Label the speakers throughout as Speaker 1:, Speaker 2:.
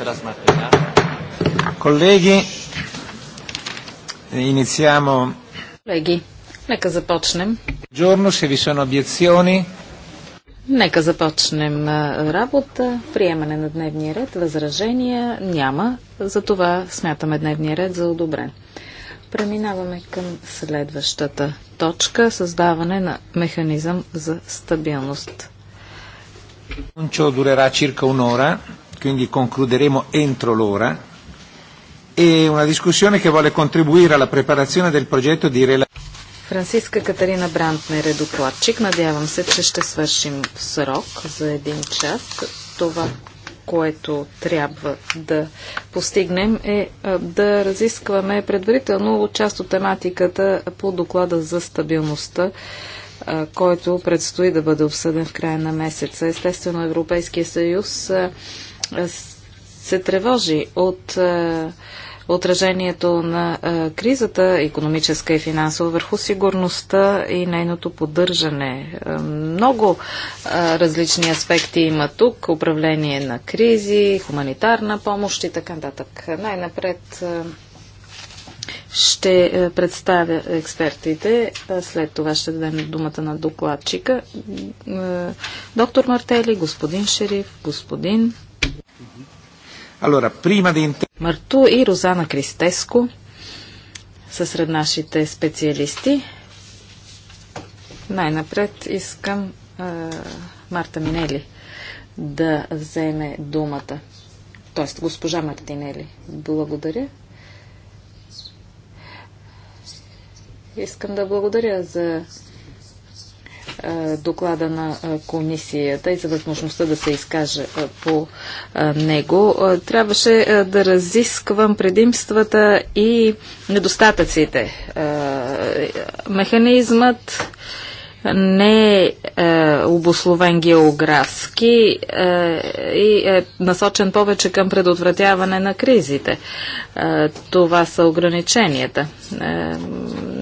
Speaker 1: Gracias, Martina. Колеги, iniziamo.
Speaker 2: Колеги, нека започнем. Giorno, se vi sono obiezioni. Нека започнем работа. Приемане на дневния ред. Възражения няма. Затова смятаме дневния ред за одобрен. Преминаваме към следващата точка. Създаване на механизъм за стабилност.
Speaker 1: Ciò durerà circa un'ora quindi concluderemo entro l'ora, e una discussione che vuole contribuire alla preparazione del progetto di relazione.
Speaker 2: Франциска Катерина Брантнер е докладчик. Надявам се, че ще свършим в срок за един час. Това, което трябва да постигнем е да разискваме предварително част от тематиката по доклада за стабилността който предстои да бъде обсъден в края на месеца. Естествено, Европейския съюз се тревожи от е, отражението на е, кризата, економическа и финансова, върху сигурността и нейното поддържане. Е, много различни аспекти има тук. Управление на кризи, хуманитарна помощ и така нататък. Най-напред ще представя експертите, след това ще дадем думата на докладчика. Доктор Мартели, господин Шериф, господин
Speaker 1: Allora, prima di...
Speaker 2: Марту и Розана Кристеско са сред нашите специалисти. Най-напред искам а, Марта Минели да вземе думата. Тоест, госпожа Мартинели. Благодаря. Искам да благодаря за е, доклада на е, комисията и за възможността да се изкаже е, по него. Трябваше да разисквам предимствата и недостатъците. Механизмът не е, е обословен географски е, и е насочен повече към предотвратяване на кризите. Е, това са ограниченията. Е,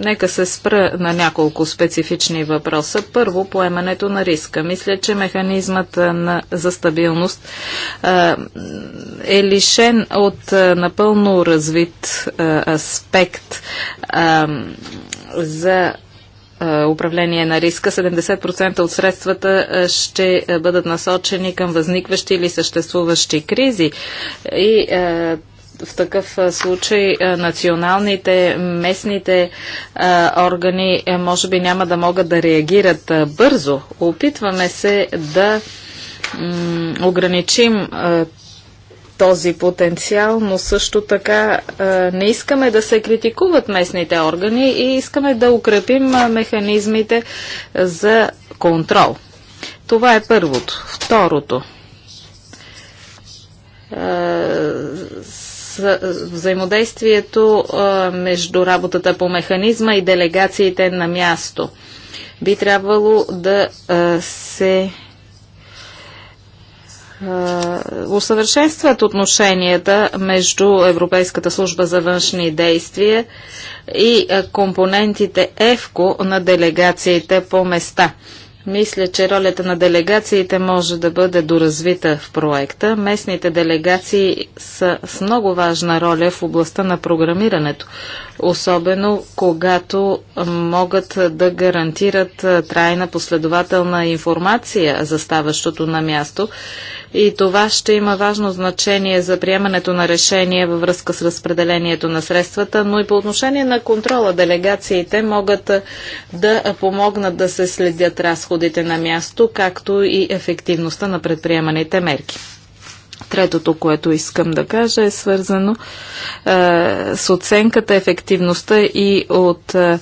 Speaker 2: нека се спра на няколко специфични въпроса. Първо, поемането на риска. Мисля, че механизмът е, на, за стабилност е, е лишен от е, напълно развит е, аспект е, за е, управление на риска, 70% от средствата е, ще е, бъдат насочени към възникващи или съществуващи кризи. И в такъв случай националните, местните органи може би няма да могат да реагират бързо. Опитваме се да ограничим а, този потенциал, но също така не искаме да се критикуват местните органи и искаме да укрепим механизмите за контрол. Това е първото. Второто. взаимодействието между работата по механизма и делегациите на място. Би трябвало да се усъвършенстват отношенията между Европейската служба за външни действия и компонентите ЕВКО на делегациите по места. Мисля, че ролята на делегациите може да бъде доразвита в проекта. Местните делегации са с много важна роля в областта на програмирането, особено когато могат да гарантират трайна последователна информация за ставащото на място и това ще има важно значение за приемането на решение във връзка с разпределението на средствата, но и по отношение на контрола делегациите могат да помогнат да се следят разходите на място, както и ефективността на предприеманите мерки. Третото, което искам да кажа, е свързано е, с оценката, ефективността и от е,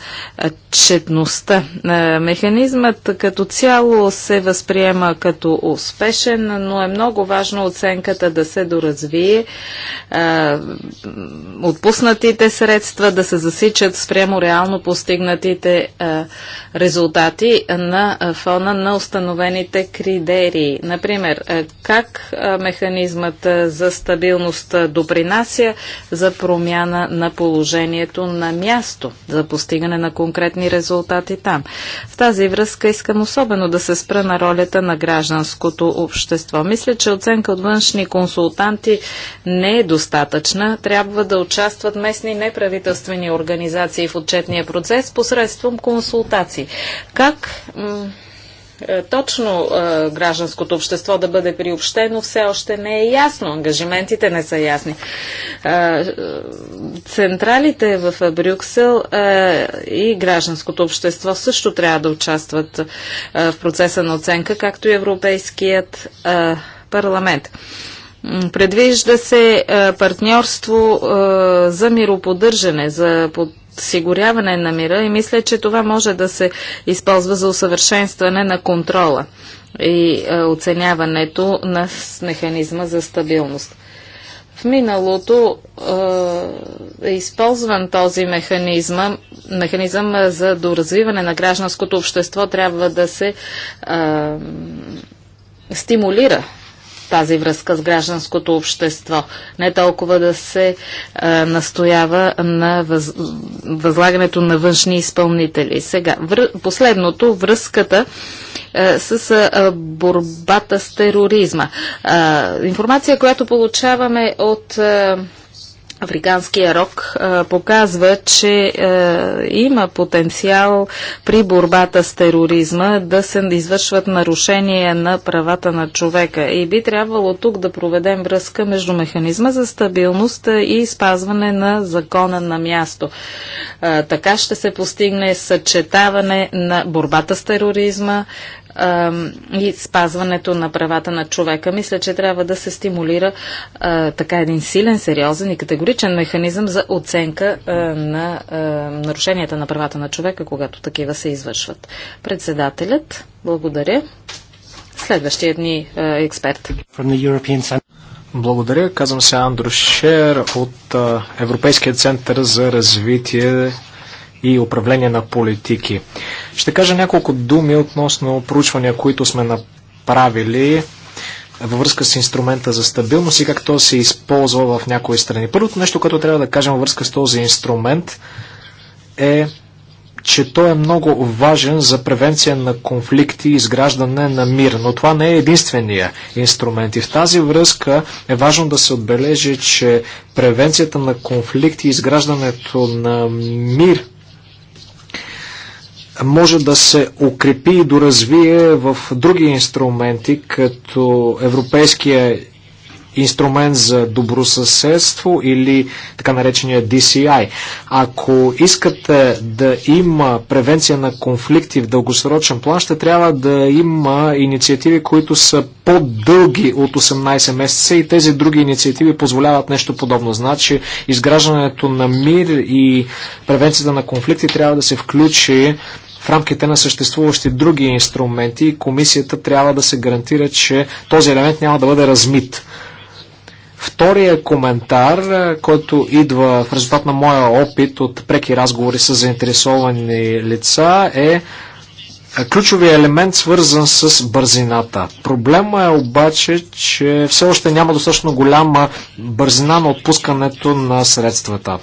Speaker 2: четността. Е, механизмът като цяло се възприема като успешен, но е много важно оценката да се доразвие, е, отпуснатите средства да се засичат спрямо реално постигнатите е, резултати на фона на установените критерии. Например, е, как е, механизмът механизмът за стабилност допринася за промяна на положението на място, за постигане на конкретни резултати там. В тази връзка искам особено да се спра на ролята на гражданското общество. Мисля, че оценка от външни консултанти не е достатъчна. Трябва да участват местни неправителствени организации в отчетния процес посредством консултации. Как е, точно е, гражданското общество да бъде приобщено, все още не е ясно. Ангажиментите не са ясни. Е, централите в Брюксел и гражданското общество също трябва да участват в процеса на оценка, както и Европейският парламент. Предвижда се партньорство за мироподдържане, за под осигуряване на мира и мисля, че това може да се използва за усъвършенстване на контрола и е, оценяването на механизма за стабилност. В миналото е, е използван този механизъм, механизъм за доразвиване на гражданското общество трябва да се е, стимулира тази връзка с гражданското общество. Не толкова да се а, настоява на въз, възлагането на външни изпълнители. Сега, вър, последното, връзката с а, борбата с тероризма. А, информация, която получаваме от. А, Африканския рок а, показва, че а, има потенциал при борбата с тероризма да се извършват нарушения на правата на човека и би трябвало тук да проведем връзка между механизма за стабилност и спазване на закона на място. А, така ще се постигне съчетаване на борбата с тероризма, и спазването на правата на човека. Мисля, че трябва да се стимулира а, така един силен, сериозен и категоричен механизъм за оценка а, на а, нарушенията на правата на човека, когато такива се извършват. Председателят, благодаря. Следващият ни а, експерт.
Speaker 3: Благодаря. Казвам се Андро Шер от Европейския център за развитие и управление на политики. Ще кажа няколко думи относно проучвания, които сме направили във връзка с инструмента за стабилност и как то се използва в някои страни. Първото нещо, което трябва да кажем във връзка с този инструмент е че той е много важен за превенция на конфликти и изграждане на мир, но това не е единствения инструмент. И в тази връзка е важно да се отбележи, че превенцията на конфликти и изграждането на мир може да се укрепи и доразвие в други инструменти, като Европейския инструмент за добросъседство или така наречения DCI. Ако искате да има превенция на конфликти в дългосрочен план, ще трябва да има инициативи, които са по-дълги от 18 месеца и тези други инициативи позволяват нещо подобно. Значи изграждането на мир и превенцията на конфликти трябва да се включи в рамките на съществуващи други инструменти комисията трябва да се гарантира, че този елемент няма да бъде размит. Втория коментар, е, който идва в резултат на моя опит от преки разговори с заинтересовани лица е, е ключовия елемент свързан с бързината. Проблема е обаче, че все още няма достатъчно голяма бързина на отпускането на средствата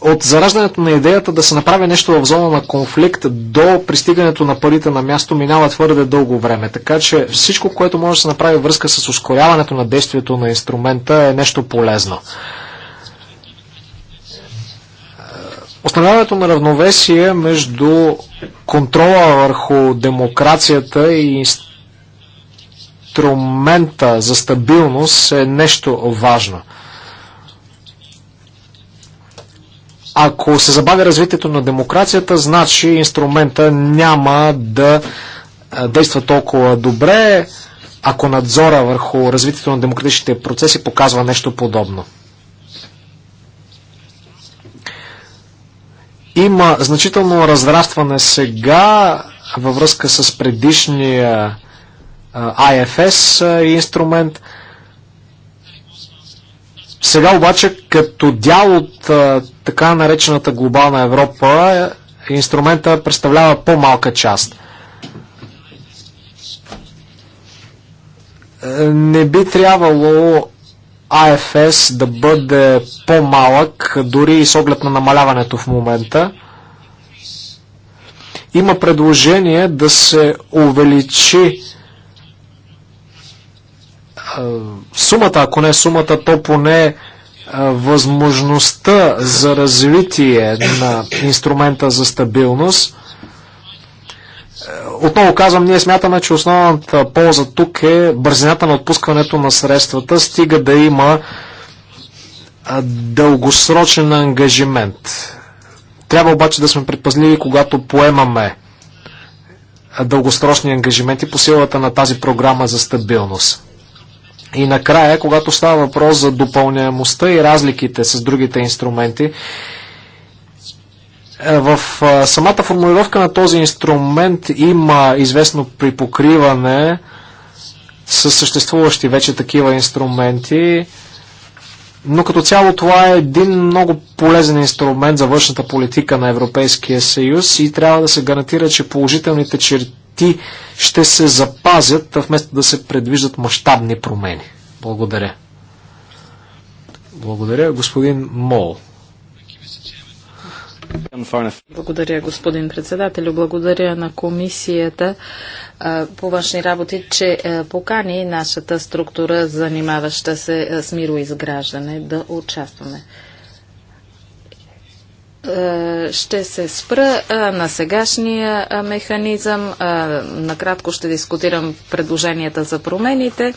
Speaker 3: от зараждането на идеята да се направи нещо в зона на конфликт до пристигането на парите на място минава твърде дълго време. Така че всичко, което може да се направи връзка с ускоряването на действието на инструмента е нещо полезно. Остановяването на равновесие между контрола върху демокрацията и инструмента за стабилност е нещо важно – Ако се забавя развитието на демокрацията, значи инструмента няма да действа толкова добре, ако надзора върху развитието на демократичните процеси показва нещо подобно. Има значително разрастване сега във връзка с предишния IFS инструмент – сега обаче като дял от а, така наречената глобална Европа е, инструмента представлява по-малка част. Е, не би трябвало АФС да бъде по-малък, дори и с оглед на намаляването в момента. Има предложение да се увеличи е, сумата, ако не сумата, то поне е, възможността за развитие на инструмента за стабилност. Е, отново казвам, ние смятаме, че основната полза тук е бързината на отпускането на средствата, стига да има дългосрочен ангажимент. Трябва обаче да сме предпазливи, когато поемаме дългосрочни ангажименти по силата на тази програма за стабилност. И накрая, когато става въпрос за допълняемостта и разликите с другите инструменти, е, в самата формулировка на този инструмент има известно припокриване с съществуващи вече такива инструменти, но като цяло това е един много полезен инструмент за външната политика на Европейския съюз и трябва да се гарантира, че положителните черти щети ще се запазят, вместо да се предвиждат мащабни промени? Благодаря. Благодаря, господин Мол.
Speaker 2: Благодаря, господин председател, Благодаря на комисията по външни работи, че покани нашата структура, занимаваща се с мироизграждане, да участваме. Е, ще се спра на сегашния механизъм. Накратко ще дискутирам предложенията за промените.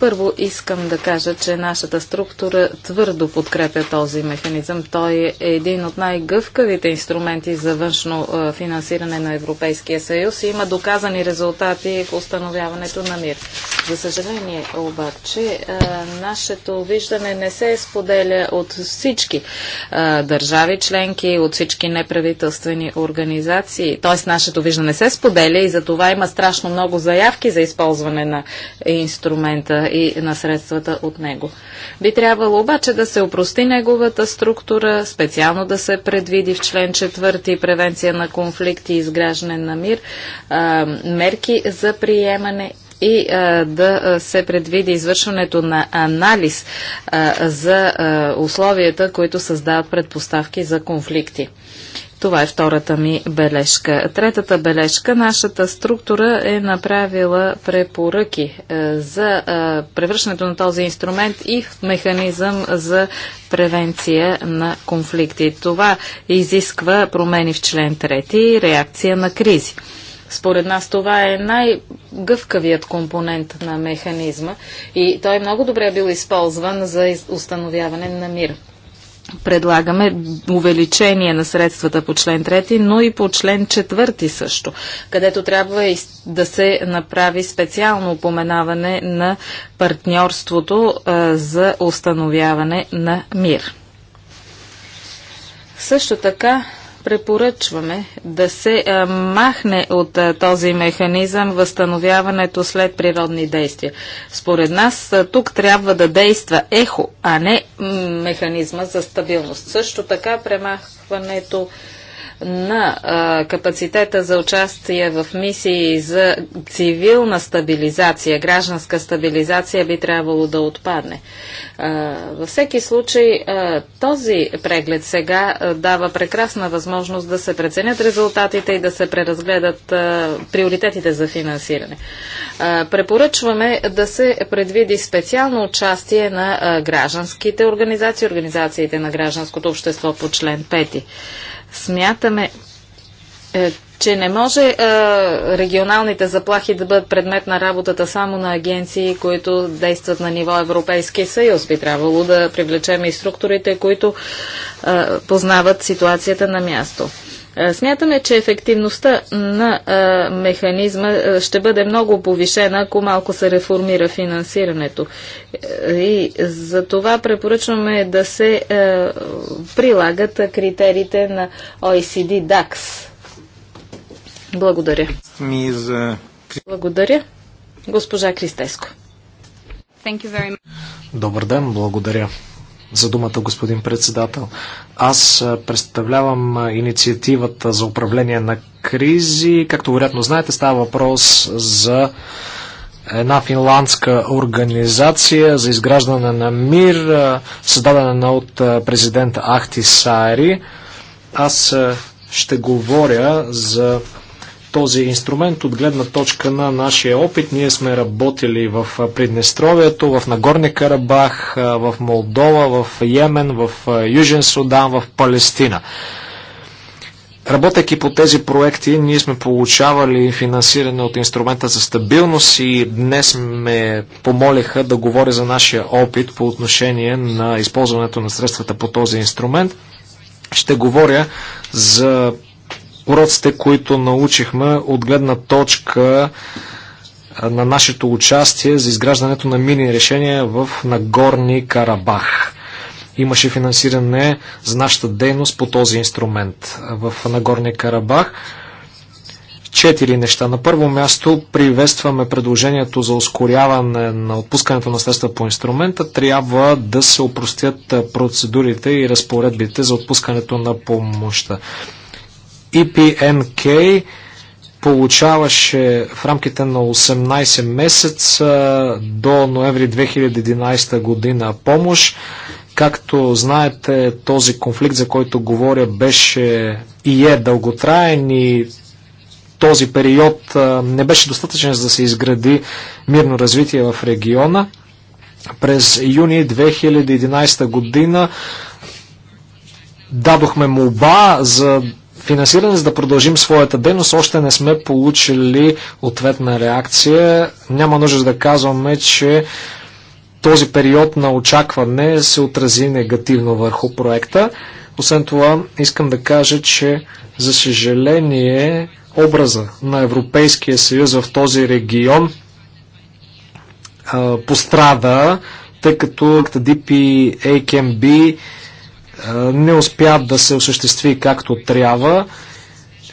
Speaker 2: Първо искам да кажа, че нашата структура твърдо подкрепя този механизъм. Той е един от най-гъвкавите инструменти за външно финансиране на Европейския съюз и има доказани резултати в установяването на мир. За съжаление обаче, нашето виждане не се споделя от всички държави членки, от всички неправителствени организации. Тоест, нашето виждане се споделя и за това има страшно много заявки за използване на инструмент регламента и на средствата от него. Би трябвало обаче да се опрости неговата структура, специално да се предвиди в член 4 превенция на конфликти и изграждане на мир, а, мерки за приемане и а, да се предвиди извършването на анализ а, за а, условията, които създават предпоставки за конфликти. Това е втората ми бележка. Третата бележка, нашата структура е направила препоръки е, за е, превръщането на този инструмент и в механизъм за превенция на конфликти. Това изисква промени в член 3 и реакция на кризи. Според нас това е най-гъвкавият компонент на механизма и той е много добре бил използван за установяване на мир предлагаме увеличение на средствата по член 3, но и по член 4 също, където трябва и да се направи специално упоменаване на партньорството за установяване на мир. Също така препоръчваме да се махне от този механизъм възстановяването след природни действия. Според нас тук трябва да действа ехо, а не механизма за стабилност. Също така премахването на а, капацитета за участие в мисии за цивилна стабилизация, гражданска стабилизация би трябвало да отпадне. А, във всеки случай, а, този преглед сега а, дава прекрасна възможност да се преценят резултатите и да се преразгледат а, приоритетите за финансиране. А, препоръчваме да се предвиди специално участие на а, гражданските организации, организациите на гражданското общество по член 5. Смятаме, е, че не може е, регионалните заплахи да бъдат предмет на работата само на агенции, които действат на ниво Европейски съюз. Би трябвало да привлечем и структурите, които е, познават ситуацията на място. Е, смятаме, че ефективността на е, механизма е, ще бъде много повишена, ако малко се реформира финансирането. И за това препоръчваме да се прилагат критериите на OECD DAX. Благодаря. Благодаря. Госпожа Кристеско.
Speaker 3: Добър ден, благодаря за думата, господин председател. Аз представлявам инициативата за управление на кризи. Както вероятно знаете, става въпрос за една финландска организация за изграждане на мир, създадена от президента Ахти Саари. Аз ще говоря за този инструмент от гледна точка на нашия опит. Ние сме работили в Приднестровието, в Нагорни Карабах, в Молдова, в Йемен, в Южен Судан, в Палестина. Работейки по тези проекти, ние сме получавали финансиране от инструмента за стабилност и днес ме помолиха да говоря за нашия опит по отношение на използването на средствата по този инструмент. Ще говоря за уроците, които научихме от гледна точка на нашето участие за изграждането на мини решения в Нагорни Карабах. Имаше финансиране за нашата дейност по този инструмент в Нагорни Карабах. Четири неща. На първо място приветстваме предложението за ускоряване на отпускането на средства по инструмента. Трябва да се опростят процедурите и разпоредбите за отпускането на помощта. EPNK получаваше в рамките на 18 месеца до ноември 2011 година помощ. Както знаете, този конфликт, за който говоря, беше и е дълготраен и този период не беше достатъчен за да се изгради мирно развитие в региона. През юни 2011 година дадохме молба за финансиране, за да продължим своята дейност. Още не сме получили ответна реакция. Няма нужда да казваме, че този период на очакване се отрази негативно върху проекта. Освен това, искам да кажа, че за съжаление образа на Европейския съюз в този регион а, пострада, тъй като DP, AKMB е, не успя да се осъществи както трябва.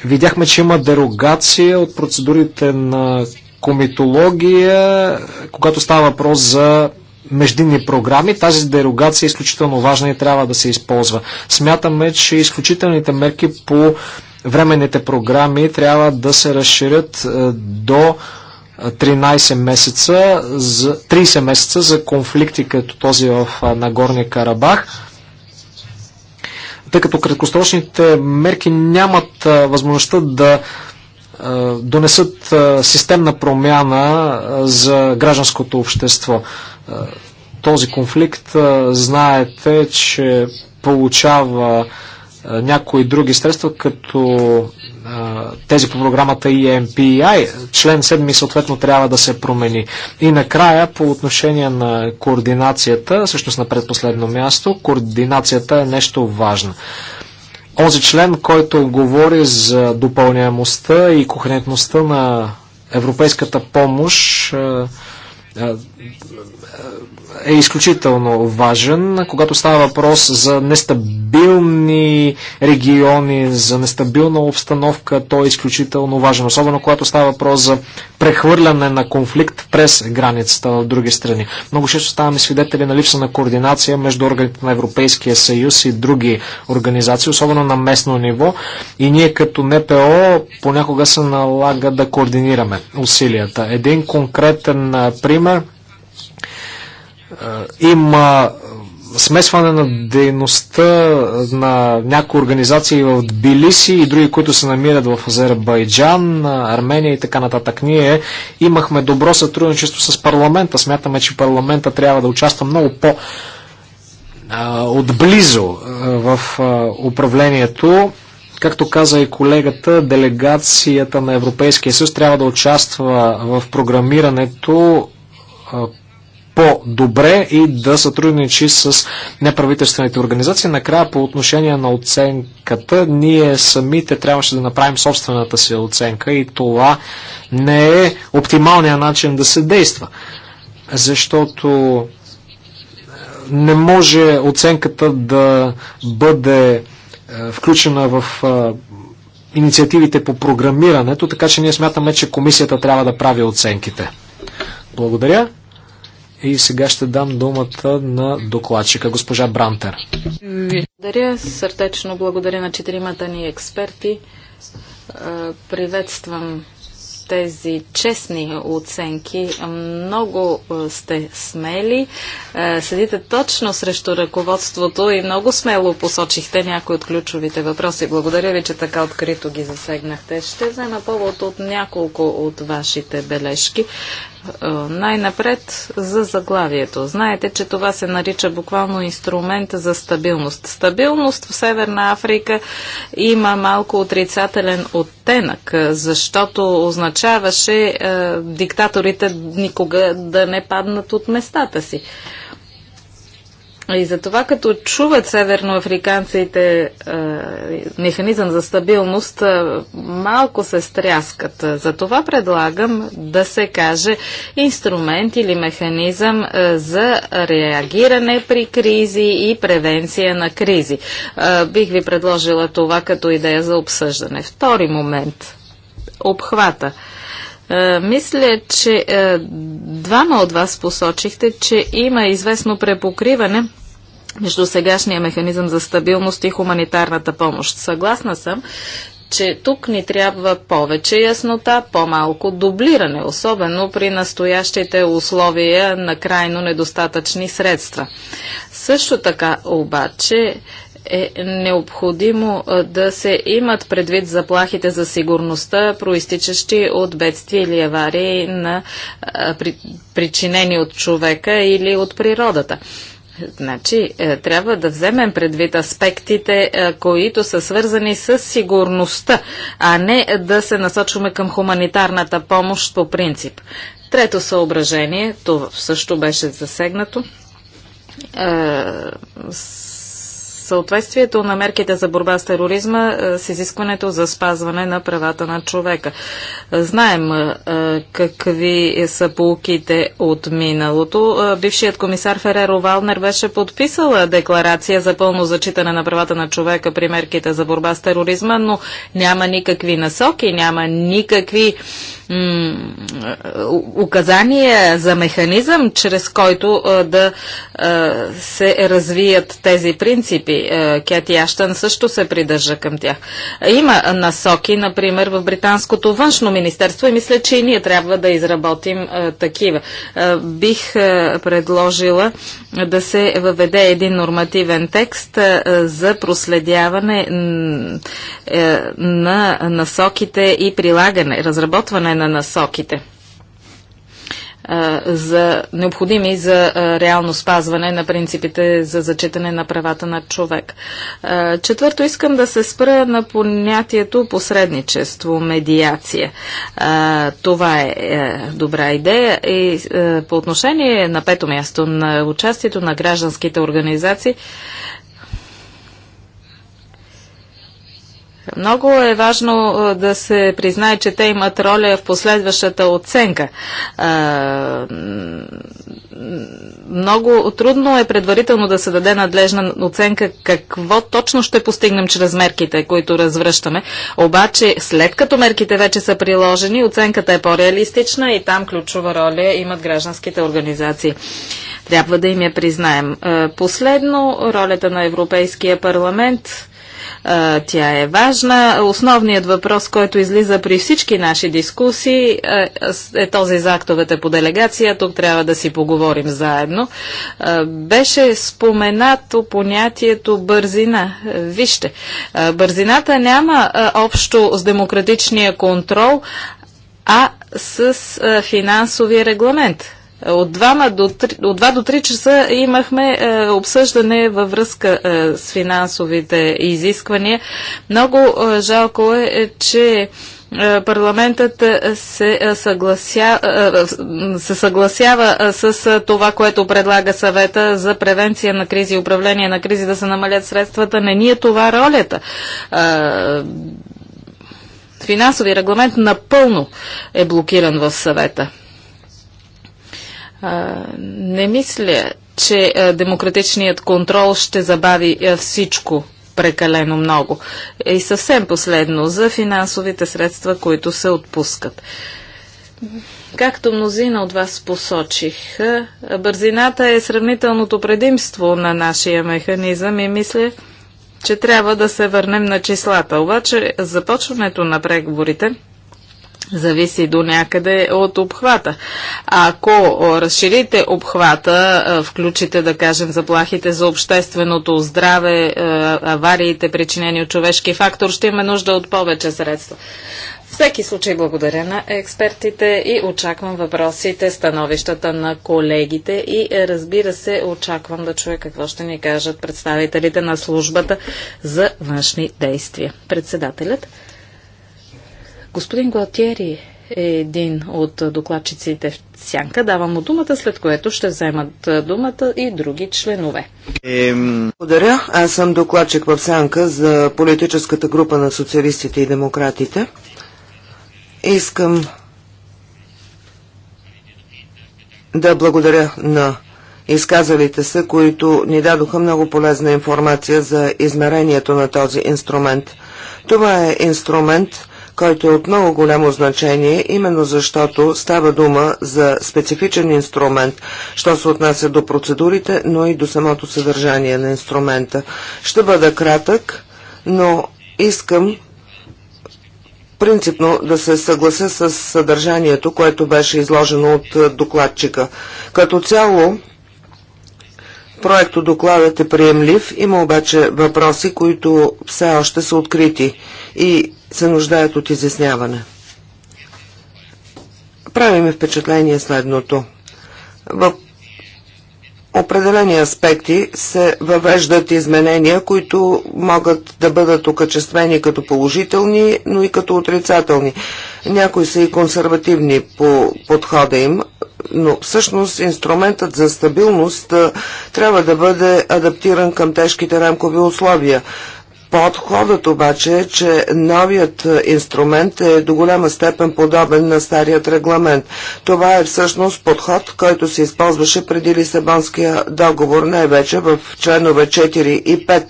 Speaker 3: Видяхме, че има дерогация от процедурите на комитология, когато става въпрос за междинни програми. Тази дерогация е изключително важна и трябва да се използва. Смятаме, че изключителните мерки по временните програми трябва да се разширят е, до 13 е, месеца, 30 месеца за конфликти като този в Нагорния Карабах тъй като краткосрочните мерки нямат възможността да донесат системна промяна за гражданското общество. Този конфликт, знаете, че получава някои други средства, като тези по програмата EMPI. Член 7 съответно трябва да се промени. И накрая, по отношение на координацията, всъщност на предпоследно място, координацията е нещо важно. Онзи член, който говори за допълняемостта и кохерентността на европейската помощ, е изключително важен, когато става въпрос за нестабилни региони, за нестабилна обстановка, то е изключително важен, особено когато става въпрос за прехвърляне на конфликт през границата на други страни. Много често ставаме свидетели на липса на координация между органите на Европейския съюз и други организации, особено на местно ниво и ние като НПО понякога се налага да координираме усилията. Един конкретен пример – е, има е, смесване на дейността на някои организации в Тбилиси и други, които се намират в Азербайджан, е, Армения и така нататък. Ние имахме добро сътрудничество с парламента. Смятаме, че парламента трябва да участва много по- отблизо в управлението. Както каза и колегата, делегацията на Европейския съюз трябва да участва в програмирането по-добре и да сътрудничи с неправителствените организации. Накрая по отношение на оценката, ние самите трябваше да направим собствената си оценка и това не е оптималният начин да се действа. Защото не може оценката да бъде е, включена в е, инициативите по програмирането, така че ние смятаме, че комисията трябва да прави оценките. Благодаря. И сега ще дам думата на докладчика, госпожа Брантер. Благодаря,
Speaker 2: сърдечно благодаря на четиримата ни експерти. Приветствам тези честни оценки. Много сте смели. Седите точно срещу ръководството и много смело посочихте някои от ключовите въпроси. Благодаря ви, че така открито ги засегнахте. Ще взема повод от няколко от вашите бележки. Е, най-напред за заглавието. Знаете, че това се нарича буквално инструмент за стабилност. Стабилност в Северна Африка има малко отрицателен оттенък, защото означаваше е, диктаторите никога да не паднат от местата си. И за това, като чуват северноафриканците е, механизъм за стабилност, е, малко се стряскат. За това предлагам да се каже инструмент или механизъм е, за реагиране при кризи и превенция на кризи. Е, бих ви предложила това като идея за обсъждане. Втори момент – обхвата. Е, мисля, че е, двама от вас посочихте, че има известно препокриване между сегашния механизъм за стабилност и хуманитарната помощ. Съгласна съм, че тук ни трябва повече яснота, по-малко дублиране, особено при настоящите условия на крайно недостатъчни средства. Също така обаче е необходимо да се имат предвид заплахите за сигурността, проистичащи от бедствия или аварии на, при, причинени от човека или от природата. Значи, е, трябва да вземем предвид аспектите, е, които са свързани с сигурността, а не да се насочваме към хуманитарната помощ по принцип. Трето съображение, това също беше засегнато, е, съответствието на мерките за борба с тероризма е, с изискването за спазване на правата на човека. Знаем е, какви са полуките от миналото. Е, бившият комисар Фереро Валнер беше подписала декларация за пълно зачитане на правата на човека при мерките за борба с тероризма, но няма никакви насоки, няма никакви указания за механизъм, чрез който да се развият тези принципи. Кети Аштън също се придържа към тях. Има насоки, например, в Британското външно министерство и мисля, че и ние трябва да изработим такива. Бих предложила да се въведе един нормативен текст за проследяване е, на насоките и прилагане, разработване на на насоките за необходими за реално спазване на принципите за зачитане на правата на човек. Четвърто, искам да се спра на понятието посредничество, медиация. Това е, е добра идея и е, по отношение на пето място на участието на гражданските организации Много е важно да се признае, че те имат роля в последващата оценка. Много трудно е предварително да се даде надлежна оценка какво точно ще постигнем чрез мерките, които развръщаме. Обаче, след като мерките вече са приложени, оценката е по-реалистична и там ключова роля имат гражданските организации. Трябва да им я признаем. Последно, ролята на Европейския парламент тя е важна. Основният въпрос, който излиза при всички наши дискусии е този за актовете по делегация. Тук трябва да си поговорим заедно. Беше споменато понятието бързина. Вижте, бързината няма общо с демократичния контрол, а с финансовия регламент. От 2, до 3, от 2 до 3 часа имахме е, обсъждане във връзка е, с финансовите изисквания. Много е, жалко е, е че е, парламентът е, се, съглася, се съгласява с това, което предлага съвета за превенция на кризи и управление на кризи, да се намалят средствата. Не ни е това ролята. Финансови регламент напълно е блокиран в съвета не мисля, че демократичният контрол ще забави всичко прекалено много. И съвсем последно за финансовите средства, които се отпускат. Както мнозина от вас посочих, бързината е сравнителното предимство на нашия механизъм и мисля, че трябва да се върнем на числата. Обаче започването на преговорите зависи до някъде от обхвата. Ако разширите обхвата, включите, да кажем, заплахите за общественото здраве, авариите, причинени от човешки фактор, ще има нужда от повече средства. Всеки случай благодаря на експертите и очаквам въпросите, становищата на колегите и е, разбира се очаквам да чуя какво ще ни кажат представителите на службата за външни действия. Председателят. Господин Гуатиери е един от докладчиците в Сянка. Давам му думата, след което ще вземат думата и други членове.
Speaker 4: Ем... Благодаря. Аз съм докладчик в Сянка за политическата група на социалистите и демократите. Искам да благодаря на изказалите се, които ни дадоха много полезна информация за измерението на този инструмент. Това е инструмент, който е от много голямо значение, именно защото става дума за специфичен инструмент, що се отнася до процедурите, но и до самото съдържание на инструмента. Ще бъда кратък, но искам принципно да се съглася с съдържанието, което беше изложено от докладчика. Като цяло, Проекто докладът е приемлив, има обаче въпроси, които все още са открити и се нуждаят от изясняване. Правиме впечатление следното. В определени аспекти се въвеждат изменения, които могат да бъдат окачествени като положителни, но и като отрицателни. Някои са и консервативни по подхода им, но всъщност инструментът за стабилност трябва да бъде адаптиран към тежките рамкови условия. Подходът обаче е, че новият инструмент е до голяма степен подобен на старият регламент. Това е всъщност подход, който се използваше преди Лисабонския договор, най-вече в членове 4 и 5.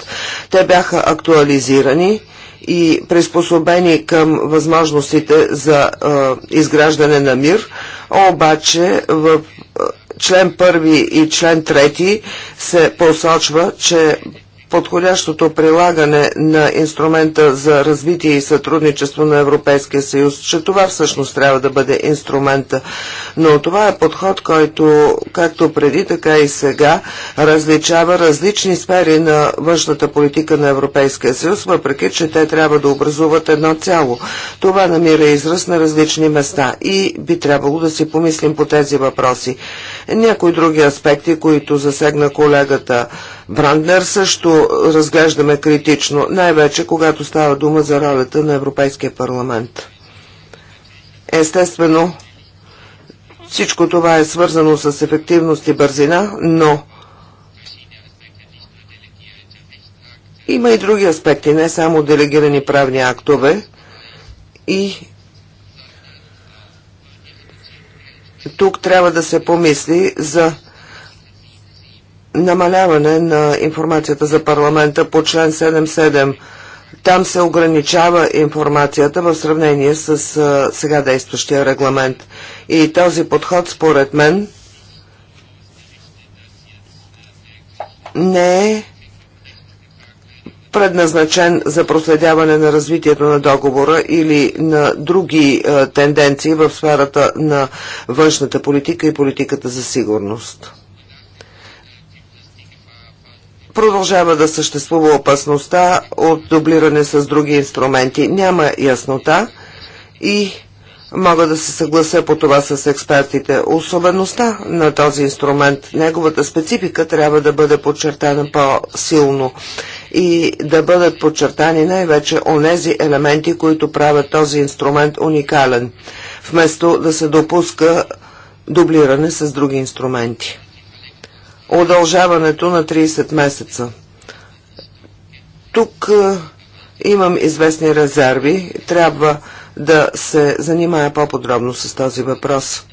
Speaker 4: Те бяха актуализирани и приспособени към възможностите за а, изграждане на мир, обаче в член 1 и член 3 се посочва, че подходящото прилагане на инструмента за развитие и сътрудничество на Европейския съюз, че това всъщност трябва да бъде инструмента. Но това е подход, който както преди, така и сега различава различни сфери на външната политика на Европейския съюз, въпреки че те трябва да образуват едно цяло. Това намира израз на различни места и би трябвало да си помислим по тези въпроси. Някои други аспекти, които засегна колегата Бранднер, също разглеждаме критично, най-вече когато става дума за ролята на Европейския парламент. Естествено, всичко това е свързано с ефективност и бързина, но има и други аспекти, не само делегирани правни актове и тук трябва да се помисли за намаляване на информацията за парламента по член 7.7. Там се ограничава информацията в сравнение с а, сега действащия регламент. И този подход, според мен, не е предназначен за проследяване на развитието на договора или на други е, тенденции в сферата на външната политика и политиката за сигурност. Продължава да съществува опасността от дублиране с други инструменти. Няма яснота и Мога да се съглася по това с експертите. Особеността на този инструмент, неговата специфика трябва да бъде подчертана по-силно и да бъдат подчертани най-вече онези елементи, които правят този инструмент уникален, вместо да се допуска дублиране с други инструменти. Удължаването на 30 месеца. Тук е, имам известни резерви. Трябва да се занимая по-подробно с този въпрос.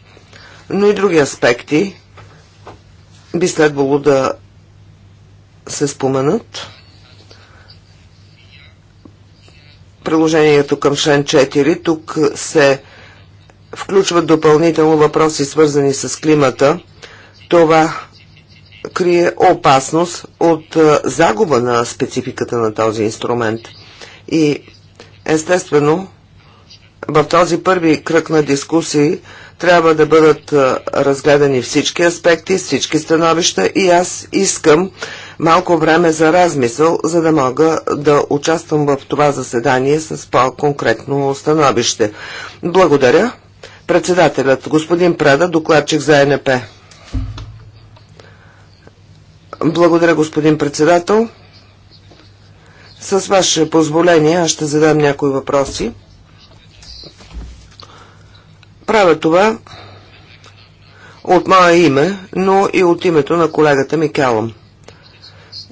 Speaker 4: Но и други аспекти би следвало да се споменат. приложението към член 4. Тук се включват допълнително въпроси, свързани с климата. Това крие опасност от загуба на спецификата на този инструмент. И естествено, в този първи кръг на дискусии трябва да бъдат разгледани всички аспекти, всички становища и аз искам малко време за размисъл, за да мога да участвам в това заседание с по-конкретно становище. Благодаря. Председателят, господин Прада, докладчик за НП. Благодаря, господин председател. С ваше позволение аз ще задам някои въпроси. Правя това от мое име, но и от името на колегата Микелам.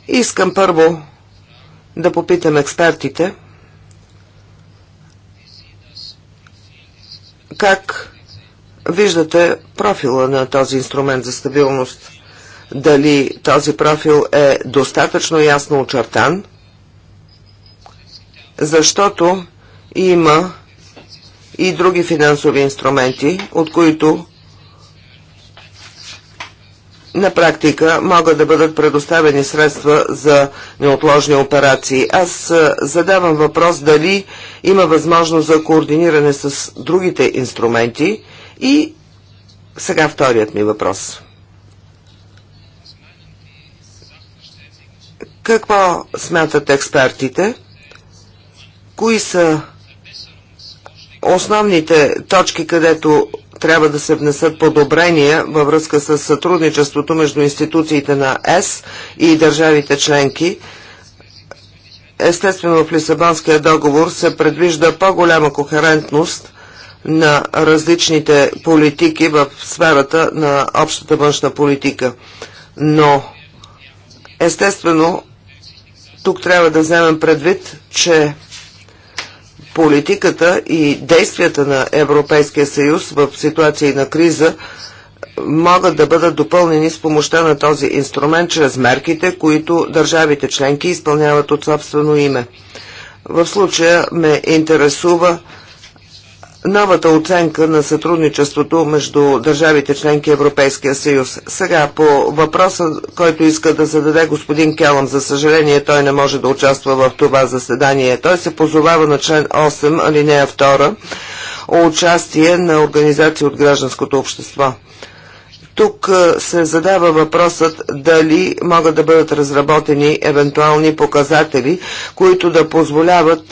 Speaker 4: Искам първо да попитам експертите как виждате профила на този инструмент за стабилност. Дали този профил е достатъчно ясно очертан, защото има и други финансови инструменти, от които на практика могат да бъдат предоставени средства за неотложни операции. Аз е, задавам въпрос дали има възможност за координиране с другите инструменти и сега вторият ми въпрос. Какво смятат експертите? Кои са основните точки, където трябва да се внесат подобрения във връзка с сътрудничеството между институциите на ЕС и държавите членки. Естествено, в Лисабонския договор се предвижда по-голяма кохерентност на различните политики в сферата на общата външна политика. Но, естествено, тук трябва да вземем предвид, че политиката и действията на Европейския съюз в ситуации на криза могат да бъдат допълнени с помощта на този инструмент чрез мерките, които държавите членки изпълняват от собствено име. В случая ме интересува новата оценка на сътрудничеството между държавите членки Европейския съюз. Сега по въпроса, който иска да зададе господин Келъм, за съжаление той не може да участва в това заседание. Той се позовава на член 8, алинея 2, участие на организации от гражданското общество. Тук се задава въпросът дали могат да бъдат разработени евентуални показатели, които да позволяват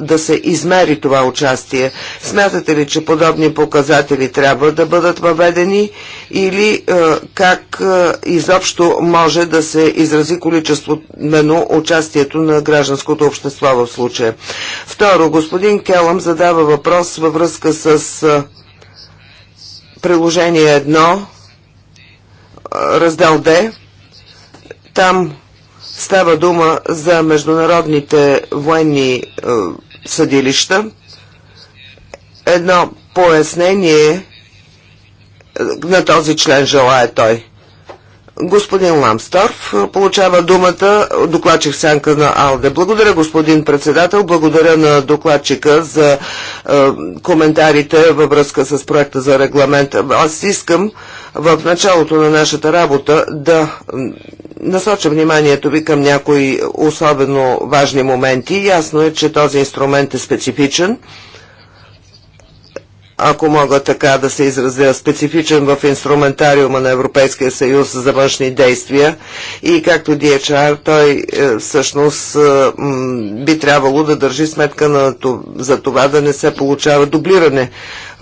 Speaker 4: да се измери това участие. Смятате ли, че подобни показатели трябва да бъдат въведени или как изобщо може да се изрази количествено участието на гражданското общество в случая? Второ, господин Келъм задава въпрос във връзка с приложение 1 раздел Д. Там става дума за международните военни е, съдилища. Едно пояснение е, на този член желая той. Господин Ламсторф е, получава думата, докладчик сянка на Алде. Благодаря, господин председател, благодаря на докладчика за е, коментарите във връзка с проекта за регламент. Аз искам в началото на нашата работа да насоча вниманието ви към някои особено важни моменти. Ясно е, че този инструмент е специфичен ако мога така да се изразя, специфичен в инструментариума на Европейския съюз за външни действия и както DHR, той е, всъщност е, би трябвало да държи сметка на, за това да не се получава дублиране.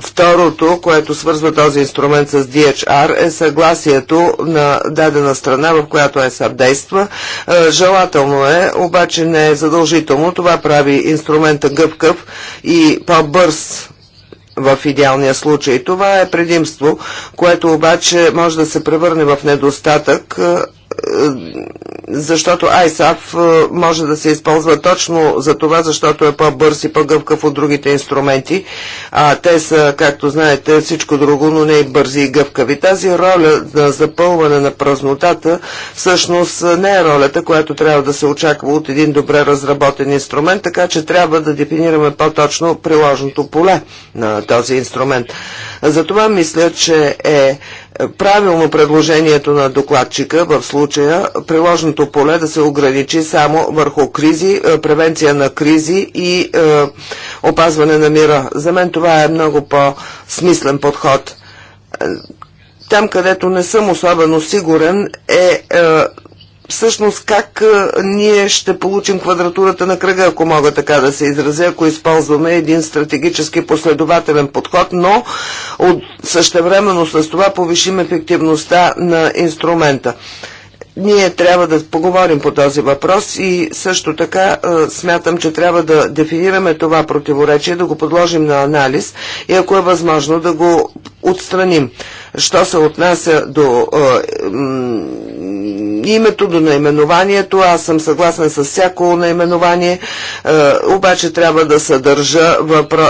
Speaker 4: Второто, което свързва този инструмент с DHR е съгласието на дадена страна, в която е действа. желателно е, обаче не е задължително. Това прави инструмента гъвкъв и по-бърз в идеалния случай. Това е предимство, което обаче може да се превърне в недостатък, защото ISAF е, може да се използва точно за това, защото е по-бърз и по-гъвкав от другите инструменти. А те са, както знаете, всичко друго, но не и бързи и гъвкави. Тази роля на запълване на празнотата всъщност е, не е ролята, която трябва да се очаква от един добре разработен инструмент, така че трябва да дефинираме по-точно приложното поле на този инструмент. Затова мисля, че е правилно предложението на докладчика в случая приложното поле да се ограничи само върху кризи, е, превенция на кризи и е, опазване на мира. За мен това е много по-смислен подход. Е, там, където не съм особено сигурен, е, е всъщност как ние ще получим квадратурата на кръга, ако мога така да се изразя, ако използваме един стратегически последователен подход, но от същевременно с това повишим ефективността на инструмента. Ние трябва да поговорим по този въпрос и също така е, смятам, че трябва да дефинираме това противоречие, да го подложим на анализ и ако е възможно да го отстраним. Що се отнася до е, името, до наименованието, аз съм съгласен с всяко наименование, е, обаче трябва да съдържа въпро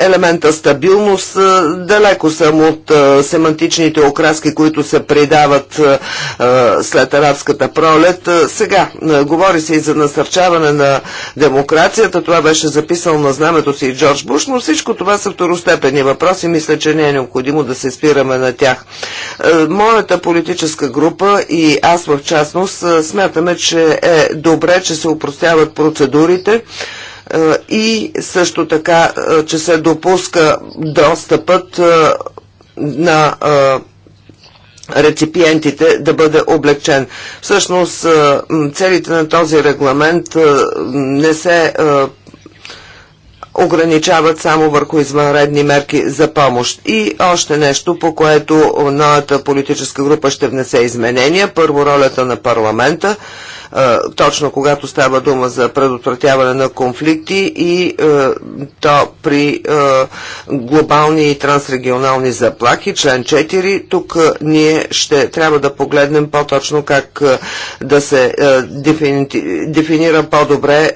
Speaker 4: елемента стабилност. Далеко съм от семантичните окраски, които се придават след арабската пролет. Сега, говори се и за насърчаване на демокрацията. Това беше записал на знамето си и Джордж Буш, но всичко това са второстепенни въпроси. Мисля, че не е необходимо да се спираме на тях. Моята политическа група и аз в частност смятаме, че е добре, че се упростяват процедурите. Е, и също така, е, че се допуска достъпът е, на реципиентите да бъде облегчен. Всъщност целите на този регламент не се ограничават само върху извънредни мерки за помощ. И още нещо, по което новата политическа група ще внесе изменения. Първо ролята на парламента точно когато става дума за предотвратяване на конфликти и е, то при е, глобални и трансрегионални заплахи, член 4. Тук е, ние ще трябва да погледнем по-точно как да се дефини... дефинира по-добре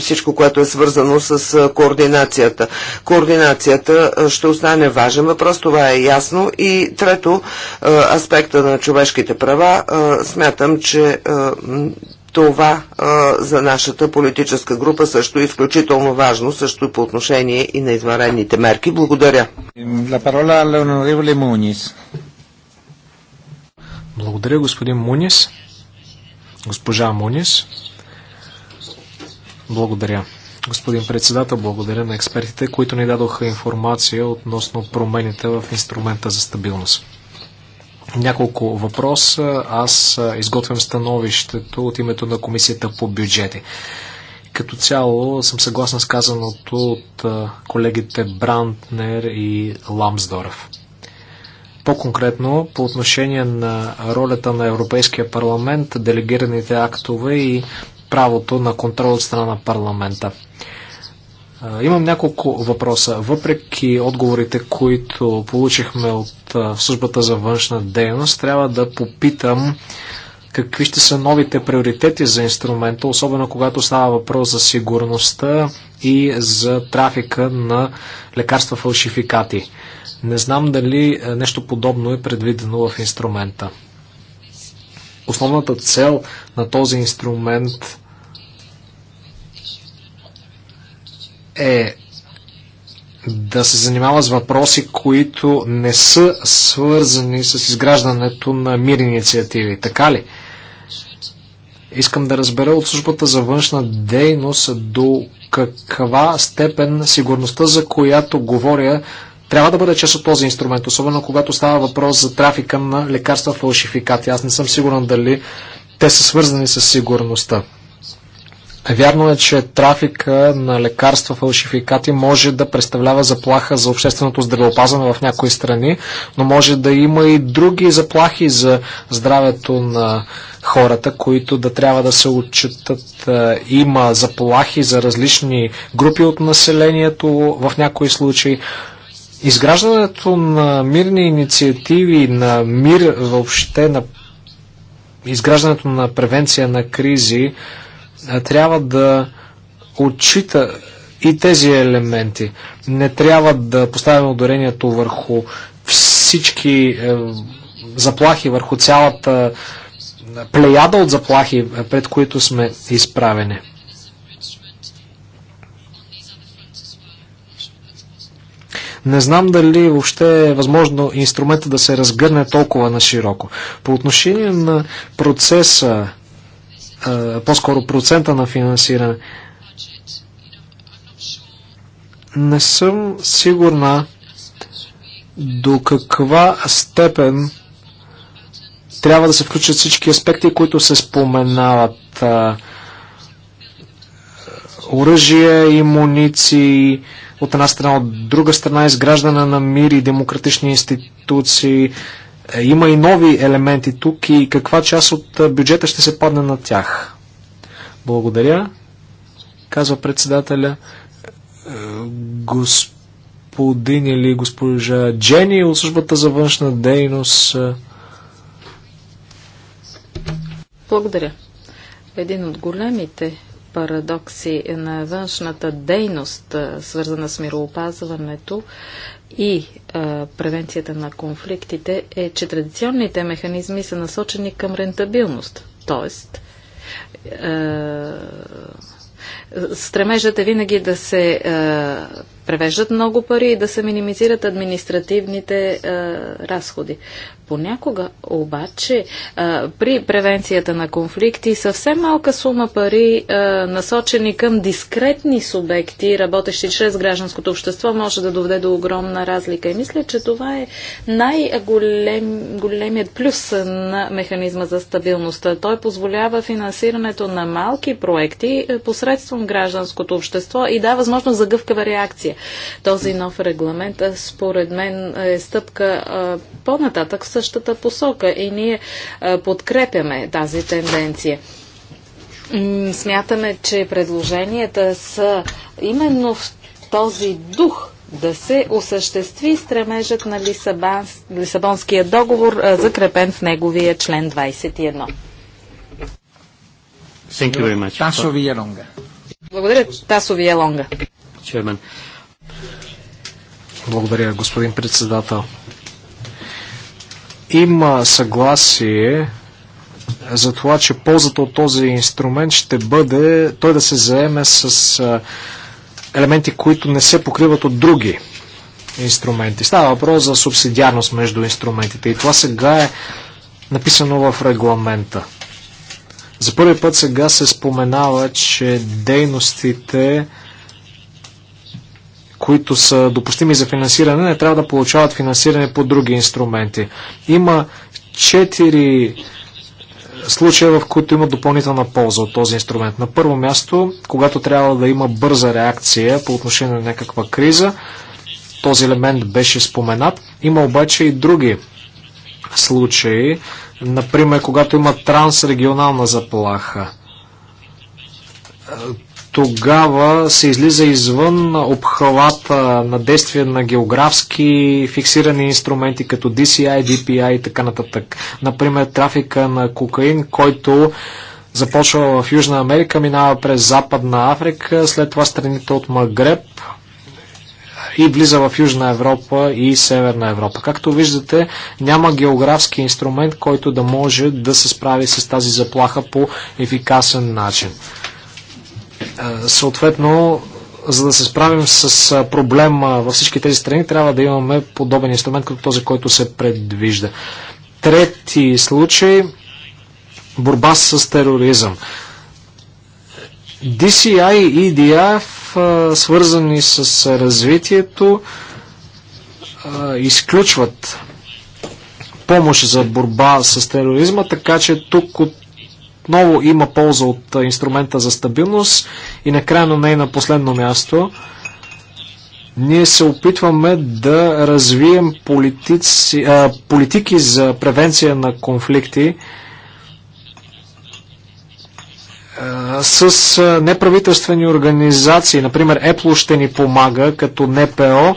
Speaker 4: всичко, което е свързано с координацията. Координацията ще остане важен въпрос, това е ясно. И трето, аспекта на човешките права, смятам, че това а, за нашата политическа група също е изключително важно, също и по отношение и на извънредните мерки. Благодаря.
Speaker 3: Благодаря, господин Мунис. Госпожа Мунис. Благодаря. Господин председател, благодаря на експертите, които ни дадоха информация относно промените в инструмента за стабилност няколко въпроса. Аз изготвям становището от името на Комисията по бюджети. Като цяло съм съгласен с казаното от колегите Брантнер и Ламсдорф. По-конкретно, по отношение на ролята на Европейския парламент, делегираните актове и правото на контрол от страна на парламента. Имам няколко въпроса. Въпреки отговорите, които получихме от в службата за външна дейност, трябва да попитам какви ще са новите приоритети за инструмента, особено когато става въпрос за сигурността и за трафика на лекарства фалшификати. Не знам дали нещо подобно е предвидено в инструмента. Основната цел на този инструмент е да се занимава с въпроси, които не са свързани с изграждането на мир инициативи. Така ли? Искам да разбера от службата за външна дейност до каква степен сигурността, за която говоря, трябва да бъде част от този инструмент, особено когато става въпрос за трафика на лекарства фалшификати. Аз не съм сигурен дали те са свързани с сигурността. Вярно е, че трафика на лекарства фалшификати може да представлява заплаха за общественото здравеопазване в някои страни, но може да има и други заплахи за здравето на хората, които да трябва да се отчитат. Е, има заплахи за различни групи от населението в някои случаи. Изграждането на мирни инициативи, на мир въобще, на изграждането на превенция на кризи, трябва да отчита и тези елементи. Не трябва да поставяме ударението върху всички е, заплахи, върху цялата е, плеяда от заплахи, е, пред които сме изправени. Не знам дали въобще е възможно инструмента да се разгърне толкова на широко. По отношение на процеса по-скоро процента на финансиране. Не съм сигурна до каква степен трябва да се включат всички аспекти, които се споменават. Оръжие и муниции, от една страна, от друга страна, изграждане на мир и демократични институции, е, има и нови елементи тук и каква част от е, бюджета ще се падне на тях. Благодаря, казва председателя. Е, господин или госпожа Джени от службата за външна дейност.
Speaker 2: Благодаря. Един от големите парадокси на външната дейност, свързана с мироопазването, и а, е, превенцията на конфликтите е, че традиционните механизми са насочени към рентабилност. Тоест, а, е, стремежът е винаги да се а, е, превеждат много пари и да се минимизират административните а, е, разходи. Понякога обаче а, е, при превенцията на конфликти съвсем малка сума пари, а, е, насочени към дискретни субекти, работещи чрез гражданското общество, може да доведе до огромна разлика. И мисля, че това е най-големият плюс на механизма за стабилността. Той позволява финансирането на малки проекти посредством гражданското общество и дава възможност за гъвкава реакция. Този нов регламент, според мен, е стъпка по-нататък в същата посока и ние подкрепяме тази тенденция. Смятаме, че предложенията са именно в този дух да се осъществи стремежът на Лисабон, Лисабонския договор, закрепен в неговия член 21.
Speaker 1: Thank you very much. Тасо Виелонга.
Speaker 2: Благодаря, Тасо Виелонга.
Speaker 3: Благодаря, господин председател. Има съгласие за това, че ползата от този инструмент ще бъде той да се заеме с елементи, които не се покриват от други инструменти. Става въпрос за субсидиарност между инструментите и това сега е написано в регламента. За първи път сега се споменава, че дейностите които са допустими за финансиране, не трябва да получават финансиране по други инструменти. Има четири е, случая, в които има допълнителна полза от този инструмент. На първо място, когато трябва да има бърза реакция по отношение на някаква криза, този елемент беше споменат. Има обаче и други случаи, например, когато има трансрегионална заплаха. Е, тогава се излиза извън обхвата на действие на географски фиксирани инструменти като DCI, DPI и така нататък. Например, трафика на кокаин, който започва в Южна Америка, минава през Западна Африка, след това страните от Магреб и влиза в Южна Европа и Северна Европа. Както виждате, няма географски инструмент, който да може да се справи с тази заплаха по ефикасен начин. Е, съответно, за да се справим с проблема във всички тези страни, трябва да имаме подобен инструмент, като този, който се предвижда. Трети случай – борба с тероризъм. DCI и EDF, свързани с развитието, изключват помощ за борба с тероризма, така че тук от отново има полза от инструмента за стабилност и накрая, но не и на последно място, ние се опитваме да развием политици, а, политики за превенция на конфликти а, с неправителствени организации. Например, Apple ще ни помага като НПО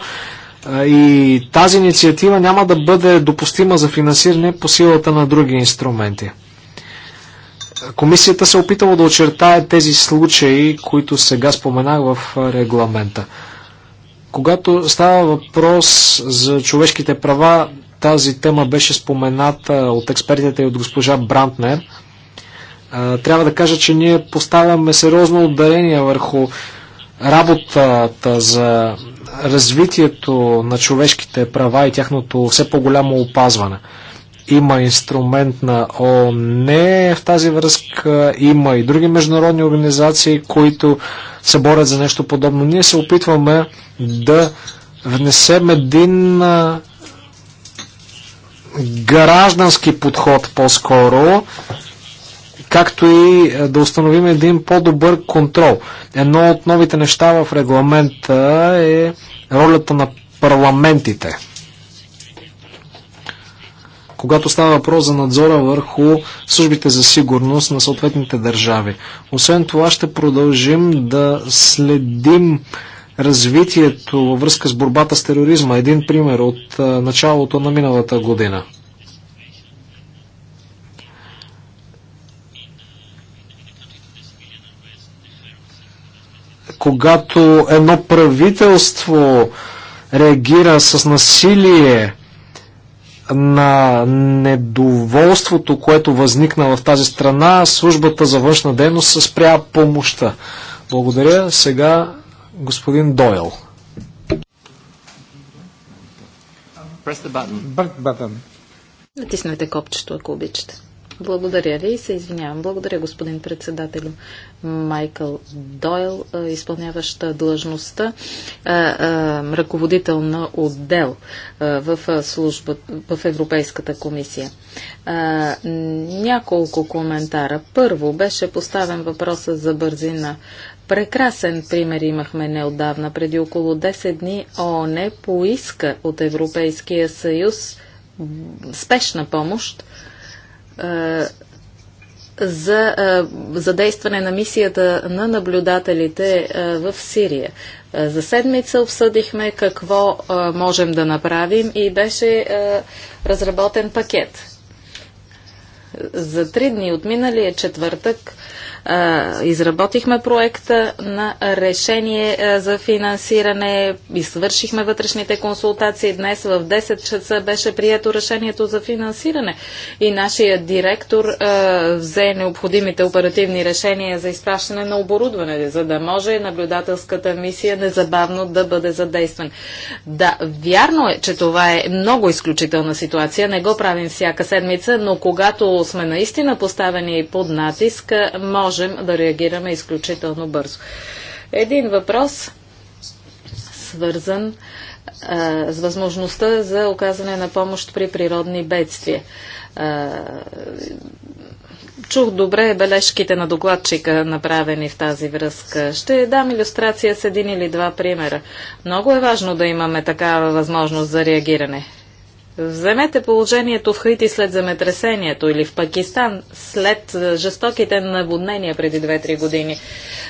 Speaker 3: а, и тази инициатива няма да бъде допустима за финансиране по силата на други инструменти. Комисията се е опитала да очертае тези случаи, които сега споменах в регламента. Когато става въпрос за човешките права, тази тема беше спомената от експертите и от госпожа Брантнер. Трябва да кажа, че ние поставяме сериозно ударение върху работата за развитието на човешките права и тяхното все по-голямо опазване. Има инструмент на ООН в тази връзка, има и други международни организации, които се борят за нещо подобно. Ние се опитваме да внесем един граждански подход по-скоро, както и да установим един по-добър контрол. Едно от новите неща в регламента е ролята на парламентите когато става въпрос за надзора върху службите за сигурност на съответните държави. Освен това ще продължим да следим развитието във връзка с борбата с тероризма. Един пример от началото на миналата година. Когато едно правителство реагира с насилие на недоволството, което възникна в тази страна, службата за външна дейност се спря помощта. Благодаря. Сега господин Дойл.
Speaker 2: Натиснете копчето, ако обичате. Благодаря ви и се извинявам. Благодаря, господин председател Майкъл Дойл, изпълняваща длъжността ръководител на отдел в, служба, в Европейската комисия. Няколко коментара. Първо беше поставен въпроса за бързина. Прекрасен пример имахме неодавна. Преди около 10 дни ООН поиска от Европейския съюз спешна помощ е, за е, задействане на мисията на наблюдателите е, в Сирия. За седмица обсъдихме какво можем да направим и беше разработен пакет. За три дни от миналия четвъртък Изработихме проекта на решение за финансиране и свършихме вътрешните консултации. Днес в 10 часа беше прието решението за финансиране и нашия директор взе необходимите оперативни решения за изпращане на оборудване, за да може наблюдателската мисия незабавно да бъде задействан. Да, вярно е, че това е много изключителна ситуация. Не го правим всяка седмица, но когато сме наистина поставени под натиск, може можем да реагираме изключително бързо. Един въпрос, свързан а, с възможността за оказане на помощ при природни бедствия. А, чух добре бележките на докладчика, направени в тази връзка. Ще дам иллюстрация с един или два примера. Много е важно да имаме такава възможност за реагиране. Вземете положението в Хаити след земетресението или в Пакистан след е, жестоките наводнения преди 2-3 години.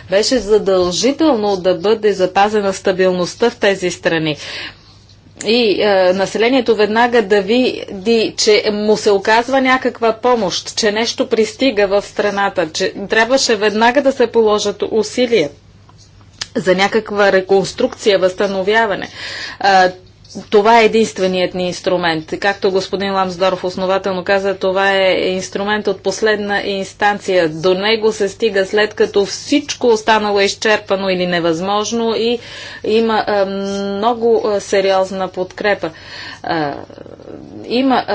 Speaker 2: Беше задължително да бъде запазена стабилността в тези страни и е, населението веднага да види, че му се оказва някаква помощ, че нещо пристига в страната, че трябваше веднага да се положат усилия за някаква реконструкция, възстановяване. Е, това е единственият ни инструмент. Както господин Ламсдорф основателно каза, това е инструмент от последна инстанция. До него се стига след като всичко останало е изчерпано или невъзможно и има а, много а, сериозна подкрепа. А, има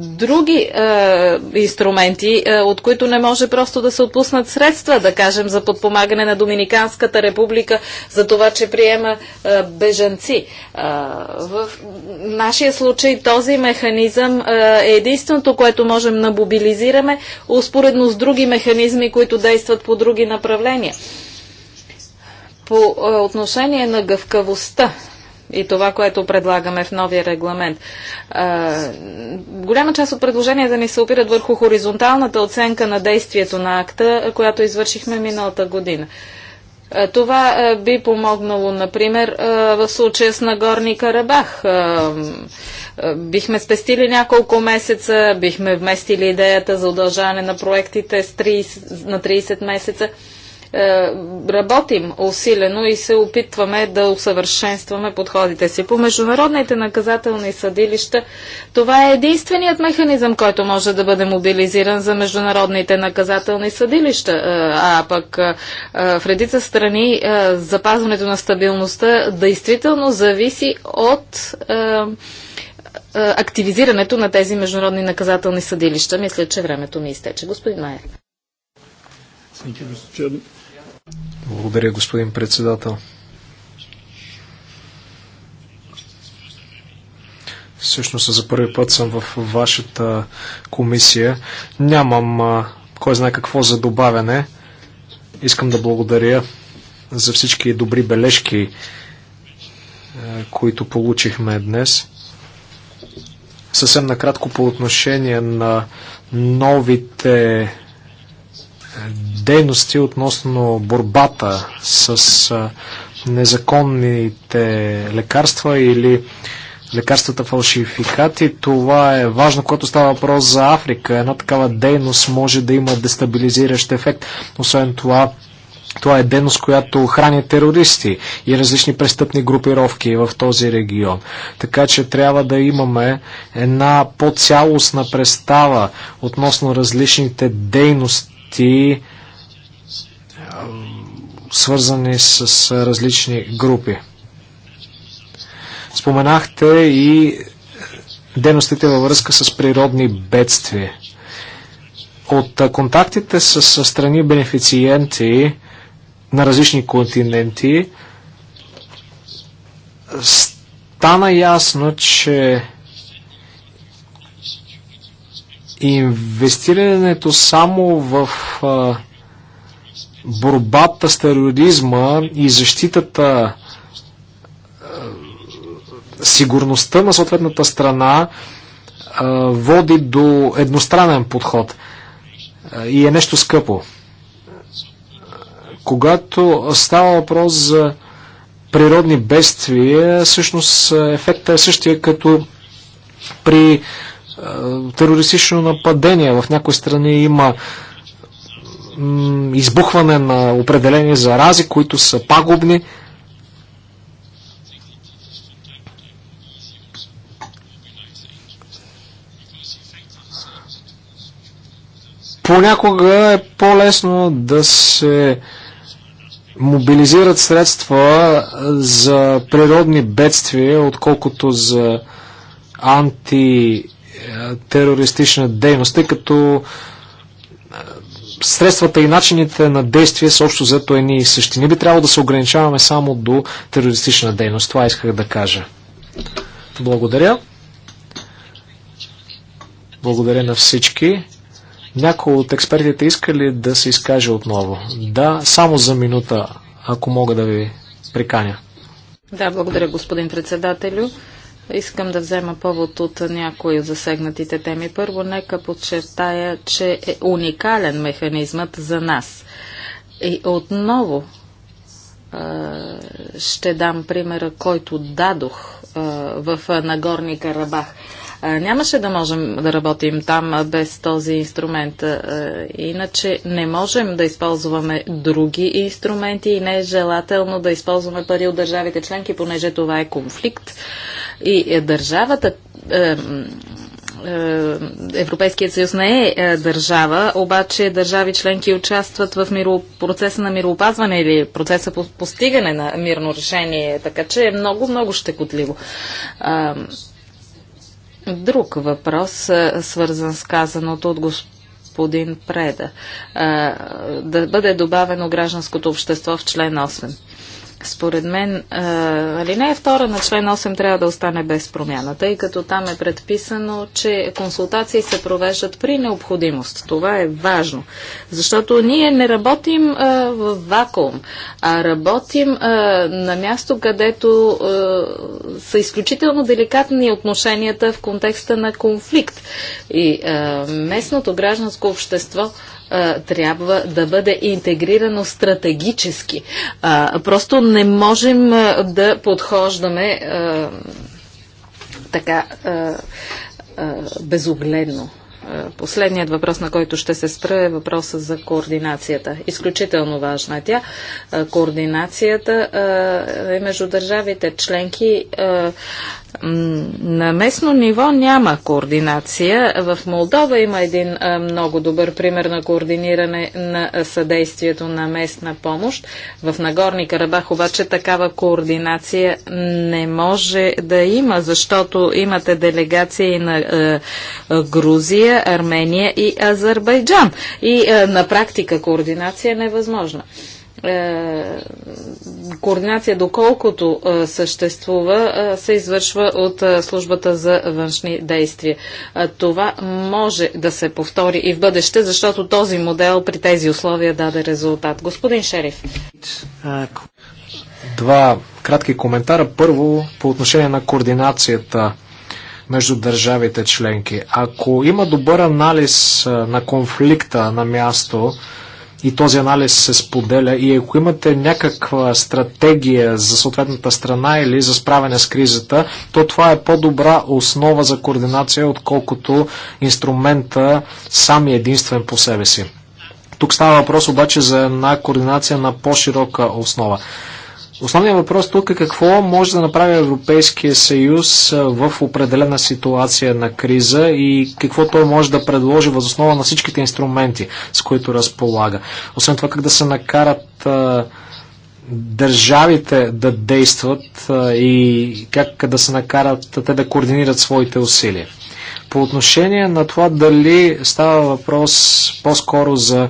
Speaker 2: други е, инструменти, е, от които не може просто да се отпуснат средства, да кажем, за подпомагане на Доминиканската република, за това, че приема е, бежанци. Е, в нашия случай този механизъм е, е единственото, което можем да мобилизираме, успоредно с други механизми, които действат по други направления. По е, отношение на гъвкавостта, и това, което предлагаме в новия регламент. А, голяма част от предложенията ни се опират върху хоризонталната оценка на действието на акта, която извършихме миналата година. Това би помогнало, например, в случая с Нагорни Карабах. Бихме спестили няколко месеца, бихме вместили идеята за удължаване на проектите на 30 месеца. Е, работим усилено и се опитваме да усъвършенстваме подходите си. По международните наказателни съдилища това е единственият механизъм, който може да бъде мобилизиран за международните наказателни съдилища. Е, а пък е, в редица страни запазването на стабилността действително зависи от активизирането на тези международни наказателни съдилища. Мисля, че времето ми изтече. Господин Майер. Thank you, Mr. Chairman.
Speaker 3: Благодаря, господин председател. Всъщност за първи път съм в вашата комисия. Нямам а, кой знае какво за добавяне. Искам да благодаря за всички добри бележки, които получихме днес. Съвсем накратко по отношение на новите дейности относно борбата с незаконните лекарства или лекарствата фалшификати. Това е важно, когато става въпрос за Африка. Една такава дейност може да има дестабилизиращ ефект. Освен това, това е дейност, която храни терористи и различни престъпни групировки в този регион. Така че трябва да имаме една по-цялостна представа относно различните дейности, свързани с различни групи. Споменахте и дейностите във връзка с природни бедствия. От контактите с, страни бенефициенти на различни континенти стана ясно, че инвестирането само в борбата с тероризма и защитата е, сигурността на съответната страна е, води до едностранен подход е, и е нещо скъпо. Когато става въпрос за природни бедствия, всъщност ефектът е същия като при терористично нападение. В някои страни има избухване на определени зарази, които са пагубни. Понякога е по-лесно да се мобилизират средства за природни бедствия, отколкото за антитерористична дейност, тъй като средствата и начините на действие са общо взето едни и същи. Не би трябвало да се ограничаваме само до терористична дейност. Това исках да кажа. Благодаря. Благодаря на всички. Някои от експертите иска ли да се изкаже отново? Да, само за минута, ако мога да ви приканя.
Speaker 2: Да, благодаря господин председателю. Искам да взема повод от някои от засегнатите теми. Първо, нека подчертая, че е уникален механизмът за нас. И отново ще дам примера, който дадох в Нагорни Карабах. Нямаше да можем да работим там без този инструмент. Иначе не можем да използваме други инструменти и не е желателно да използваме пари от държавите членки, понеже това е конфликт и е, държавата е, е, Европейският съюз не е държава, обаче държави членки участват в миро... процеса на мироопазване или процеса по постигане на мирно решение, така че е много-много щекотливо. Друг въпрос, свързан с казаното от господин Преда. Да бъде добавено гражданското общество в член 8. Според мен, алинея втора на член 8 трябва да остане без промяна, тъй като там е предписано, че консултации се провеждат при необходимост. Това е важно, защото ние не работим а, в вакуум, а работим а, на място, където а, са изключително деликатни отношенията в контекста на конфликт. И местното гражданско общество а, е, трябва да бъде интегрирано стратегически. А, е, просто не можем а, е, да подхождаме а, така а, а, безогледно. Последният въпрос, на който ще се спра, е въпроса за координацията. Изключително важна е тя. Координацията е между държавите членки на местно ниво няма координация. В Молдова има един много добър пример на координиране на съдействието на местна помощ. В Нагорни Карабах обаче такава координация не може да има, защото имате делегации на Грузия, Армения и Азербайджан. И на практика координация е невъзможна. Е, координация, доколкото е, съществува, е, се извършва от службата за външни действия. Това може да се повтори и в бъдеще, защото този модел при тези условия даде резултат. Господин Шериф.
Speaker 3: Два кратки коментара. Първо, по отношение на координацията между държавите членки. Ако има добър анализ на конфликта на място, и този анализ се споделя. И ако имате някаква стратегия за съответната страна или за справяне с кризата, то това е по-добра основа за координация, отколкото инструмента сам е единствен по себе си. Тук става въпрос обаче за една координация на по-широка основа. Основният въпрос тук е какво може да направи Европейския съюз в определена ситуация на криза и какво той може да предложи възоснова на всичките инструменти, с които разполага. Освен това, как да се накарат а, държавите да действат а, и как да се накарат те да координират своите усилия. По отношение на това дали става въпрос по-скоро за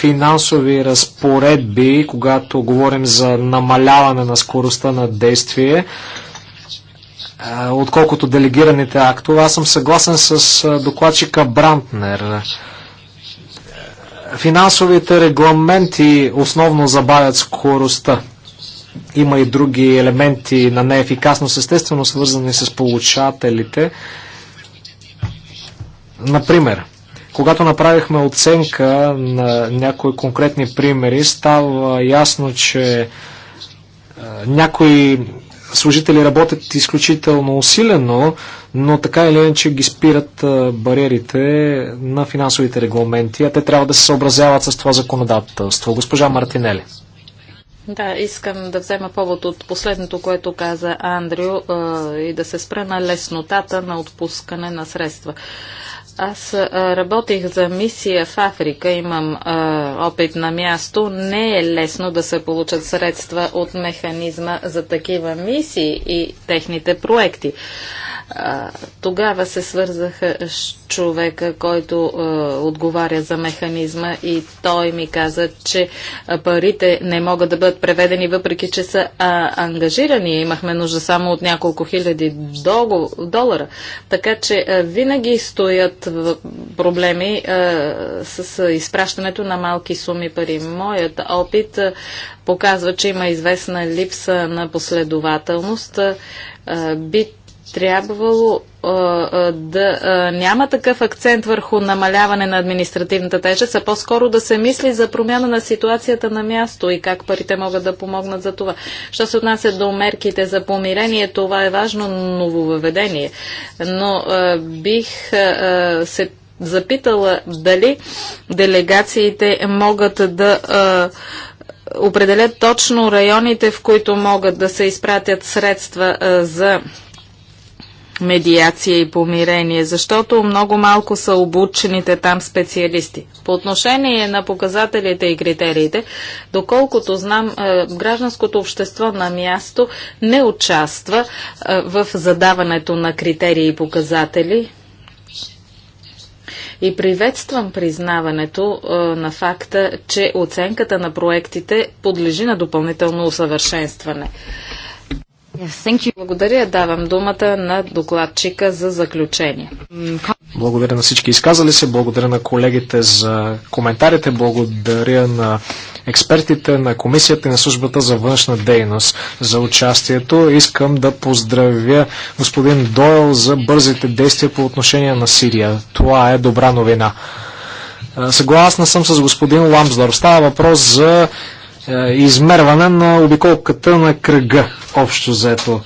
Speaker 3: финансови разпоредби, когато говорим за намаляване на скоростта на действие, е, отколкото делегираните актове. Аз съм съгласен с е, докладчика Брантнер. Финансовите регламенти основно забавят скоростта. Има и други елементи на неефикасност, естествено свързани с получателите. Например, когато направихме оценка на някои конкретни примери, става ясно, че е, някои служители работят изключително усилено, но така или иначе ги спират е, бариерите на финансовите регламенти, а те трябва да се съобразяват с това законодателство. Госпожа Мартинели.
Speaker 2: Да, искам да взема повод от последното, което каза Андрю е, и да се спра на леснотата на отпускане на средства. Аз работих за мисия в Африка, имам а, опит на място. Не е лесно да се получат средства от механизма за такива мисии и техните проекти тогава се свързаха с човека, който а, отговаря за механизма и той ми каза, че парите не могат да бъдат преведени, въпреки че са а, ангажирани. Имахме нужда само от няколко хиляди долу, долара. Така че а, винаги стоят в проблеми а, с а, изпращането на малки суми пари. Моят опит а, показва, че има известна липса на последователност. А, бит трябвало а, а, да а, няма такъв акцент върху намаляване на административната тежест, а по-скоро да се мисли за промяна на ситуацията на място и как парите могат да помогнат за това. Що се отнася до мерките за помирение, това е важно нововъведение. Но а, бих а, се запитала дали делегациите могат да. А, определят точно районите, в които могат да се изпратят средства а, за медиация и помирение, защото много малко са обучените там специалисти. По отношение на показателите и критериите, доколкото знам, е, гражданското общество на място не участва е, в задаването на критерии и показатели. И приветствам признаването е, на факта, че оценката на проектите подлежи на допълнително усъвършенстване. Благодаря. Давам думата на докладчика за заключение.
Speaker 3: Благодаря на всички изказали се, благодаря на колегите за коментарите, благодаря на експертите на комисията и на службата за външна дейност за участието. Искам да поздравя господин Дойл за бързите действия по отношение на Сирия. Това е добра новина. Съгласна съм с господин Ламсдор. Става въпрос за е, измерване на обиколката на кръга общо заето.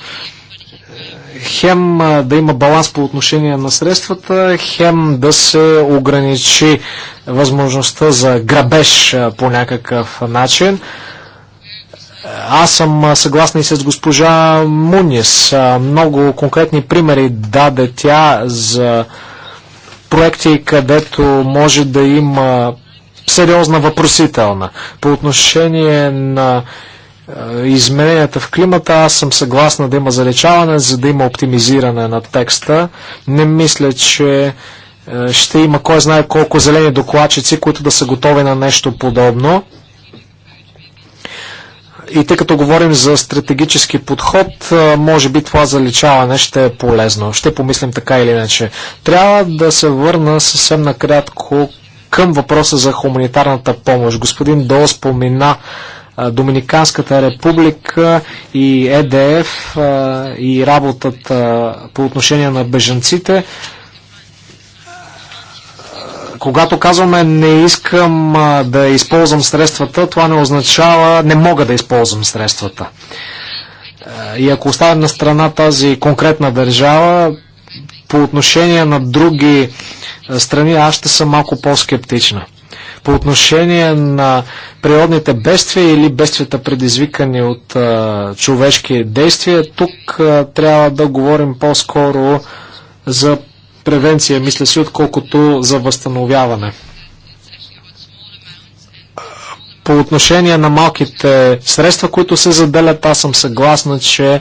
Speaker 3: Хем да има баланс по отношение на средствата, хем да се ограничи възможността за грабеж по някакъв начин. Аз съм съгласен и с госпожа Мунис. Много конкретни примери даде тя за проекти, където може да има сериозна въпросителна по отношение на е, измененията в климата. Аз съм съгласна да има залечаване, за да има оптимизиране на текста. Не мисля, че е, ще има кой знае колко зелени докладчици, които да са готови на нещо подобно. И тъй като говорим за стратегически подход, е, може би това заличаване ще е полезно. Ще помислим така или иначе. Трябва да се върна съвсем накратко към въпроса за хуманитарната помощ. Господин Дол спомена Доминиканската република и ЕДФ и работата по отношение на бежанците. Когато казваме не искам да използвам средствата, това не означава не мога да използвам средствата. И ако оставим на страна тази конкретна държава, по отношение на други страни, аз ще съм малко по-скептична. По отношение на природните бедствия или бедствията предизвикани от а, човешки действия, тук а, трябва да говорим по-скоро за превенция, мисля си, отколкото за възстановяване. По отношение на малките средства, които се заделят, аз съм съгласна, че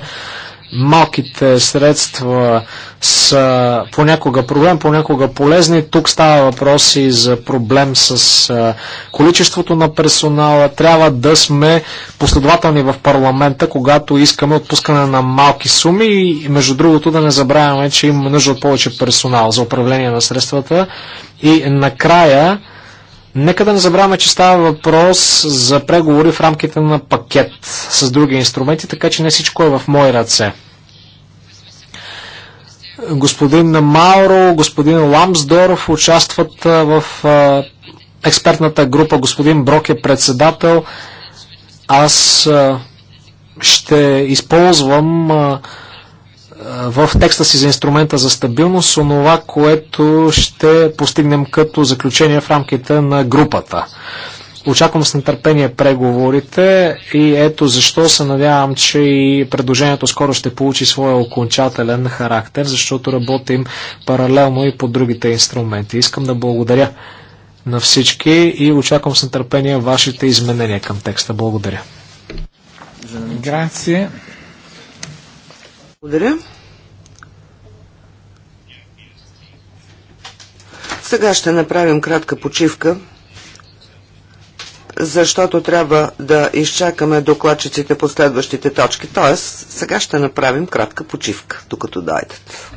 Speaker 3: малките средства са понякога проблем, понякога полезни. Тук става въпрос и за проблем с количеството на персонала. Трябва да сме последователни в парламента, когато искаме отпускане на малки суми и между другото да не забравяме, че има нужда от повече персонал за управление на средствата. И накрая Нека да не забравяме, че става въпрос за преговори в рамките на пакет с други инструменти, така че не всичко е в мои ръце. Господин Мауро, господин Ламсдоров участват в експертната група. Господин Брок е председател. Аз ще използвам в текста си за инструмента за стабилност, онова, което ще постигнем като заключение в рамките на групата. Очаквам с нетърпение преговорите и ето защо се надявам, че и предложението скоро ще получи своя окончателен характер, защото работим паралелно и по другите инструменти. Искам да благодаря на всички и очаквам с нетърпение вашите изменения към текста. Благодаря.
Speaker 1: Grazie.
Speaker 4: Благодаря. Сега ще направим кратка почивка, защото трябва да изчакаме докладчиците по следващите точки. Тоест, сега ще направим кратка почивка, докато дойдат.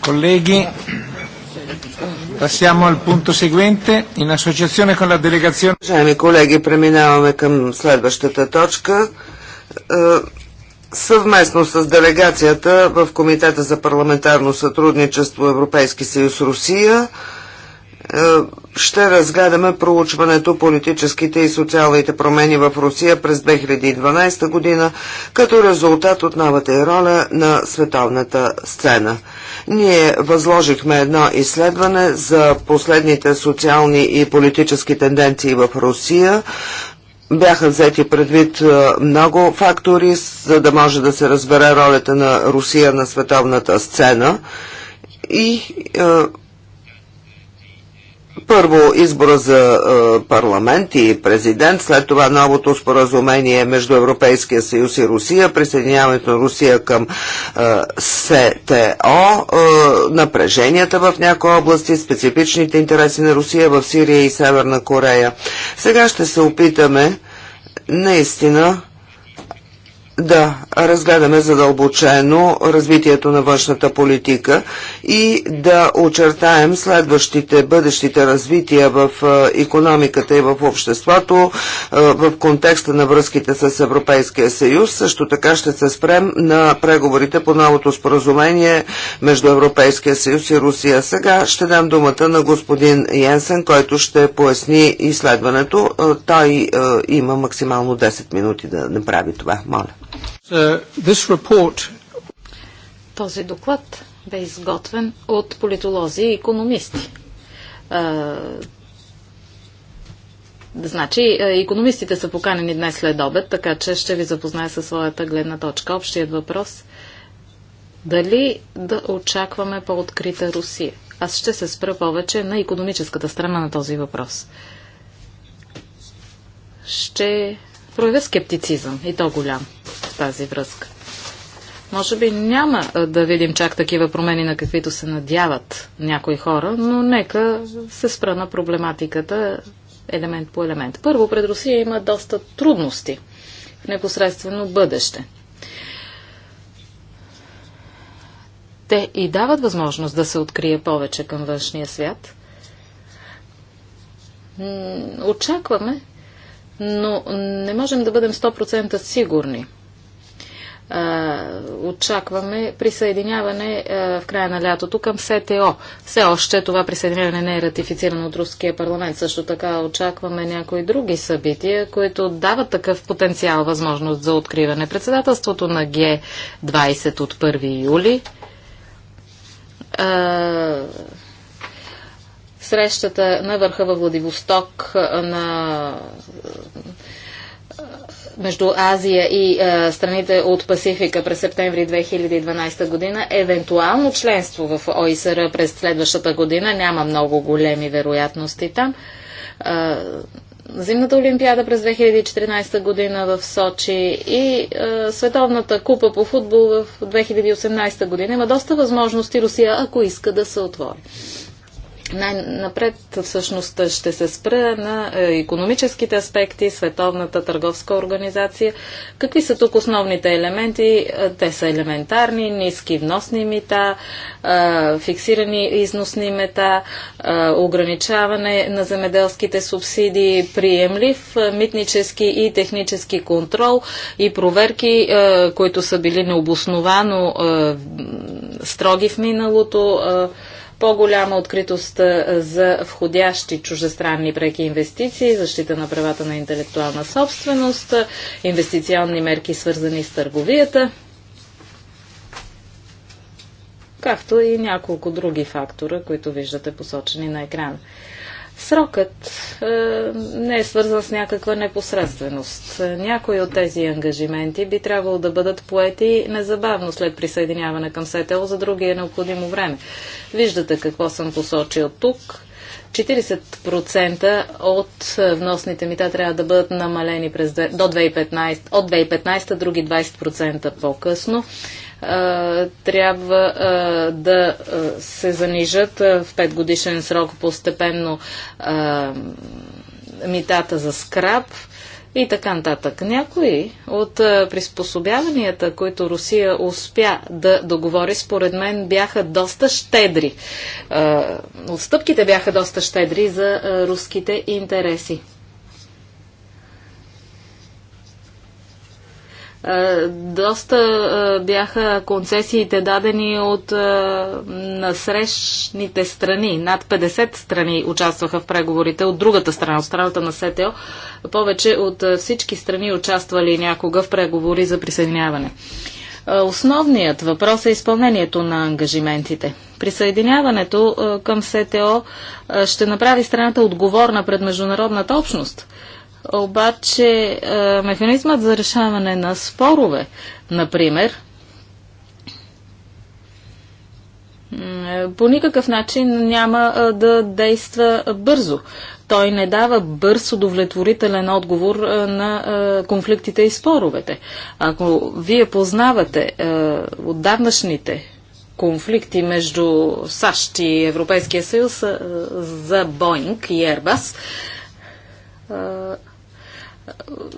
Speaker 1: Colleghi, passiamo al punto seguente. In associazione
Speaker 4: con la delegazione... Уважаеми колеги, преминаваме към следващата точка. Е, съвместно с делегацията в Комитета за парламентарно сътрудничество Европейски съюз Русия е, ще разгледаме проучването политическите и социалните промени в Русия през 2012 година като резултат от новата роля на световната сцена. Ние възложихме едно изследване за последните социални и политически тенденции в Русия. Бяха взети предвид е, много фактори, за да може да се разбере ролята на Русия на световната сцена. И е, първо избора за е, парламент и президент, след това новото споразумение между Европейския съюз и Русия, присъединяването на Русия към е, СТО, е, напреженията в някои области, специфичните интереси на Русия в Сирия и Северна Корея. Сега ще се опитаме наистина да разгледаме задълбочено развитието на външната политика и да очертаем следващите бъдещите развития в економиката и в обществото е, в контекста на връзките с Европейския съюз. Също така ще се спрем на преговорите по новото споразумение между Европейския съюз и Русия. Сега ще дам думата на господин Йенсен, който ще поясни изследването. Е, той е, има максимално 10 минути да направи това. Моля.
Speaker 2: Този доклад бе изготвен от политолози и економисти. значи, економистите са поканени днес след обед, така че ще ви запозная със своята гледна точка. Общият въпрос дали да очакваме по-открита Русия? Аз ще се спра повече на економическата страна на този въпрос. Ще проявя скептицизъм и то голям в тази връзка. Може би няма да видим чак такива промени, на каквито се надяват някои хора, но нека се спра на проблематиката елемент по елемент. Първо, пред Русия има доста трудности в непосредствено бъдеще. Те и дават възможност да се открие повече към външния свят. Очакваме но не можем да бъдем 100% сигурни. Очакваме присъединяване в края на лятото към СТО. Все още това присъединяване не е ратифицирано от Руския парламент. Също така очакваме някои други събития, които дават такъв потенциал възможност за откриване. Председателството на Г20 от 1 юли срещата на върха във Владивосток на между Азия и а, страните от Пасифика през септември 2012 година, евентуално членство в ОИСР през следващата година, няма много големи вероятности там. А, Зимната олимпиада през 2014 година в Сочи и а, Световната купа по футбол в 2018 година има доста възможности Русия, ако иска да се отвори. Най-напред всъщност ще се спра на економическите аспекти, Световната търговска организация. Какви са тук основните елементи? Е, те са елементарни, ниски вносни мита, е, фиксирани износни мета, е, ограничаване на земеделските субсидии, приемлив митнически и технически контрол и проверки, които са били необосновано строги в миналото по-голяма откритост за входящи чужестранни преки инвестиции, защита на правата на интелектуална собственост, инвестиционни мерки свързани с търговията, както и няколко други фактора, които виждате посочени на екрана. Срокът е, не е свързан с някаква непосредственост. Някои от тези ангажименти би трябвало да бъдат поети незабавно след присъединяване към СТО, за други е необходимо време. Виждате какво съм посочил тук. 40% от вносните мита трябва да бъдат намалени през, до 2015, от 2015, други 20% по-късно трябва да се занижат в 5 годишен срок постепенно митата за скраб и така нататък. Някои от приспособяванията, които Русия успя да договори, според мен бяха доста щедри. Отстъпките бяха доста щедри за руските интереси. Е, доста е, бяха концесиите дадени от е, насрещните страни. Над 50 страни участваха в преговорите от другата страна, от страната на СТО. Повече от всички страни участвали някога в преговори за присъединяване. Основният въпрос е изпълнението на ангажиментите. Присъединяването към СТО ще направи страната отговорна пред международната общност – обаче е, механизмът за решаване на спорове, например, е, по никакъв начин няма е, да действа бързо. Той не дава бърз удовлетворителен отговор на конфликтите и споровете. Ако вие познавате отдавнашните конфликти между САЩ и Европейския съюз за Боинг и Ербас,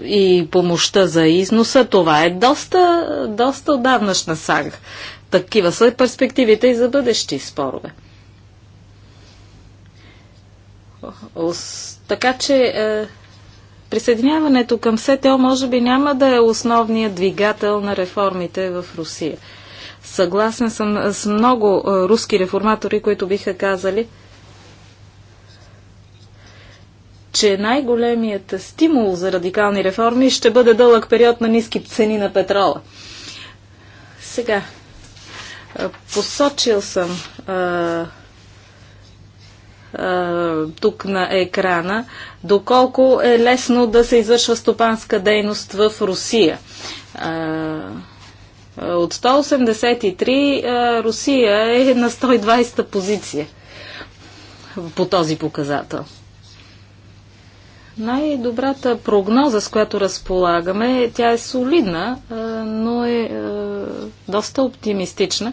Speaker 2: и помощта за износа, това е доста, доста отдавнашна сага. Такива са перспективите и за бъдещи спорове. Така че е, присъединяването към СТО може би няма да е основният двигател на реформите в Русия. Съгласен съм с много е, руски реформатори, които биха казали – че най-големият стимул за радикални реформи ще бъде дълъг период на ниски цени на петрола. Сега, посочил съм а, тук на екрана, доколко е лесно да се извършва стопанска дейност в Русия. От 183 Русия е на 120 та позиция по този показател. Най-добрата прогноза, с която разполагаме, тя е солидна, но е доста оптимистична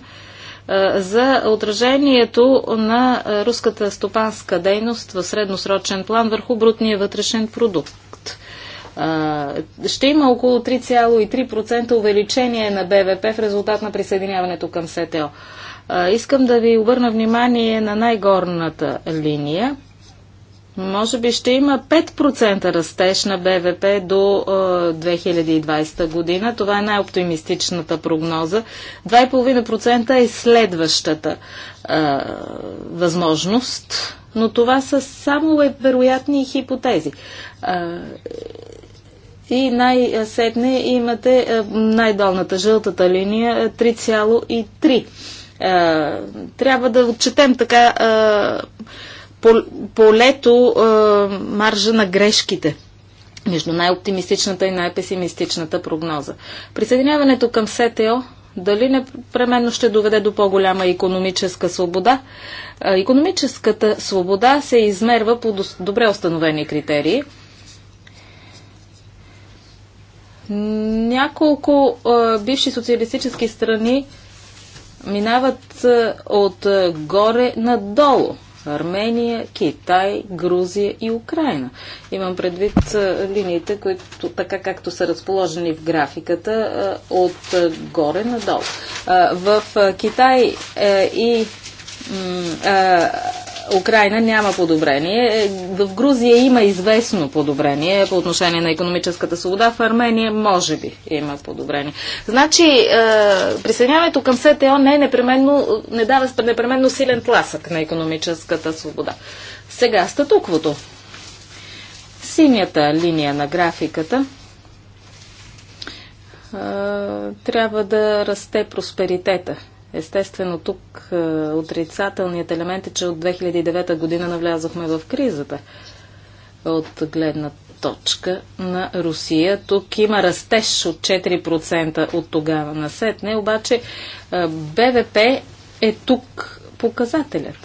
Speaker 2: за отражението на руската стопанска дейност в средносрочен план върху брутния вътрешен продукт. Ще има около 3,3% увеличение на БВП в резултат на присъединяването към СТО. Искам да ви обърна внимание на най-горната линия – може би ще има 5% растеж на БВП до 2020 година. Това е най-оптимистичната прогноза. 2,5% е следващата а, възможност, но това са само вероятни хипотези. А, и най-сетне имате най-долната жълтата линия 3,3. Трябва да отчетем така полето, маржа на грешките между най-оптимистичната и най-песимистичната прогноза. Присъединяването към СТО дали непременно ще доведе до по-голяма економическа свобода? Економическата свобода се измерва по добре установени критерии. Няколко бивши социалистически страни минават от горе надолу Армения, Китай, Грузия и Украина. Имам предвид линиите, които така както са разположени в графиката от горе надолу. В Китай е, и Украина няма подобрение. В Грузия има известно подобрение по отношение на економическата свобода. В Армения може би има подобрение. Значи, е, присъединяването към СТО не, е непременно, не дава непременно силен тласък на економическата свобода. Сега, статуквото. Синята линия на графиката е, трябва да расте просперитета Естествено, тук е, отрицателният елемент е, че от 2009 година навлязохме в кризата от гледна точка на Русия. Тук има растеж от 4% от тогава насетне, обаче е, БВП е тук показателят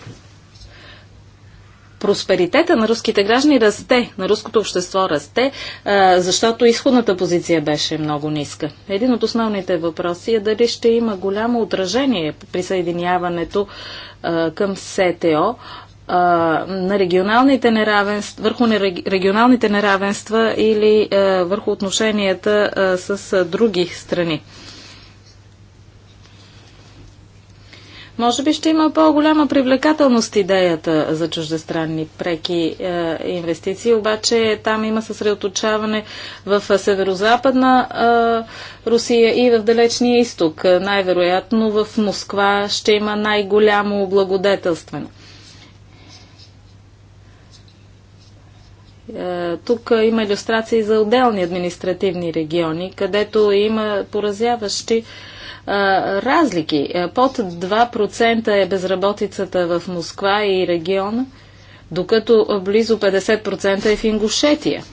Speaker 2: просперитета на руските граждани расте, на руското общество расте, защото изходната позиция беше много ниска. Един от основните въпроси е дали ще има голямо отражение присъединяването към СТО на регионалните неравенства, върху регионалните неравенства или върху отношенията с други страни. Може би ще има по-голяма привлекателност идеята за чуждестранни преки е, инвестиции, обаче там има съсредоточаване в северо-западна е, Русия и в далечния изток. Най-вероятно в Москва ще има най-голямо благодетелствено. Е, тук има иллюстрации за отделни административни региони, където има поразяващи разлики. Под 2% е безработицата в Москва и региона, докато близо 50% е в Ингушетия.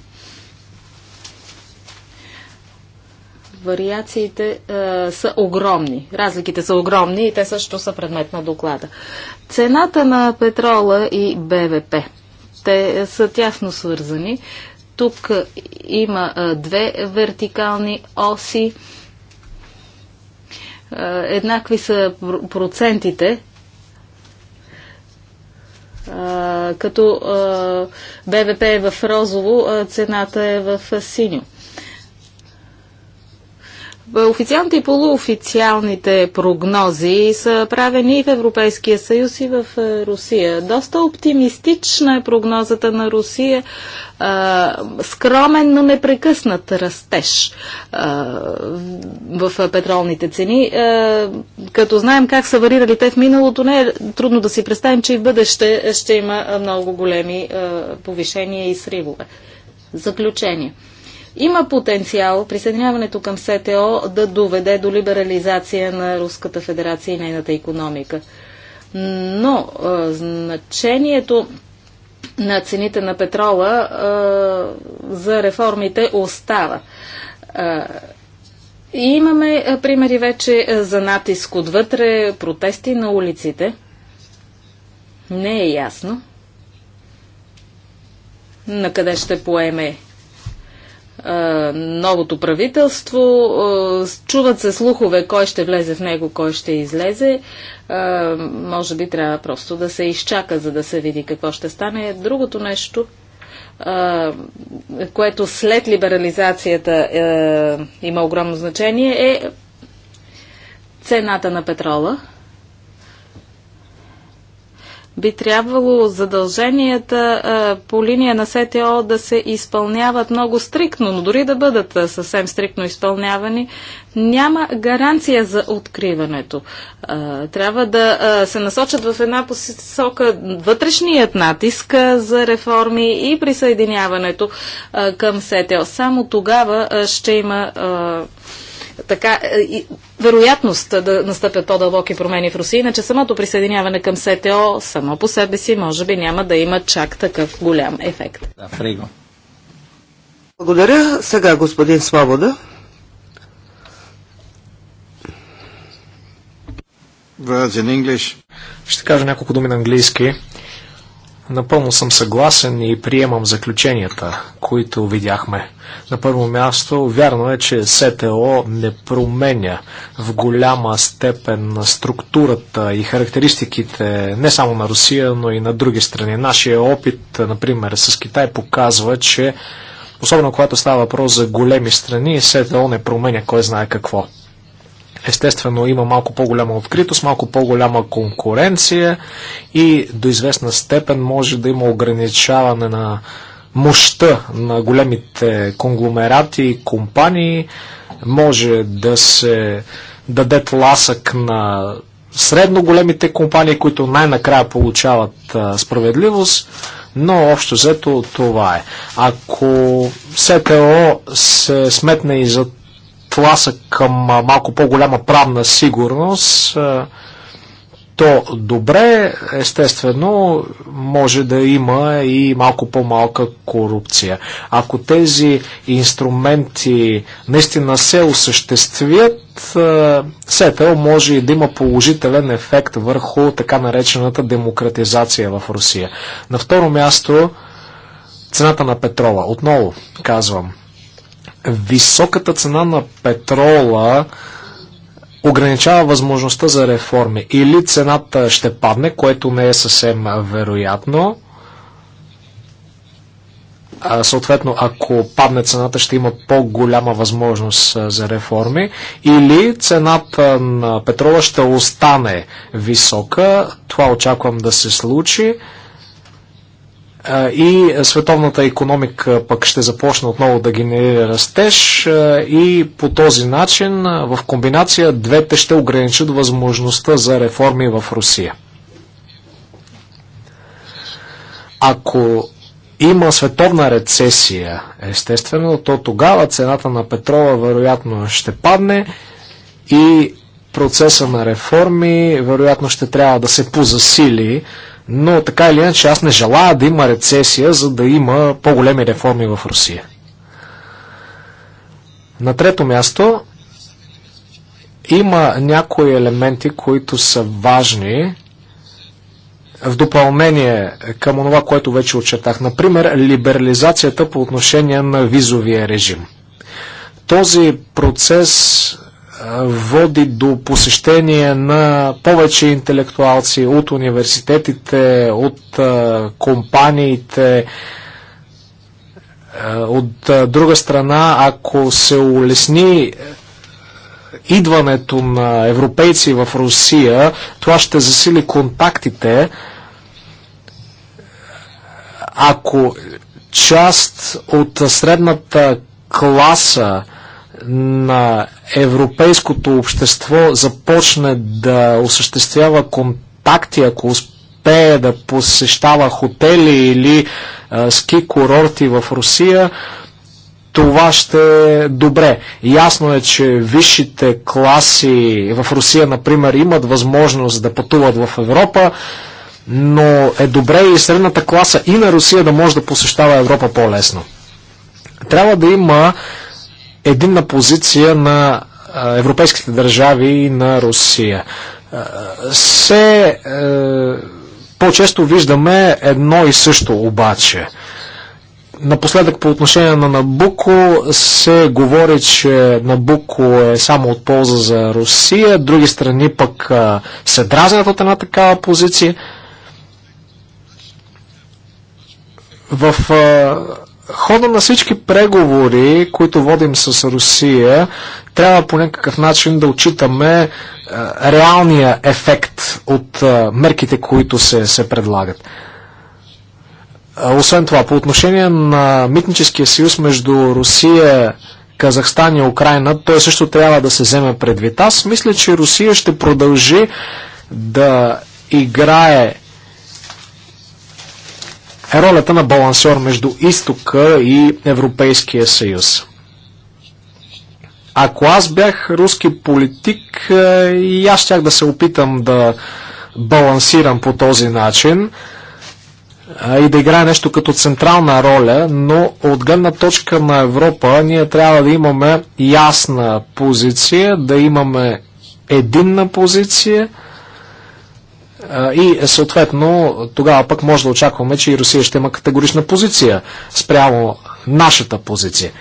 Speaker 2: вариациите а, са огромни. Разликите са огромни и те също са предмет на доклада. Цената на петрола и БВП. Те са тясно свързани. Тук има а, две вертикални оси. А, е, еднакви са процентите, е, като е, БВП е в розово, цената е в синьо. Официалните и полуофициалните прогнози са правени и в Европейския съюз и в е, Русия. Доста оптимистична е прогнозата на Русия. Е, скромен, но непрекъснат растеж е, в, петролните цени. като знаем как са варирали те в миналото, не е трудно да си представим, че и в бъдеще ще има много големи повишения и сривове. Заключение. Има потенциал присъединяването към СТО да доведе до либерализация на Руската федерация и нейната економика. Но а, значението на цените на петрола а, за реформите остава. А, и имаме примери вече за натиск отвътре, протести на улиците. Не е ясно на къде ще поеме е, новото правителство. Е, чуват се слухове кой ще влезе в него, кой ще излезе. Е, може би трябва просто да се изчака, за да се види какво ще стане. Другото нещо, което след либерализацията има огромно значение, е цената на петрола би трябвало задълженията по линия на СТО да се изпълняват много стриктно, но дори да бъдат съвсем стриктно изпълнявани, няма гаранция за откриването. Трябва да се насочат в една посока вътрешният натиск за реформи и присъединяването към СТО. Само тогава ще има така, е, и, вероятност да настъпят по-дълбоки промени в Русия, иначе самото присъединяване към СТО само по себе си може би няма да има чак такъв голям ефект.
Speaker 4: Да, фриго. Благодаря. Сега господин Свобода. Words in English. Ще кажа
Speaker 3: няколко думи на английски. Напълно съм съгласен и приемам заключенията, които видяхме. На първо място, вярно е, че СТО не променя в голяма степен структурата и характеристиките не само на Русия, но и на други страни. Нашия опит, например, с Китай показва, че особено когато става въпрос за големи страни, СТО не променя кой знае какво. Естествено има малко по-голяма откритост, малко по-голяма конкуренция и до известна степен може да има ограничаване на мощта на големите конгломерати и компании, може да се даде тласък на средно големите компании, които най-накрая получават справедливост, но общо взето това е. Ако СТО се сметне и за тласък към малко по-голяма правна сигурност, то добре, естествено, може да има и малко по-малка корупция. Ако тези инструменти наистина се осъществят, СЕТЕЛ може и да има положителен ефект върху така наречената демократизация в Русия. На второ място, цената на петрола. Отново казвам, високата цена на петрола ограничава възможността за реформи. Или цената ще падне, което не е съвсем вероятно. А, съответно, ако падне цената, ще има по-голяма възможност за реформи. Или цената на петрола ще остане висока. Това очаквам да се случи и световната економика пък ще започне отново да генерира растеж и по този начин в комбинация двете ще ограничат възможността за реформи в Русия. Ако има световна рецесия, естествено, то тогава цената на петрола вероятно ще падне и процеса на реформи вероятно ще трябва да се позасили, но така или иначе аз не желая да има рецесия, за да има по-големи реформи в Русия. На трето място има някои елементи, които са важни в допълнение към това, което вече очертах. Например, либерализацията по отношение на визовия режим. Този процес води до посещение на повече интелектуалци от университетите, от компаниите, от друга страна, ако се улесни идването на европейци в Русия, това ще засили контактите. Ако част от средната класа на европейското общество започне да осъществява контакти, ако успее да посещава хотели или а, ски курорти в Русия, това ще е добре. Ясно е, че висшите класи в Русия, например, имат възможност да пътуват в Европа, но е добре и средната класа и на Русия да може да посещава Европа по-лесно. Трябва да има единна позиция на европейските държави и на Русия. Се е, по-често виждаме едно и също обаче. Напоследък по отношение на Набуко се говори, че Набуко е само от полза за Русия, други страни пък се дразнят от една такава позиция. В хода на всички преговори, които водим с Русия, трябва по някакъв начин да отчитаме е, реалния ефект от е, мерките, които се, се предлагат. Е, освен това, по отношение на митническия съюз между Русия, Казахстан и Украина, той също трябва да се вземе предвид. Аз мисля, че Русия ще продължи да играе е ролята на балансьор между изтока и Европейския съюз. Ако аз бях руски политик е, и аз щях да се опитам да балансирам по този начин е, и да играе нещо като централна роля, но от гледна точка на Европа ние трябва да имаме ясна позиция, да имаме единна позиция – и съответно тогава пък може да очакваме, че и Русия ще има категорична позиция спрямо нашата позиция.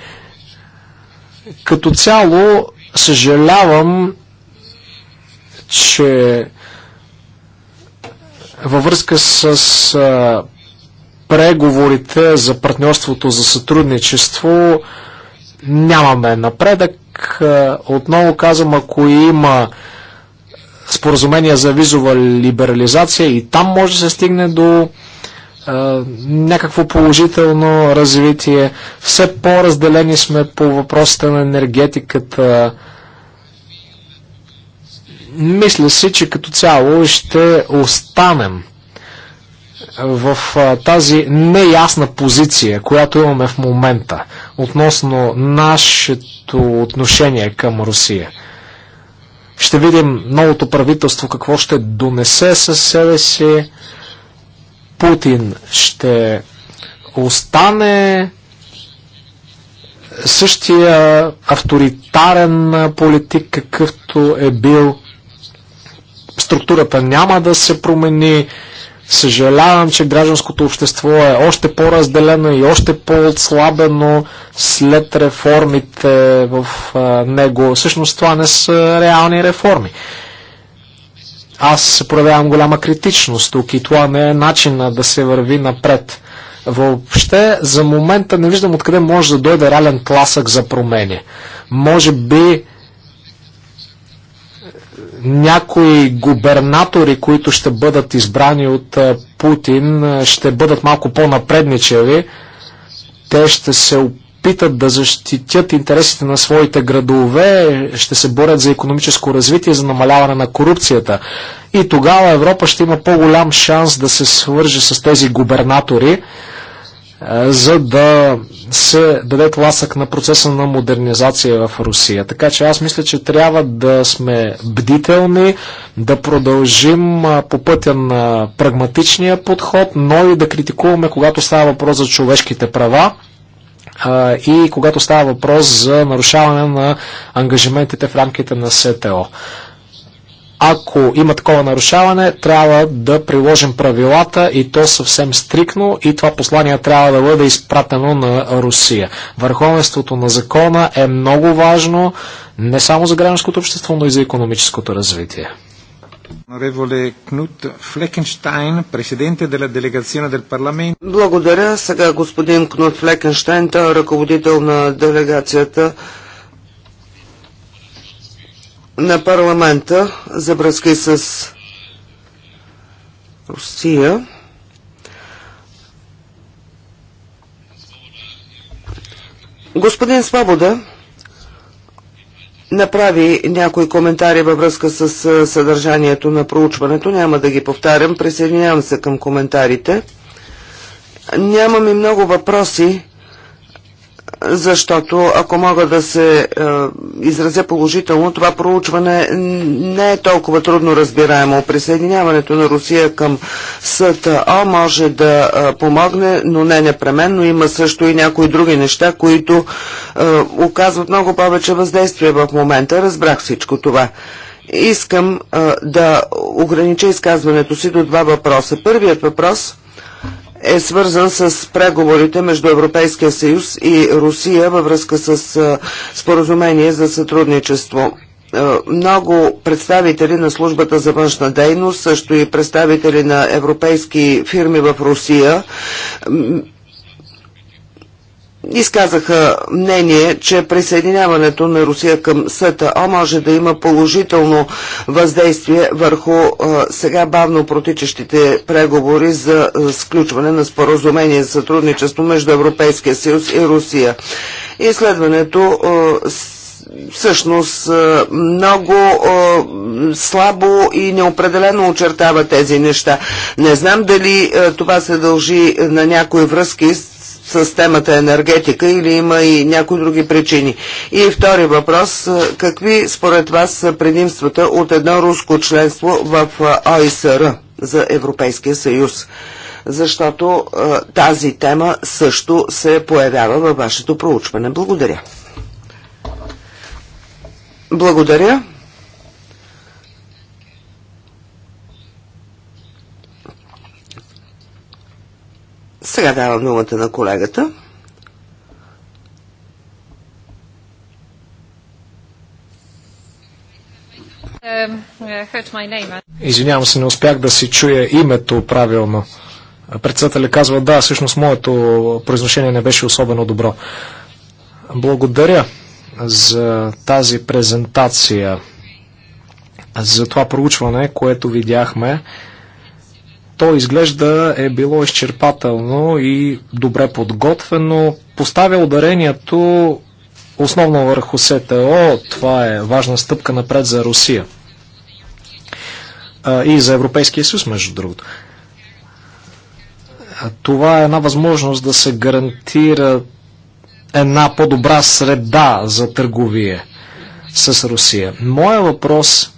Speaker 3: Като цяло съжалявам, че във връзка с преговорите за партньорството за сътрудничество нямаме напредък. Отново казвам, ако има споразумения за визова либерализация и там може да се стигне до е, някакво положително развитие. Все по-разделени сме по въпросите на енергетиката. Мисля си, че като цяло ще останем в а, тази неясна позиция, която имаме в момента относно нашето отношение към Русия. Ще видим новото правителство какво ще донесе със себе си. Путин ще остане същия авторитарен политик, какъвто е бил. Структурата няма да се промени. Съжалявам, че гражданското общество е още по-разделено и още по-отслабено след реформите в него. Всъщност това не са реални реформи. Аз проявявам голяма критичност тук и това не е начина да се върви напред. Въобще, за момента не виждам откъде може да дойде реален тласък за промени. Може би някои губернатори, които ще бъдат избрани от Путин, ще бъдат малко по-напредничеви. Те ще се опитат да защитят интересите на своите градове, ще се борят за економическо развитие, за намаляване на корупцията. И тогава Европа ще има по-голям шанс да се свърже с тези губернатори за да се даде тласък на процеса на модернизация в Русия. Така че аз мисля, че трябва да сме бдителни, да продължим по пътя на прагматичния подход, но и да критикуваме, когато става въпрос за човешките права и когато става въпрос за нарушаване на ангажиментите в рамките на СТО. Ако има такова нарушаване, трябва да приложим правилата и то съвсем стрикно и това послание трябва да бъде изпратено на Русия. Върховенството на закона е много важно не само за гражданското общество, но и за економическото развитие.
Speaker 4: Благодаря. Сега господин Кнут Флекенштайн, той е ръководител на делегацията на парламента за връзки с Русия. Господин Свобода направи някои коментари във връзка с съдържанието на проучването. Няма да ги повтарям. Присъединявам се към коментарите. Нямам и много въпроси защото ако мога да се е, изразя положително, това проучване не е толкова трудно разбираемо. Присъединяването на Русия към СТО може да е, помогне, но не непременно. Има също и някои други неща, които е, оказват много повече въздействие в момента. Разбрах всичко това. Искам е, да огранича изказването си до два въпроса. Първият въпрос е свързан с преговорите между Европейския съюз и Русия във връзка с споразумение за сътрудничество много представители на службата за външна дейност, също и представители на европейски фирми в Русия изказаха мнение, че присъединяването на Русия към СТО може да има положително въздействие върху сега бавно протичащите преговори за сключване на споразумение за сътрудничество между Европейския съюз и Русия. Изследването всъщност много е, слабо и неопределено очертава тези неща. Не знам дали е, това се дължи на някои връзки с с темата енергетика или има и някои други причини? И втори въпрос, какви според вас са предимствата от едно руско членство в ОИСР за Европейския съюз? Защото а, тази тема също се появява във вашето проучване. Благодаря. Благодаря. Сега давам думата на колегата.
Speaker 1: Um, Извинявам
Speaker 3: се, не успях да си чуя името правилно. Председателя казва, да, всъщност моето произношение не беше особено добро. Благодаря за тази презентация, за това проучване, което видяхме. То изглежда е било изчерпателно и добре подготвено. Поставя ударението основно върху СТО. Това е важна стъпка напред за Русия. А, и за Европейския съюз, между другото. А, това е една възможност да се гарантира една по-добра среда за търговие с Русия. Моя въпрос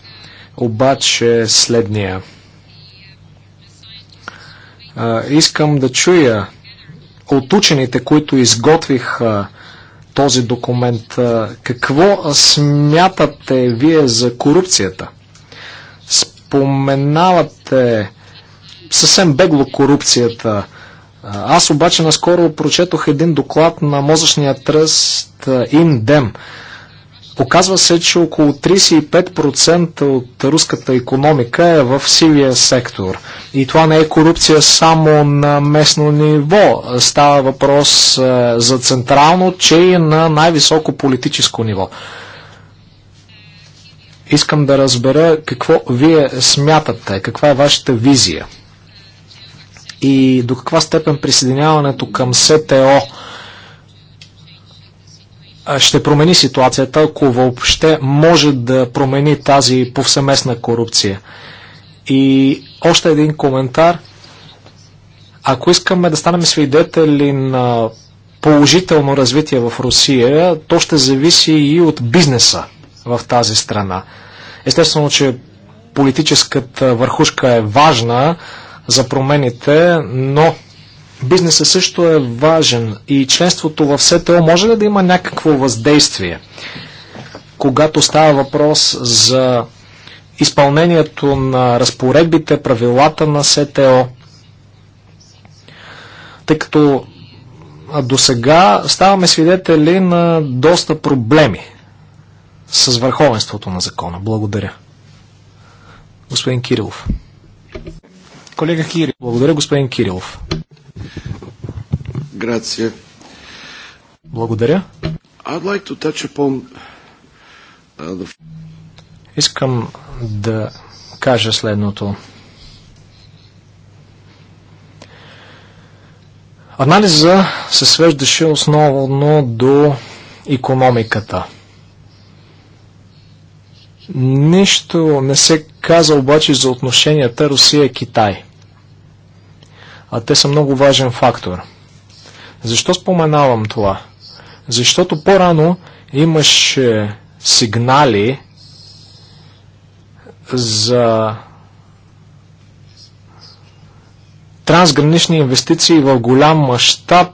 Speaker 3: обаче е следния. Искам да чуя от учените, които изготвих този документ, какво смятате вие за корупцията? Споменавате съвсем бегло корупцията. Аз обаче наскоро прочетох един доклад на мозъчния тръст Индем. Uh, Оказва се, че около 35% от руската економика е в сивия сектор. И това не е корупция само на местно ниво. Става въпрос е, за централно, че и на най-високо политическо ниво. Искам да разбера какво вие смятате, каква е вашата визия и до каква степен присъединяването към СТО ще промени ситуацията, ако въобще може да промени тази повсеместна корупция. И още един коментар. Ако искаме да станем свидетели на положително развитие в Русия, то ще зависи и от бизнеса в тази страна. Естествено, че политическата върхушка е важна за промените, но Бизнесът също е важен и членството в СТО може ли да има някакво въздействие, когато става въпрос за изпълнението на разпоредбите, правилата на СТО, тъй като до сега ставаме свидетели на доста проблеми с върховенството на закона. Благодаря. Господин Кирилов. Колега Кирилов. Благодаря, господин Кирилов. Грация. Благодаря. I'd like to touch upon, uh, the... Искам да кажа следното. Анализа се свеждаше основно до економиката. Нищо не се каза обаче за отношенията Русия-Китай. А те са много важен фактор – защо споменавам това? Защото по-рано имаше сигнали за трансгранични инвестиции в голям мащаб,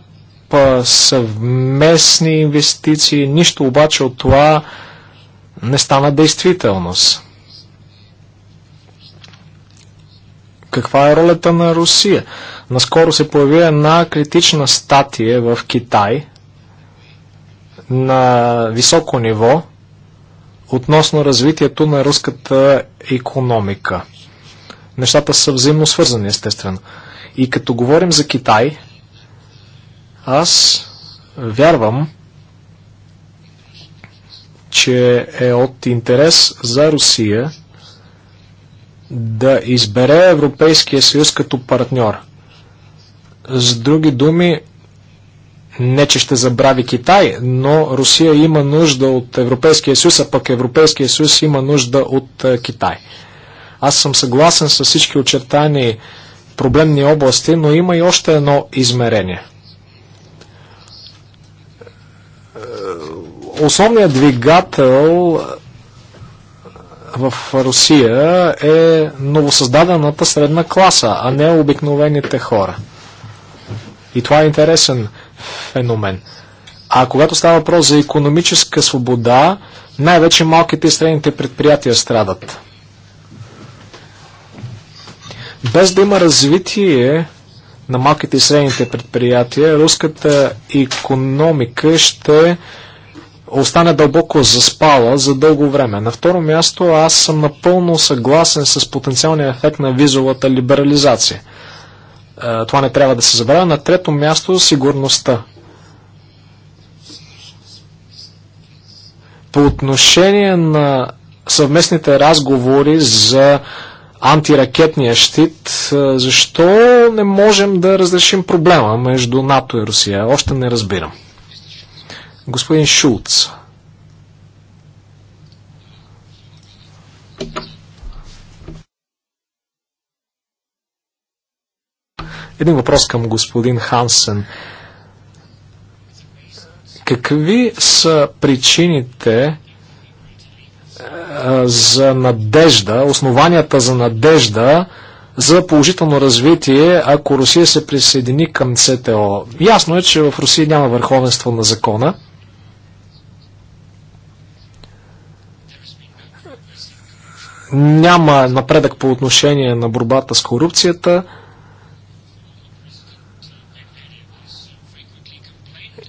Speaker 3: съвместни инвестиции, нищо обаче от това не стана действителност. Каква е ролята на Русия? Наскоро се появи една критична статия в Китай на високо ниво относно развитието на руската економика. Нещата са взаимно свързани, естествено. И като говорим за Китай, аз вярвам, че е от интерес за Русия да избере Европейския съюз като партньор. С други думи, не че ще забрави Китай, но Русия има нужда от Европейския съюз, а пък Европейския съюз има нужда от е, Китай. Аз съм съгласен с всички очертани проблемни области, но има и още едно измерение. Е, основният двигател в Русия е новосъздадената средна класа, а не обикновените хора. И това е интересен феномен. А когато става въпрос за економическа свобода, най-вече малките и средните предприятия страдат. Без да има развитие на малките и средните предприятия, руската економика ще остане дълбоко заспала за дълго време. На второ място, аз съм напълно съгласен с потенциалния ефект на визовата либерализация. Е, това не трябва да се забравя. На трето място, сигурността. По отношение на съвместните разговори за антиракетния щит, е, защо не можем да разрешим проблема между НАТО и Русия? Още не разбирам. Господин Шулц. Един въпрос към господин Хансен. Какви са причините за надежда, основанията за надежда за положително развитие, ако Русия се присъедини към СТО? Ясно е, че в Русия няма върховенство на закона. Няма напредък по отношение на борбата с корупцията.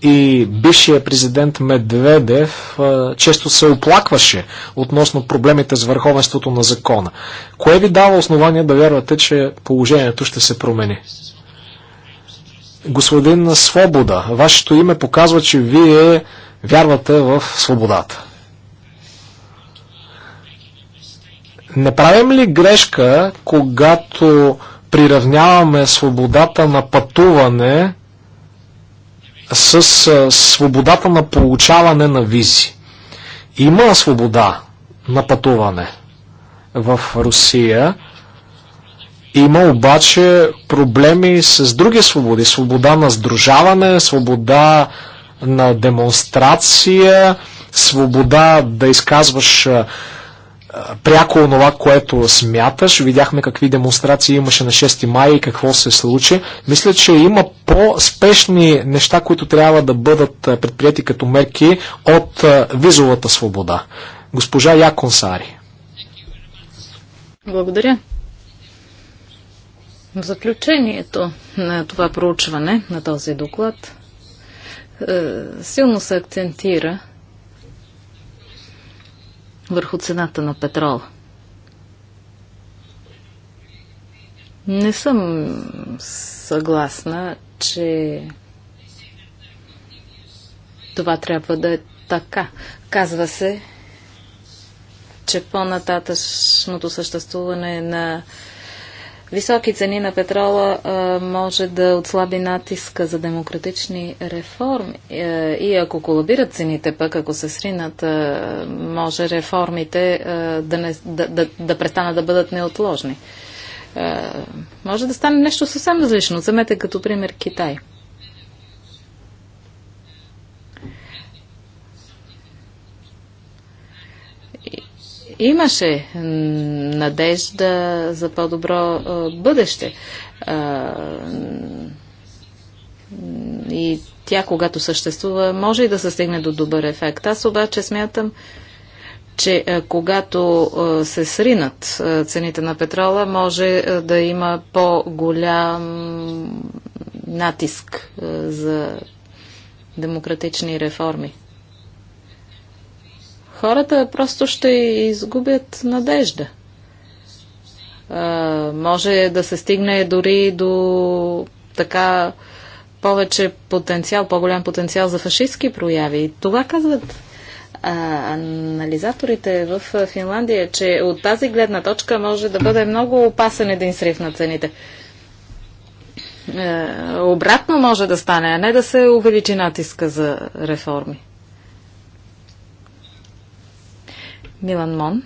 Speaker 3: и бившия президент Медведев често се оплакваше относно проблемите с върховенството на закона. Кое ви дава основание да вярвате, че положението ще се промени? Господин Свобода, вашето име показва, че вие вярвате в свободата. Не правим ли грешка, когато приравняваме свободата на пътуване с свободата на получаване на визи? Има свобода на пътуване в Русия. Има обаче проблеми с други свободи. Свобода на сдружаване, свобода на демонстрация, свобода да изказваш пряко онова, което смяташ. Видяхме какви демонстрации имаше на 6 май и какво се случи. Мисля, че има по-спешни неща, които трябва да бъдат предприяти като мерки от визовата свобода. Госпожа Якон Сари.
Speaker 2: Благодаря. В заключението на това проучване, на този доклад, е, силно се акцентира върху цената на петрола. Не съм съгласна, че това трябва да е така. Казва се, че по-нататъчното съществуване на високи цени на петрола а, може да отслаби натиска за демократични реформи. и ако колабират цените пък, ако се сринат, а, може реформите да, не, да, да, да престанат да бъдат неотложни. Може да стане нещо съвсем различно. Вземете като пример Китай – Имаше надежда за по-добро бъдеще. И тя, когато съществува, може и да се стигне до добър ефект. Аз обаче смятам, че когато се сринат цените на петрола, може да има по-голям натиск за демократични реформи хората просто ще изгубят надежда. А, може да се стигне дори до така повече потенциал, по-голям потенциал за фашистски прояви. Това казват а, анализаторите в Финландия, че от тази гледна точка може да бъде много опасен един срив на цените. Е, обратно може да стане, а не да се увеличи натиска за реформи. Милан Мон.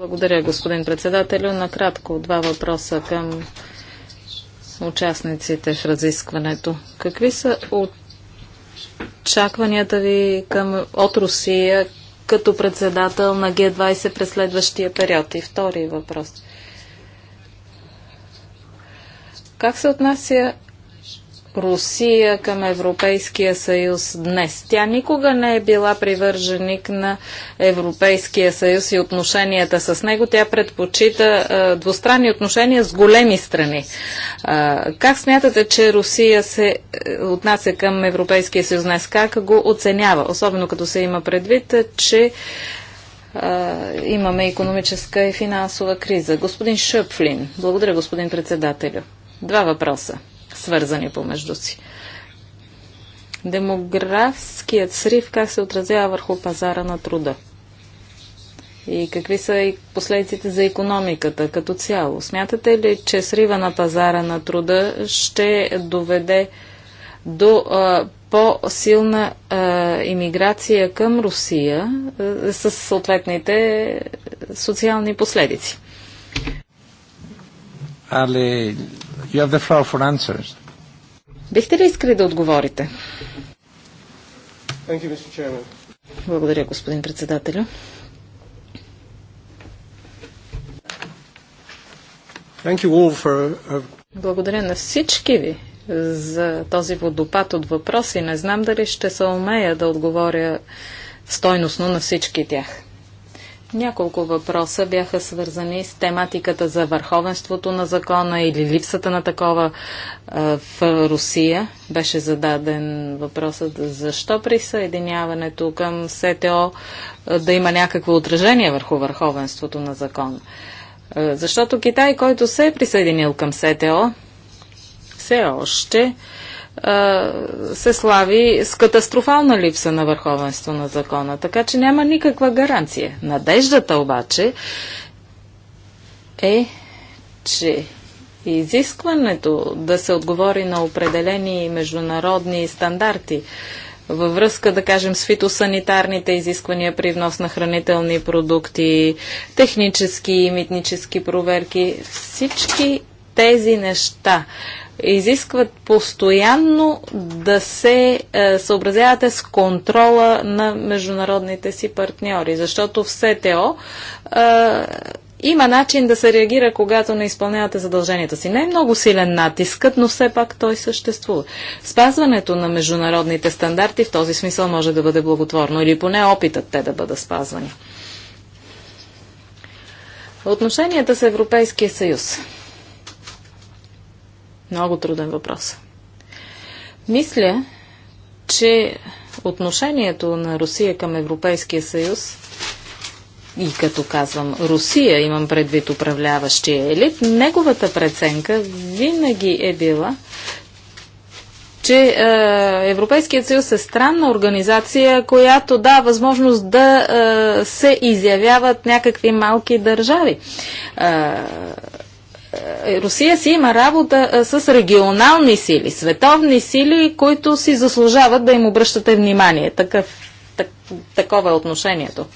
Speaker 2: Благодаря, господин председателю. Накратко два въпроса към участниците в разискването. Какви са очакванията ви към, от Русия като председател на Г20 през следващия период? И втори въпрос. Как се отнася Русия към Европейския съюз днес. Тя никога не е била привърженик на Европейския съюз и отношенията с него. Тя предпочита а, двустранни отношения с големи страни. А, как смятате, че Русия се е, отнася към Европейския съюз днес? Как го оценява? Особено като се има предвид, че а, имаме економическа и финансова криза. Господин Шъпфлин. Благодаря, господин председателю. Два въпроса свързани помежду си. Демографският срив как се отразява върху пазара на труда? И какви са и последиците за економиката като цяло? Смятате ли, че срива на пазара на труда ще доведе до по-силна имиграция към Русия а, с съответните социални последици?
Speaker 1: Але you have the floor for answers.
Speaker 2: Бихте ли искали да отговорите? Благодаря, господин председателю.
Speaker 3: Uh,
Speaker 2: Благодаря на всички ви за този водопад от въпроси. Не знам дали ще се умея да отговоря стойностно на всички тях. Няколко въпроса бяха свързани с тематиката за върховенството на закона или липсата на такова в Русия. Беше зададен въпросът защо присъединяването към СТО да има някакво отражение върху върховенството на закона. Защото Китай, който се е присъединил към СТО, все още се слави с катастрофална липса на върховенство на закона. Така че няма никаква гаранция. Надеждата обаче е, че изискването да се отговори на определени международни стандарти във връзка, да кажем, с фитосанитарните изисквания при внос на хранителни продукти, технически и митнически проверки, всички тези неща изискват постоянно да се е, съобразявате с контрола на международните си партньори, защото в СТО е, има начин да се реагира, когато не изпълнявате задълженията си. Не е много силен натискът, но все пак той съществува. Спазването на международните стандарти в този смисъл може да бъде благотворно или поне опитът те да бъдат спазвани. Отношенията с Европейския съюз. Много труден въпрос. Мисля, че отношението на Русия към Европейския съюз и като казвам Русия, имам предвид управляващия елит, неговата преценка винаги е била, че е, Европейският съюз е странна организация, която дава възможност да е, се изявяват някакви малки държави. Е, е, Русия си има работа е, с регионални сили, световни сили, които си заслужават да им обръщате внимание. Такъв, так, такова е отношението.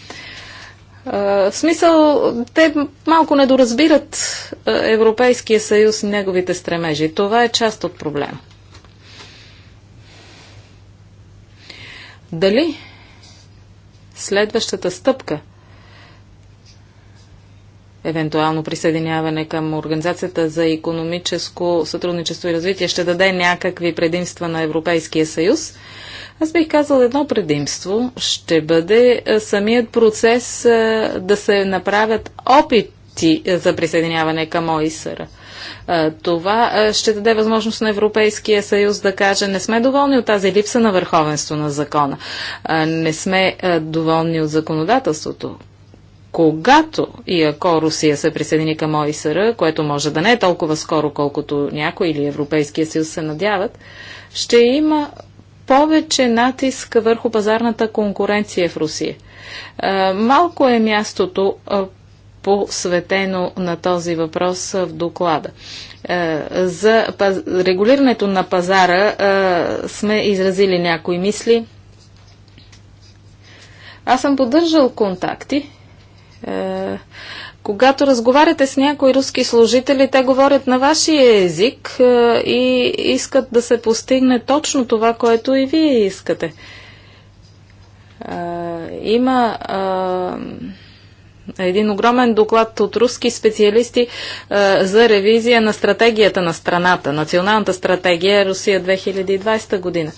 Speaker 2: Е, в смисъл, те малко недоразбират Европейския съюз и неговите стремежи. Това е част от проблема. Дали следващата стъпка – евентуално присъединяване към Организацията за економическо сътрудничество и развитие ще даде някакви предимства на Европейския съюз. Аз бих казал едно предимство ще бъде е, самият процес е, да се направят опити е, за присъединяване към ОИСР. Това ще даде възможност на Европейския съюз да каже не сме доволни от тази липса на върховенство на закона. Не сме доволни от законодателството когато и ако Русия се присъедини към ОИСР, което може да не е толкова скоро, колкото някой или Европейския съюз се надяват, ще има повече натиск върху пазарната конкуренция в Русия. Малко е мястото посветено на този въпрос в доклада. За регулирането на пазара сме изразили някои мисли. Аз съм поддържал контакти е, когато разговаряте с някои руски служители, те говорят на вашия език е, и искат да се постигне точно това, което и вие искате. Е, има един огромен доклад от руски специалисти за ревизия на стратегията на страната, националната стратегия Русия 2020 година.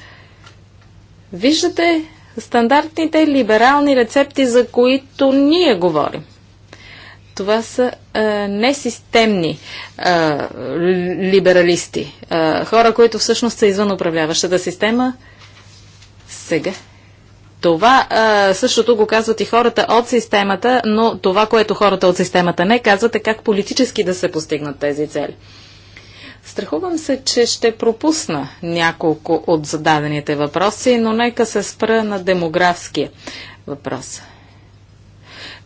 Speaker 2: Виждате стандартните либерални рецепти, за които ние говорим. Това са е, несистемни е, либералисти, е, хора, които всъщност са извън управляващата система. Сега. Това а, е, същото го казват и хората от системата, но това, което хората от системата не казват е как политически да се постигнат тези цели. Страхувам се, че ще пропусна няколко от зададените въпроси, но нека се спра на демографския въпрос.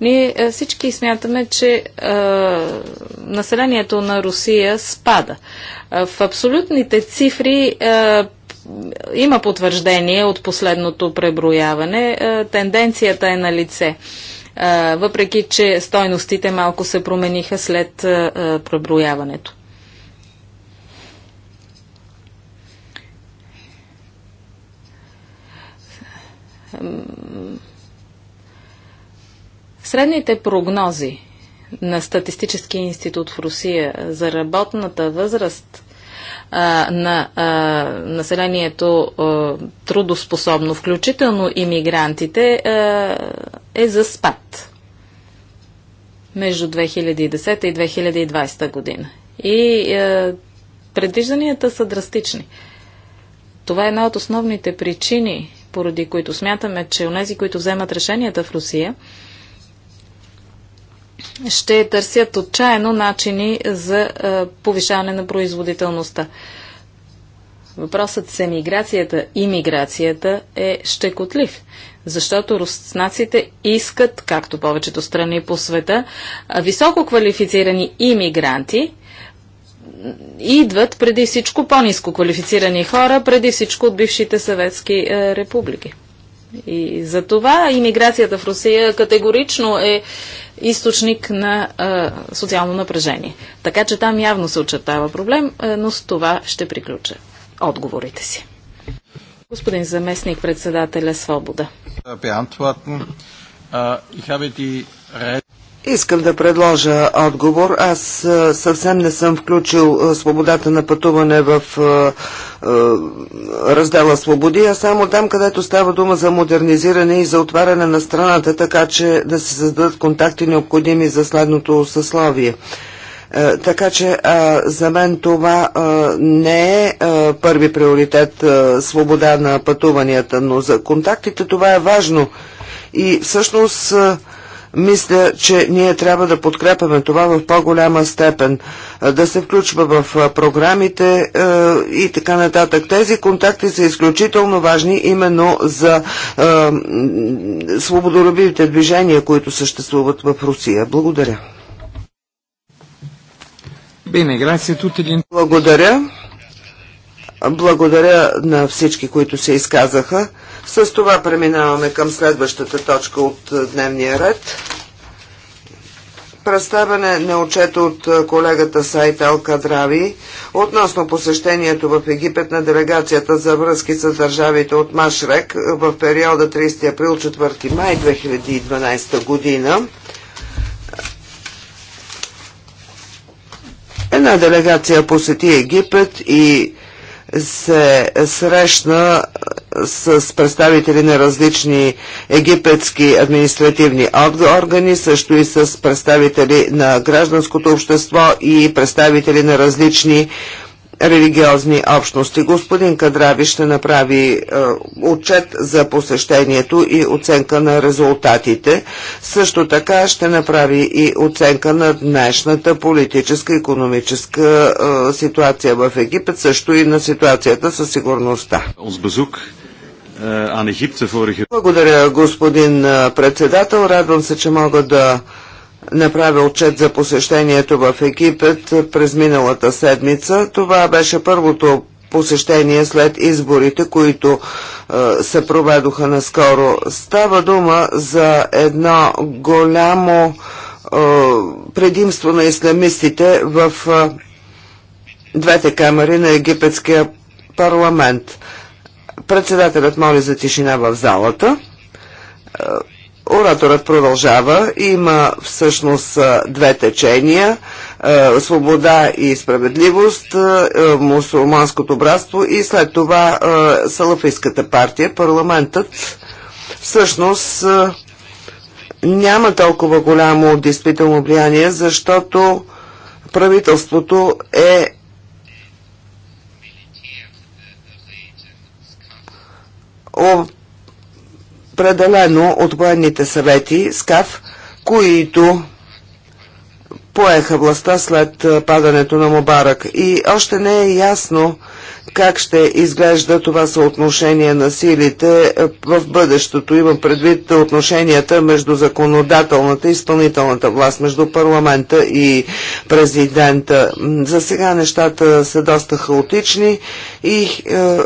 Speaker 2: Ние е, всички смятаме, че е, населението на Русия спада. Е, в абсолютните цифри е, има потвърждение от последното преброяване. Е, тенденцията е на лице е, въпреки че стойностите малко се промениха след преброяването. Средните прогнози на Статистическия институт в Русия за работната възраст а, на а, населението а, трудоспособно, включително иммигрантите, е за спад между 2010 и 2020 година. И предвижданията са драстични. Това е една от основните причини поради които смятаме, че онези, които вземат решенията в Русия, ще търсят отчаяно начини за повишаване на производителността. Въпросът с емиграцията и миграцията е щекотлив, защото руснаците искат, както повечето страни по света, високо квалифицирани иммигранти, идват преди всичко по-низко квалифицирани хора, преди всичко от бившите съветски е, републики. И за това иммиграцията в Русия категорично е източник на е, социално напрежение. Така че там явно се очертава проблем, е, но с това ще приключа отговорите си. Господин заместник председателя Свобода.
Speaker 4: Искам да предложа отговор. Аз съвсем не съм включил свободата на пътуване в раздела свободи, а само там, където става дума за модернизиране и за отваряне на страната, така че да се създадат контакти необходими за следното съсловие. Е, така че а, за мен това а, не е а, първи приоритет свобода на пътуванията, но за контактите това е важно. И всъщност мисля, че ние трябва да подкрепяме това в по-голяма степен, да се включва в програмите и така нататък. Тези контакти са изключително важни именно за свободолюбивите движения, които съществуват в Русия. Благодаря. Благодаря. Благодаря на всички, които се изказаха. С това преминаваме към следващата точка от е, дневния ред. Представане на отчета от е, колегата Сайт Ал Кадрави относно посещението в Египет на делегацията за връзки с държавите от Машрек е, в периода 30 април 4 май 2012 година. Една делегация посети Египет и се срещна с представители на различни египетски административни органи, също и с представители на гражданското общество и представители на различни религиозни общности. Господин Кадрави ще направи е, отчет за посещението и оценка на резултатите. Също така ще направи и оценка на днешната политическа и економическа е, ситуация в Египет, също и на ситуацията със сигурността. Е, Благодаря, господин е, председател. Радвам се, че мога да направя отчет за посещението в Египет през миналата седмица. Това беше първото посещение след изборите, които е, се проведоха наскоро. Става дума за едно голямо е, предимство на исламистите в е, двете камери на египетския парламент. Председателят моли за тишина в залата. Е, Ораторът продължава. Има всъщност две течения – свобода и справедливост, мусулманското братство и след това Салафийската партия. Парламентът всъщност няма толкова голямо действително влияние, защото правителството е определено от военните съвети СКАФ, които поеха властта след падането на Мобарак. И още не е ясно как ще изглежда това съотношение на силите в бъдещето. Имам предвид отношенията между законодателната и изпълнителната власт, между парламента и президента. За сега нещата са доста хаотични и е,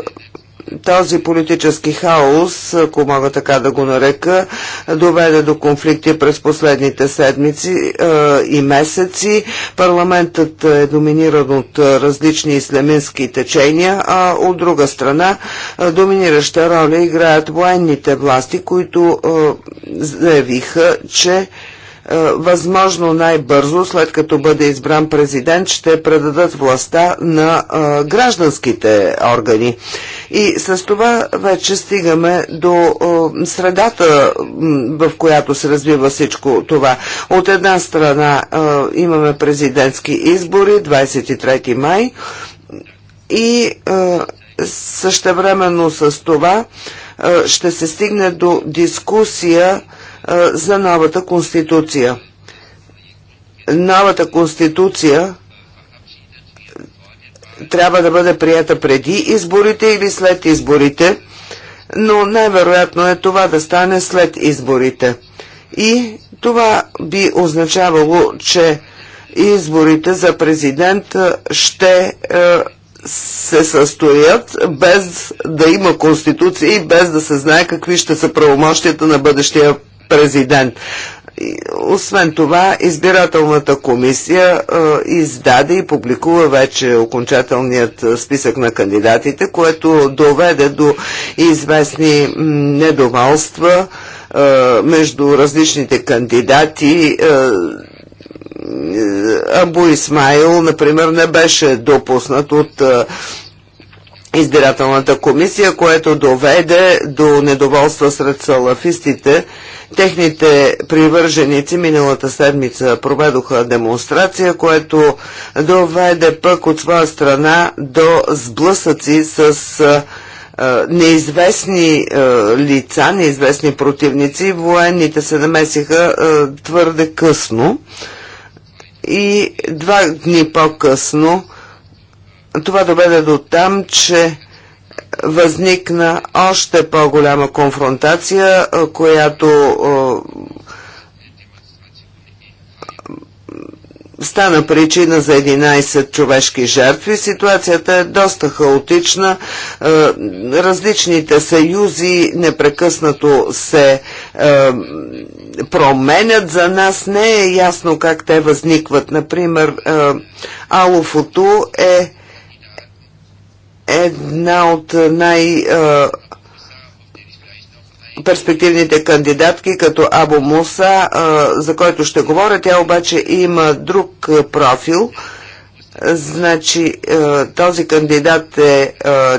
Speaker 4: този политически хаос, ако мога така да го нарека, доведе до конфликти през последните седмици е, и месеци. Парламентът е доминиран от различни ислямински течения, а от друга страна е, доминираща роля играят военните власти, които е, заявиха, че е, възможно най-бързо, след като бъде избран президент, ще предадат властта на е, гражданските органи. И с това вече стигаме до е, средата, в която се развива всичко това. От една страна имаме президентски избори 23 май и същевременно с това ще се стигне до дискусия за новата конституция. Новата конституция трябва да бъде прията преди изборите или след изборите, но най-вероятно е това да стане след изборите. И това би означавало, че изборите за президент ще се състоят без да има конституция и без да се знае какви ще са правомощията на бъдещия президент. Освен това, избирателната комисия издаде и публикува вече окончателният списък на кандидатите, което доведе до известни недоволства между различните кандидати. Е, Абу Исмайл, например, не беше допуснат от избирателната комисия, което доведе до недоволства сред салафистите – Техните привърженици миналата седмица проведоха демонстрация, което доведе пък от своя страна до сблъсъци с неизвестни лица, неизвестни противници. Военните се намесиха твърде късно и два дни по-късно това доведе до там, че възникна още по-голяма конфронтация, която стана причина за 11 човешки жертви. Ситуацията е доста хаотична. Различните съюзи непрекъснато се променят. За нас не е ясно как те възникват. Например, Алофото е една от най- перспективните кандидатки, като Або Муса, за който ще говоря. Тя обаче има друг профил – Значи е, този кандидат е, е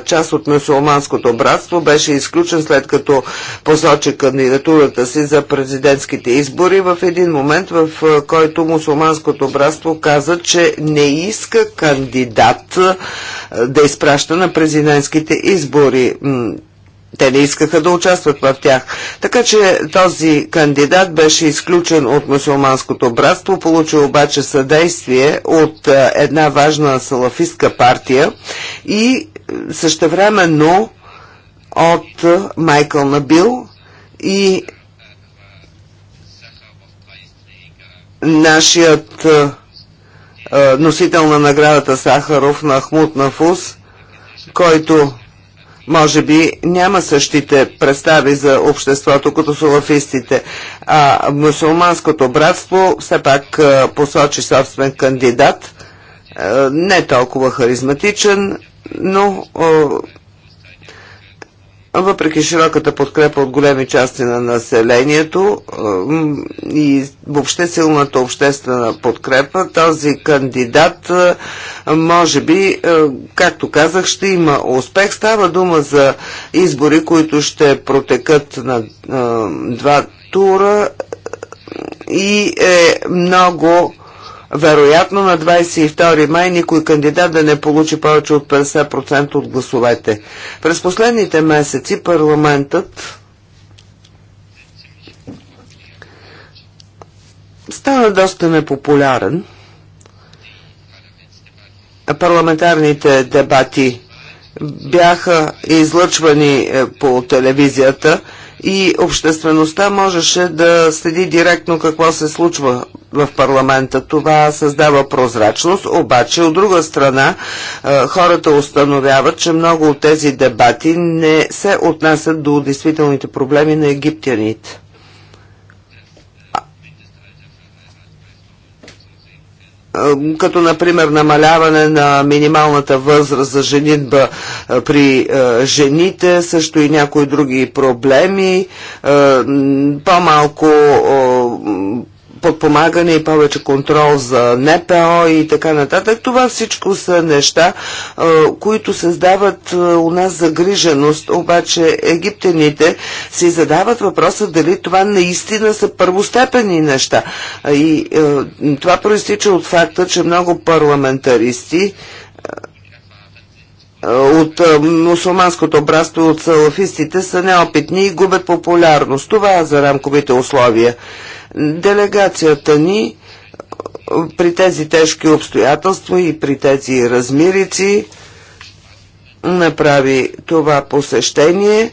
Speaker 4: част от мусулманското братство, беше изключен след като посочи кандидатурата си за президентските избори в един момент, в е, който мусулманското братство каза, че не иска кандидат да изпраща на президентските избори. Те не искаха да участват в тях. Така че този кандидат беше изключен от мусулманското братство, получи обаче съдействие от е, една важна салафистка партия и е, същевременно от е, Майкъл Набил и нашият носител на наградата Сахаров на Хмут Нафус, който може би няма същите представи за обществото като салафистите, а мусулманското братство все пак посочи собствен кандидат, не толкова харизматичен, но въпреки широката подкрепа от големи части на населението и въобще силната обществена подкрепа, този кандидат може би, както казах, ще има успех. Става дума за избори, които ще протекат на два тура и е много вероятно на 22 май никой кандидат да не получи повече от 50% от гласовете. През последните месеци парламентът стана доста непопулярен. Парламентарните дебати бяха излъчвани е, по телевизията – и обществеността можеше да следи директно какво се случва в парламента. Това създава прозрачност, обаче от друга страна е, хората установяват, че много от тези дебати не се отнасят до действителните проблеми на египтяните. като например намаляване на минималната възраст за женитба при жените, също и някои други проблеми, по-малко подпомагане и повече контрол за НПО и така нататък. Това всичко са неща, е, които създават е, у нас загриженост, обаче египтяните си задават въпроса дали това наистина са първостепенни неща. И е, това проистича от факта, че много парламентаристи е, от е, мусулманското братство, от салафистите са неопитни и губят популярност. Това е за рамковите условия. Делегацията ни е, при тези тежки обстоятелства и при тези размирици направи това посещение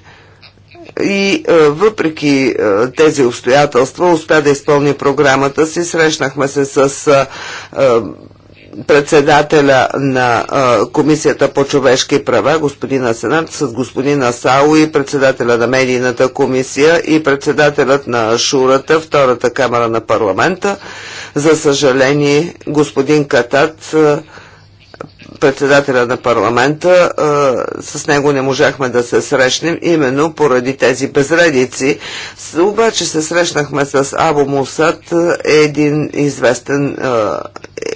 Speaker 4: и е, въпреки е, тези обстоятелства успя да изпълни програмата си. Срещнахме се с е, председателя на Комисията по човешки права, господина Асенат, с господина Асао и председателя на Медийната комисия и председателят на Шурата, втората камера на парламента. За съжаление, господин Катат председателя на парламента. С него не можахме да се срещнем именно поради тези безредици. Обаче се срещнахме с Або Мусад, един известен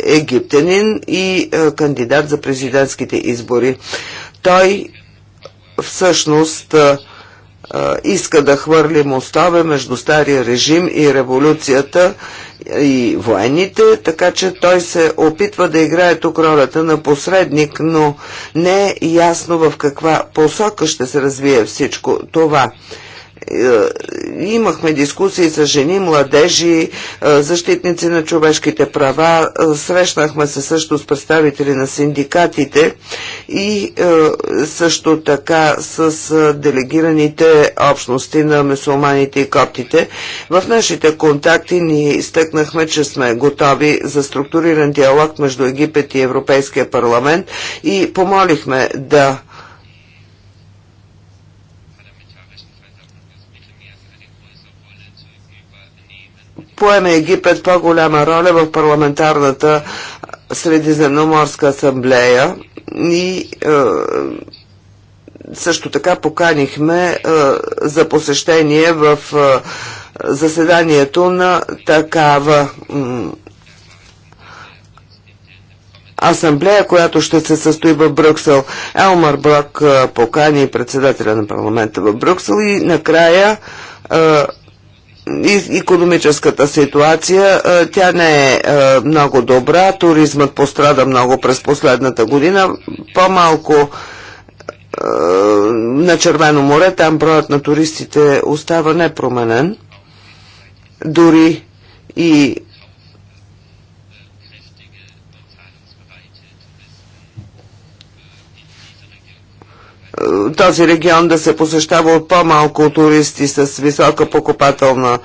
Speaker 4: египтянин и кандидат за президентските избори. Той всъщност иска да хвърли мостове между стария режим и революцията и военните, така че той се опитва да играе тук ролята на посредник, но не е ясно в каква посока ще се развие всичко това. Е, е, имахме дискусии с жени, младежи, е, защитници на човешките права, срещнахме се също с представители на синдикатите и също така с делегираните общности на мусулманите и коптите. В нашите контакти ни изтъкнахме, че сме готови за структуриран диалог между Египет и Европейския парламент и помолихме да поеме Египет по-голяма роля в парламентарната Средиземноморска асамблея и е, също така поканихме е, за посещение в е, заседанието на такава асамблея, която ще се състои в Брюксел. Елмар Брок е, покани председателя на парламента в Брюксел и накрая е, економическата ситуация, тя не е много добра, туризмът пострада много през последната година, по-малко на Червено море, там броят на туристите остава непроменен. Дори и този регион да се посещава от по-малко туристи с висока покупателна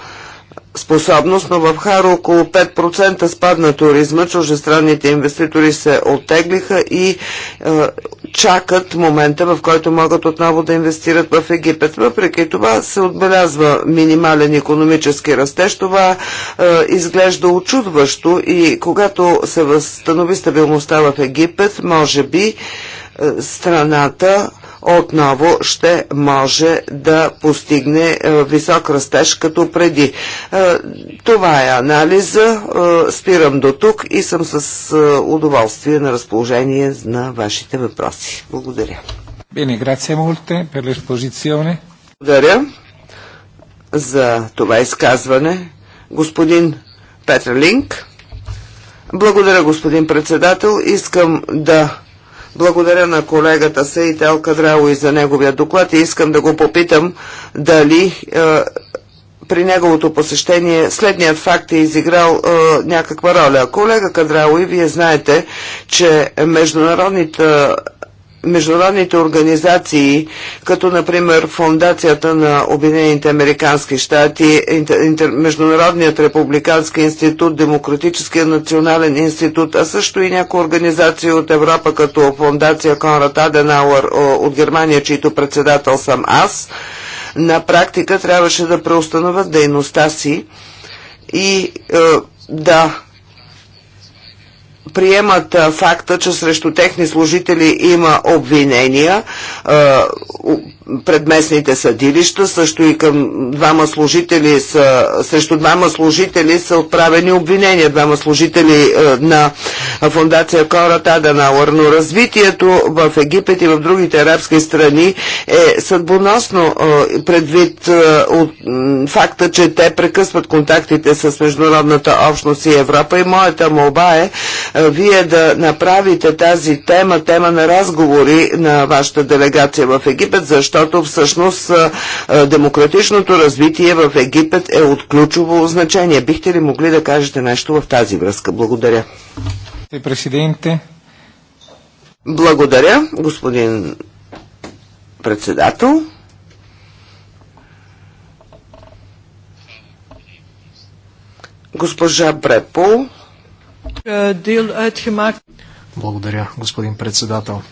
Speaker 4: способност, но в хара около 5% спадна туризма, чужестранните инвеститори се оттеглиха и е, чакат момента, в който могат отново да инвестират в Египет. Въпреки това се отбелязва минимален економически растеж. Това е, изглежда очудващо и когато се възстанови стабилността в Египет, може би е, страната отново ще може да постигне е, висок растеж като преди. Е, това е анализа. Е, спирам до тук и съм с удоволствие на разположение на вашите въпроси. Благодаря.
Speaker 1: Bene, grazie molte per l'esposizione.
Speaker 4: Благодаря за това изказване. Господин Петър Линк. Благодаря, господин председател. Искам да благодаря на колегата Саител Кадрало и за неговия доклад и искам да го попитам дали е, при неговото посещение следният факт е изиграл е, някаква роля. Колега Кадрало и вие знаете, че международните международните организации, като например Фундацията на Обединените Американски щати, Международният републикански институт, Демократическия национален институт, а също и някои организации от Европа, като Фундация Конрад Аденауър от Германия, чийто председател съм аз, на практика трябваше да преустановят дейността си и е, да приемат а, факта, че срещу техни служители има обвинения а, пред местните съдилища, също и към двама служители са, срещу двама служители са отправени обвинения, двама служители а, на фундация Кора Таданауър, но развитието в Египет и в другите арабски страни е съдбоносно предвид от факта, че те прекъсват контактите с международната общност и Европа и моята молба е вие да направите тази тема, тема на разговори на вашата делегация в Египет, защото всъщност демократичното развитие в Египет е от ключово значение. Бихте ли могли да кажете нещо в тази връзка? Благодаря.
Speaker 1: Президенте.
Speaker 4: Благодаря, господин председател. Госпожа Брепол. Благодаря,
Speaker 3: господин председател.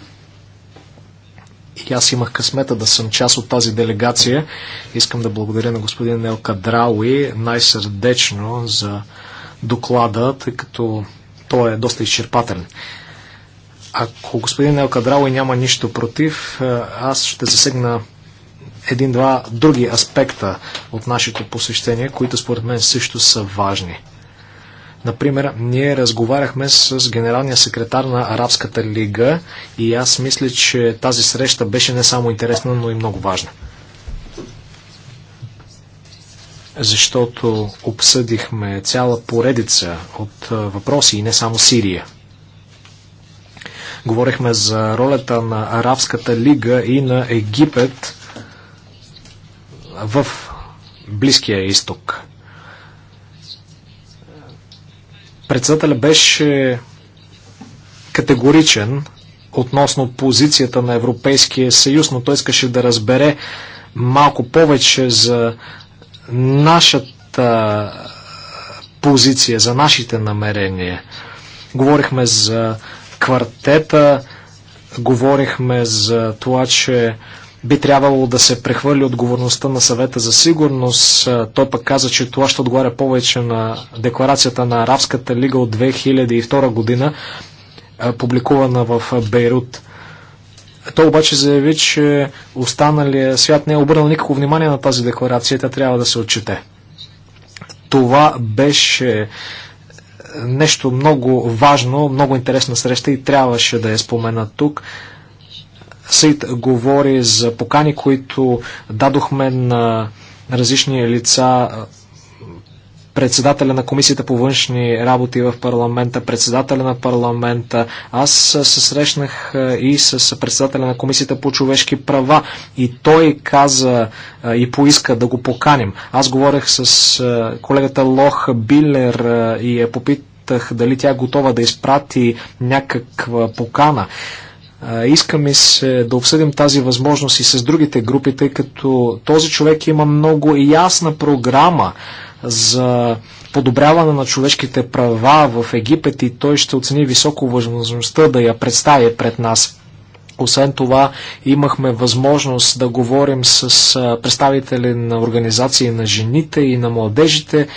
Speaker 3: И аз имах късмета да съм част от тази делегация. Искам да благодаря на господин Елка Драуи най-сърдечно за доклада, тъй като той е доста изчерпателен. Ако господин Елкадрауи няма нищо против, аз ще засегна един-два други аспекта от нашето посещение, които според мен също са важни. Например, ние разговаряхме с генералния секретар на Арабската лига и аз мисля, че тази среща беше не само интересна, но и много важна. Защото обсъдихме цяла поредица от въпроси и не само Сирия. Говорихме за ролята на Арабската лига и на Египет в Близкия изток. Председателя беше категоричен относно позицията на Европейския съюз, но той искаше да разбере малко повече за нашата позиция, за нашите намерения. Говорихме за квартета, говорихме за това, че би трябвало да се прехвърли отговорността на съвета за сигурност. Той пък каза, че това ще отговаря повече на декларацията на Арабската лига от 2002 година, публикувана в Бейрут. Той обаче заяви, че останалия свят не е обърнал никакво внимание на тази декларация, тя трябва да се отчете. Това беше нещо много важно, много интересна среща и трябваше да я спомена тук. Сейд говори за покани, които дадохме на различни лица председателя на Комисията по външни работи в парламента, председателя на парламента. Аз се срещнах и с председателя на Комисията по човешки права и той каза и поиска да го поканим. Аз говорех с колегата Лох Билер и я попитах дали тя е готова да изпрати някаква покана. Иска ми се да обсъдим тази възможност и с другите групи, тъй като този човек има много ясна програма за подобряване на човешките права в Египет и той ще оцени високо възможността да я представи пред нас. Освен това, имахме възможност да говорим с представители на организации на жените и на младежите.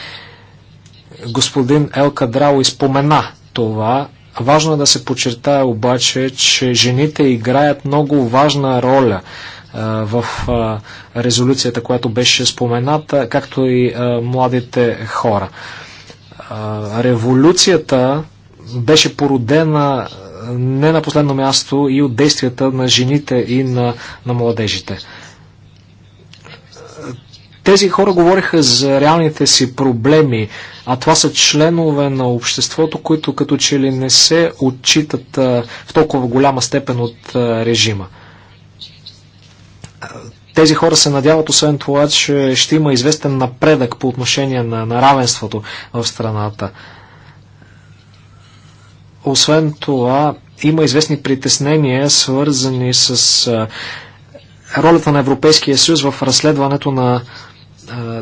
Speaker 3: Господин Елка Драо изпомена това Важно е да се подчертая обаче, че жените играят много важна роля в резолюцията, която беше спомената, както и младите хора. Революцията беше породена не на последно място и от действията на жените и на, на младежите. Тези хора говориха за реалните си проблеми, а това са членове на обществото, които като че ли не се отчитат а, в толкова голяма степен от а, режима. Тези хора се надяват, освен това, че ще има известен напредък по отношение на, на равенството в страната. Освен това, има известни притеснения, свързани с а, ролята на Европейския съюз в разследването на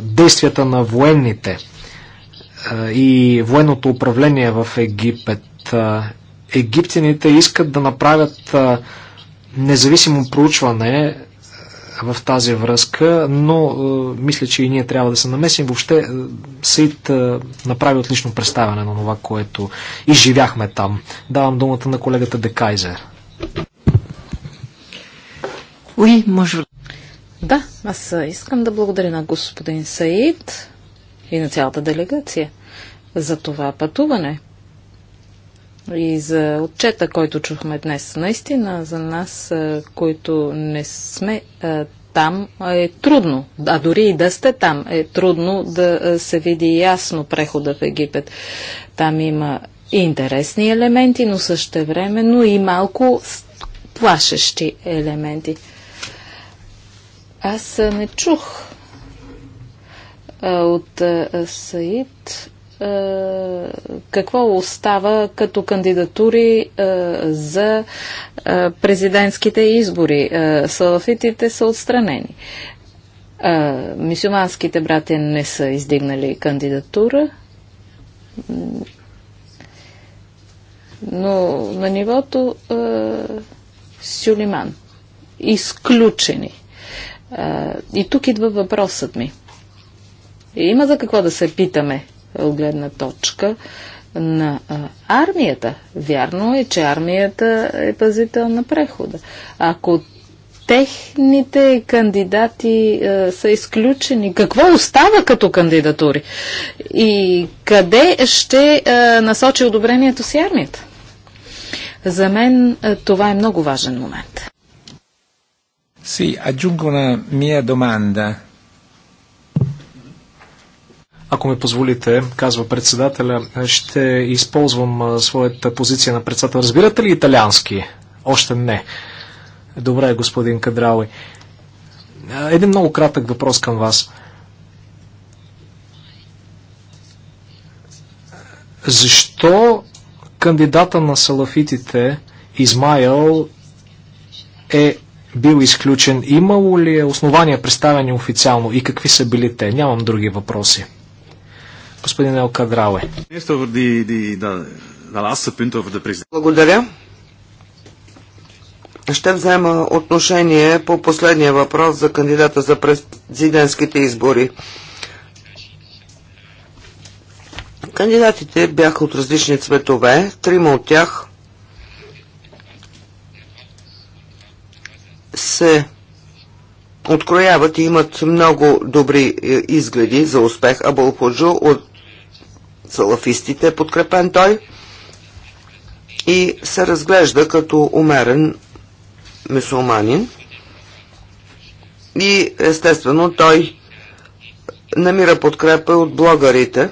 Speaker 3: действията на военните и военното управление в Египет. Египтяните искат да направят независимо проучване в тази връзка, но мисля, че и ние трябва да се намесим. Въобще Саид направи отлично представяне на това, което изживяхме там. Давам думата на колегата Декайзер.
Speaker 2: Oui, moi je да, аз искам да благодаря на господин Саид и на цялата делегация за това пътуване и за отчета, който чухме днес. Наистина за нас, които не сме там, е трудно, а дори и да сте там, е трудно да се види ясно прехода в Египет. Там има и интересни елементи, но времено и малко плашещи елементи. Аз не чух от Саид какво остава като кандидатури за президентските избори. Салафитите са отстранени. Мисюманските братя не са издигнали кандидатура, но на нивото Сюлиман изключени и тук идва въпросът ми. Има за какво да се питаме от гледна точка на а, армията. Вярно е, че армията е пазител на прехода. Ако техните кандидати а, са изключени. Какво остава като кандидатури? И къде ще а, насочи одобрението си армията? За мен а, това е много важен момент.
Speaker 1: Sì, aggiungo una mia domanda.
Speaker 3: Ако ми позволите, казва председателя, ще използвам своята позиция на председател. Разбирате ли италиански? Още не. Добре, господин Кадрауи. Един много кратък въпрос към вас. Защо кандидата на салафитите Измайл е бил изключен. Имало ли е основания представени официално и какви са били те? Нямам други въпроси. Господин Елкадрауе.
Speaker 4: Благодаря. Ще взема отношение по последния въпрос за кандидата за президентските избори. Кандидатите бяха от различни цветове, трима от тях се открояват и имат много добри е, изгледи за успех. Абул от салафистите е подкрепен той и се разглежда като умерен мусулманин. И естествено той намира подкрепа от блогърите.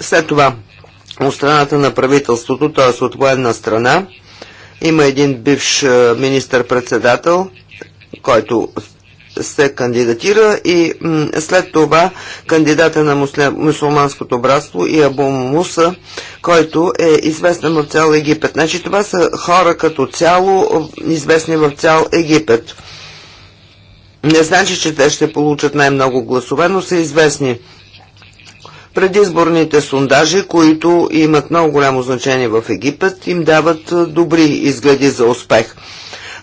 Speaker 4: След това от страната на правителството, т.е. от военна страна. Има един бивш е, министър-председател, който се кандидатира и след това кандидата на мусулманското братство и Абу Муса, който е известен в цял Египет. Значи това са хора като цяло известни в цял Египет. Не значи, че те ще получат най-много гласове, но са известни. Предизборните сондажи, които имат много голямо значение в Египет, им дават добри изгледи за успех.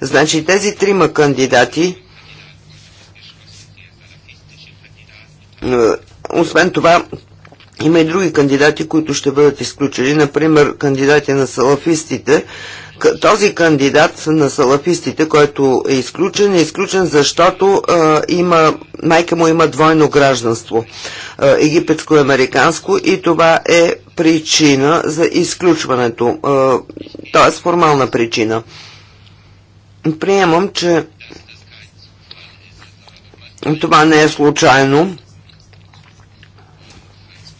Speaker 4: Значи тези трима кандидати, освен това, има и други кандидати, които ще бъдат изключени, например кандидати на салафистите, този кандидат на салафистите, който е изключен, е изключен, защото а, има, майка му има двойно гражданство, а, египетско и американско, и това е причина за изключването, т.е. формална причина. Приемам, че това не е случайно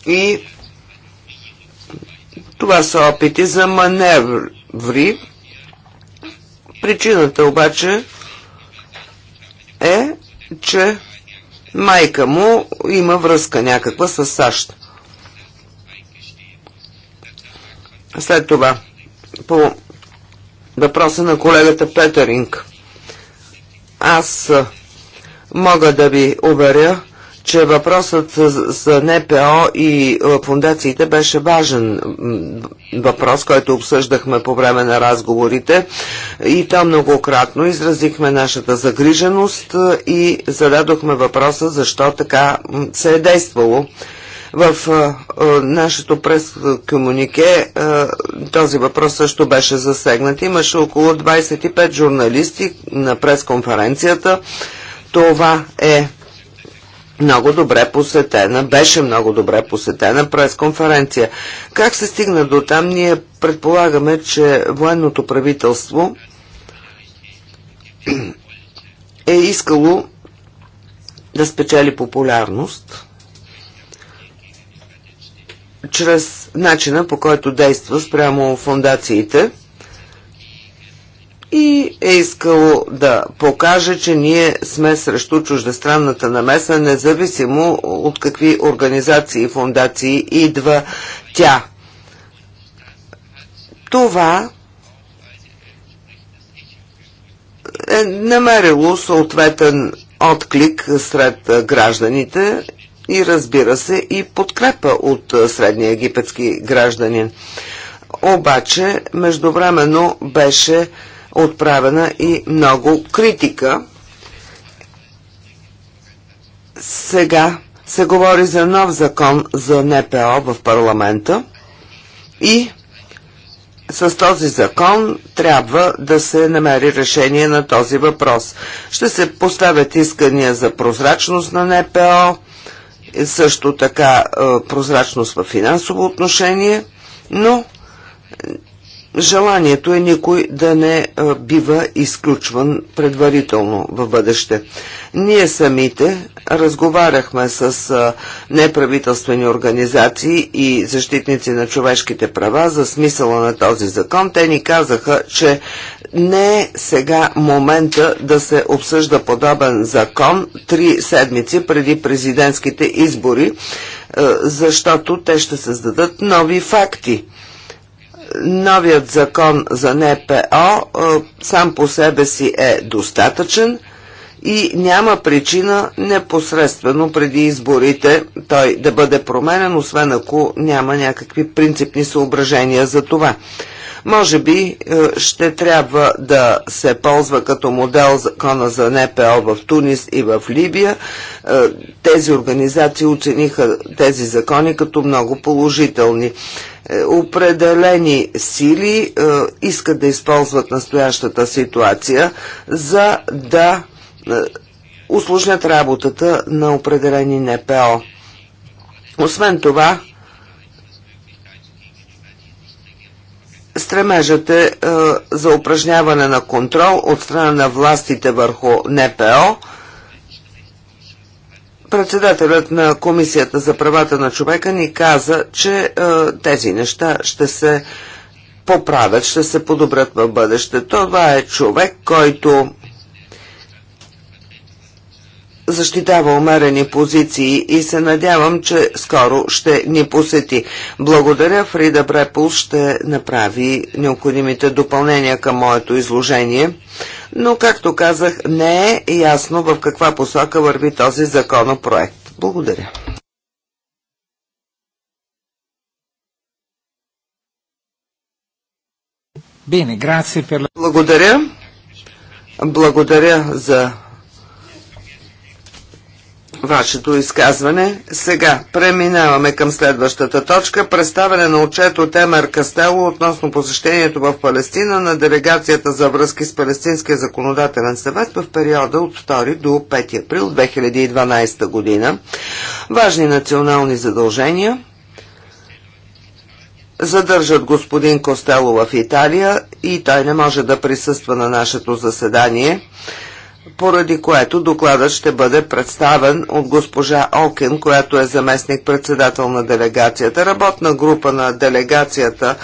Speaker 4: и това са опити за маневри, Причината обаче е, че майка му има връзка някаква с САЩ. След това, по въпроса на колегата Петеринг, аз мога да ви уверя, че въпросът с НПО и е, фундациите беше важен въпрос, който обсъждахме по време на разговорите и там многократно изразихме нашата загриженост е, и зададохме въпроса защо така се е действало. В е, нашето прес-комунике този въпрос също беше засегнат. Имаше около 25 журналисти на пресконференцията. Това е много добре посетена, беше много добре посетена пресконференция. Как се стигна до там? Ние предполагаме, че военното правителство е искало да спечели популярност чрез начина по който действа спрямо фундациите и е искало да покаже, че ние сме срещу чуждестранната намеса, независимо от какви организации и фундации идва тя. Това е намерило съответен отклик сред гражданите и разбира се и подкрепа от средния египетски гражданин. Обаче, междувременно беше отправена и много критика. Сега се говори за нов закон за НПО в парламента и с този закон трябва да се намери решение на този въпрос. Ще се поставят искания за прозрачност на НПО, също така е, прозрачност в финансово отношение, но Желанието е никой да не е, бива изключван предварително в бъдеще. Ние самите разговаряхме с е, неправителствени организации и защитници на човешките права за смисъла на този закон. Те ни казаха, че не е сега момента да се обсъжда подобен закон три седмици преди президентските избори, е, защото те ще създадат нови факти новият закон за НПО е, сам по себе си е достатъчен и няма причина непосредствено преди изборите той да бъде променен, освен ако няма някакви принципни съображения за това. Може би е, ще трябва да се ползва като модел закона за НПО в Тунис и в Либия. Е, тези организации оцениха тези закони като много положителни е, определени сили искат да използват настоящата ситуация, за да усложнят работата на определени НПО. Освен това, Стремежът е, е, за упражняване на контрол от страна на властите върху НПО. Председателят на Комисията за правата на човека ни каза, че е, тези неща ще се поправят, ще се подобрят в бъдеще. Това е човек, който защитава умерени позиции и се надявам, че скоро ще ни посети. Благодаря, Фрида Брепол ще направи необходимите допълнения към моето изложение но, както казах, не е ясно в каква посока върви този законопроект. Благодаря. Благодаря. Благодаря за вашето изказване. Сега преминаваме към следващата точка. Представяне на отчет от Емер Кастело относно посещението в Палестина на делегацията за връзки с Палестинския законодателен съвет в периода от 2 до 5 април 2012 година. Важни национални задължения задържат господин Костело в Италия и той не може да присъства на нашето заседание поради което докладът ще бъде представен от госпожа Окен, която е заместник-председател на делегацията. Работна група на делегацията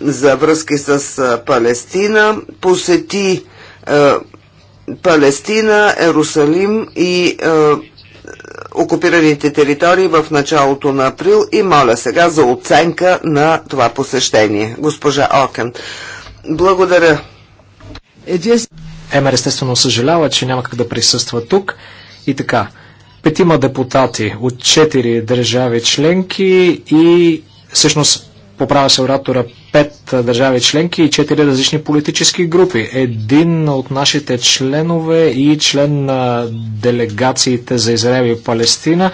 Speaker 4: за връзки с Палестина посети е, Палестина, Ерусалим и е, окупираните територии в началото на април и моля сега за оценка на това посещение. Госпожа Окен. Благодаря. Е,
Speaker 3: Емер естествено съжалява, че няма как да присъства тук. И така, петима депутати от четири държави членки и всъщност поправя се оратора пет държави членки и четири различни политически групи. Един от нашите членове и член на делегациите за Израел и Палестина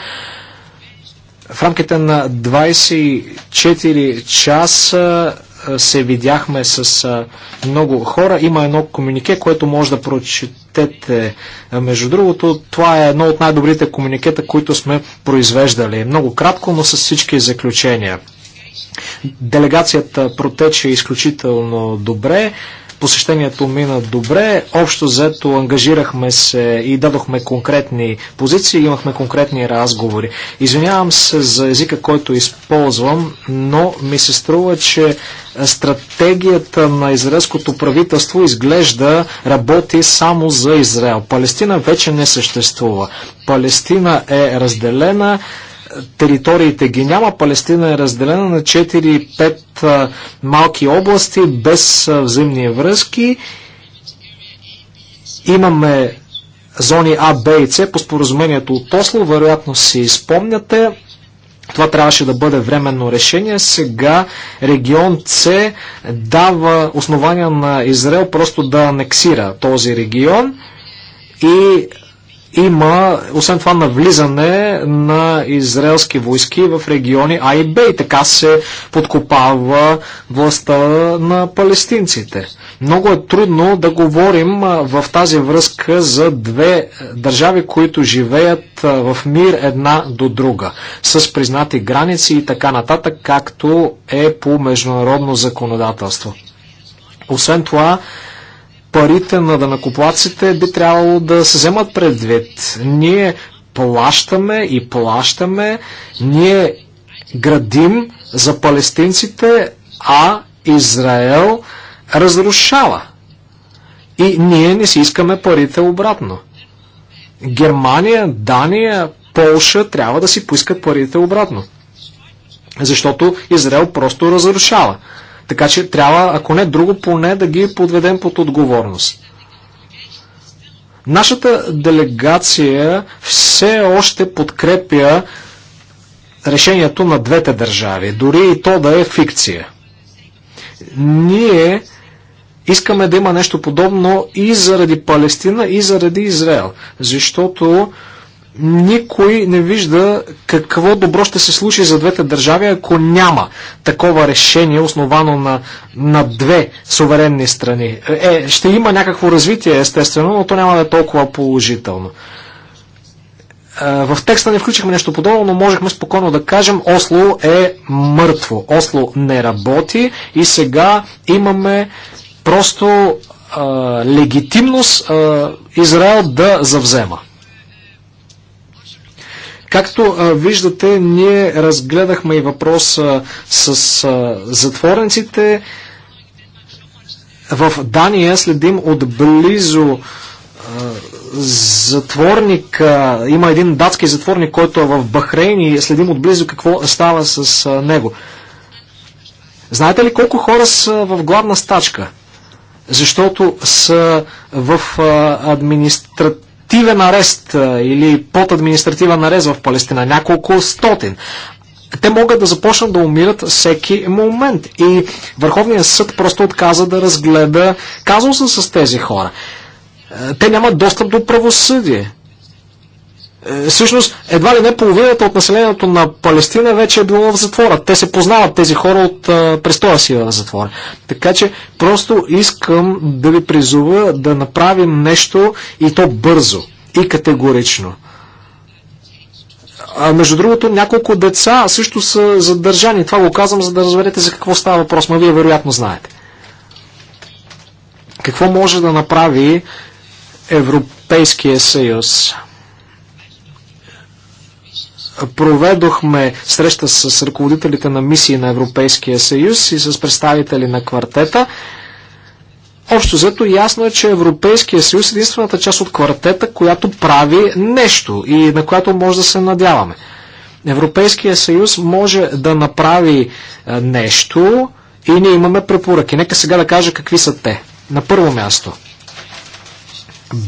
Speaker 3: в рамките на 24 часа се видяхме с много хора. Има едно комюнике, което може да прочетете. Между другото, това е едно от най-добрите комуникета, които сме произвеждали. Много кратко, но с всички заключения. Делегацията протече изключително добре. Посещението мина добре. Общо взето ангажирахме се и дадохме конкретни позиции, имахме конкретни разговори. Извинявам се за езика, който използвам, но ми се струва, че стратегията на израелското правителство изглежда работи само за Израел. Палестина вече не съществува. Палестина е разделена териториите ги няма. Палестина е разделена на 4-5 малки области без взаимни връзки. Имаме зони А, Б и С по споразумението от Осло. Вероятно си спомняте. Това трябваше да бъде временно решение. Сега регион С дава основания на Израел просто да анексира този регион и има, освен това, навлизане на израелски войски в региони А и Б и така се подкопава властта на палестинците. Много е трудно да говорим в тази връзка за две държави, които живеят в мир една до друга, с признати граници и така нататък, както е по международно законодателство. Освен това, парите на данакоплаците би трябвало да се вземат предвид. Ние плащаме и плащаме, ние градим за палестинците, а Израел разрушава. И ние не си искаме парите обратно. Германия, Дания, Полша трябва да си поискат парите обратно. Защото Израел просто разрушава. Така че трябва, ако не друго, поне да ги подведем под отговорност. Нашата делегация все още подкрепя решението на двете държави, дори и то да е фикция. Ние искаме да има нещо подобно и заради Палестина, и заради Израел, защото никой не вижда какво добро ще се случи за двете държави, ако няма такова решение, основано на, на две суверенни страни. Е, ще има някакво развитие, естествено, но то няма да е толкова положително. Е, в текста не включихме нещо подобно, но можехме спокойно да кажем Осло е мъртво. Осло не работи и сега имаме просто а, е, легитимност а, е, Израел да завзема. Както а, виждате, ние разгледахме и въпроса с а, затворниците. В Дания следим отблизо затворник, има един датски затворник, който е в Бахрейн и следим отблизо какво става с него. Знаете ли колко хора са в главна стачка? Защото са в администрат административен арест или под административен арест в Палестина. Няколко стотин те могат да започнат да умират всеки момент. И Върховният съд просто отказа да разгледа казуса с тези хора. Е, те нямат достъп до правосъдие. Е, всъщност едва ли не половината от населението на Палестина вече е било в затвора. Те се познават тези хора от е, престоя си в затвора. Така че просто искам да ви призува да направим нещо и то бързо и категорично. А, между другото, няколко деца също са задържани. Това го казвам, за да разберете за какво става въпрос, но вие вероятно знаете. Какво може да направи Европейския съюз? проведохме среща с ръководителите на мисии на Европейския съюз и с представители на квартета. Общо взето ясно е, че Европейския съюз е единствената част от квартета, която прави нещо и на която може да се надяваме. Европейския съюз може да направи е, нещо и ние имаме препоръки. Нека сега да кажа какви са те. На първо място –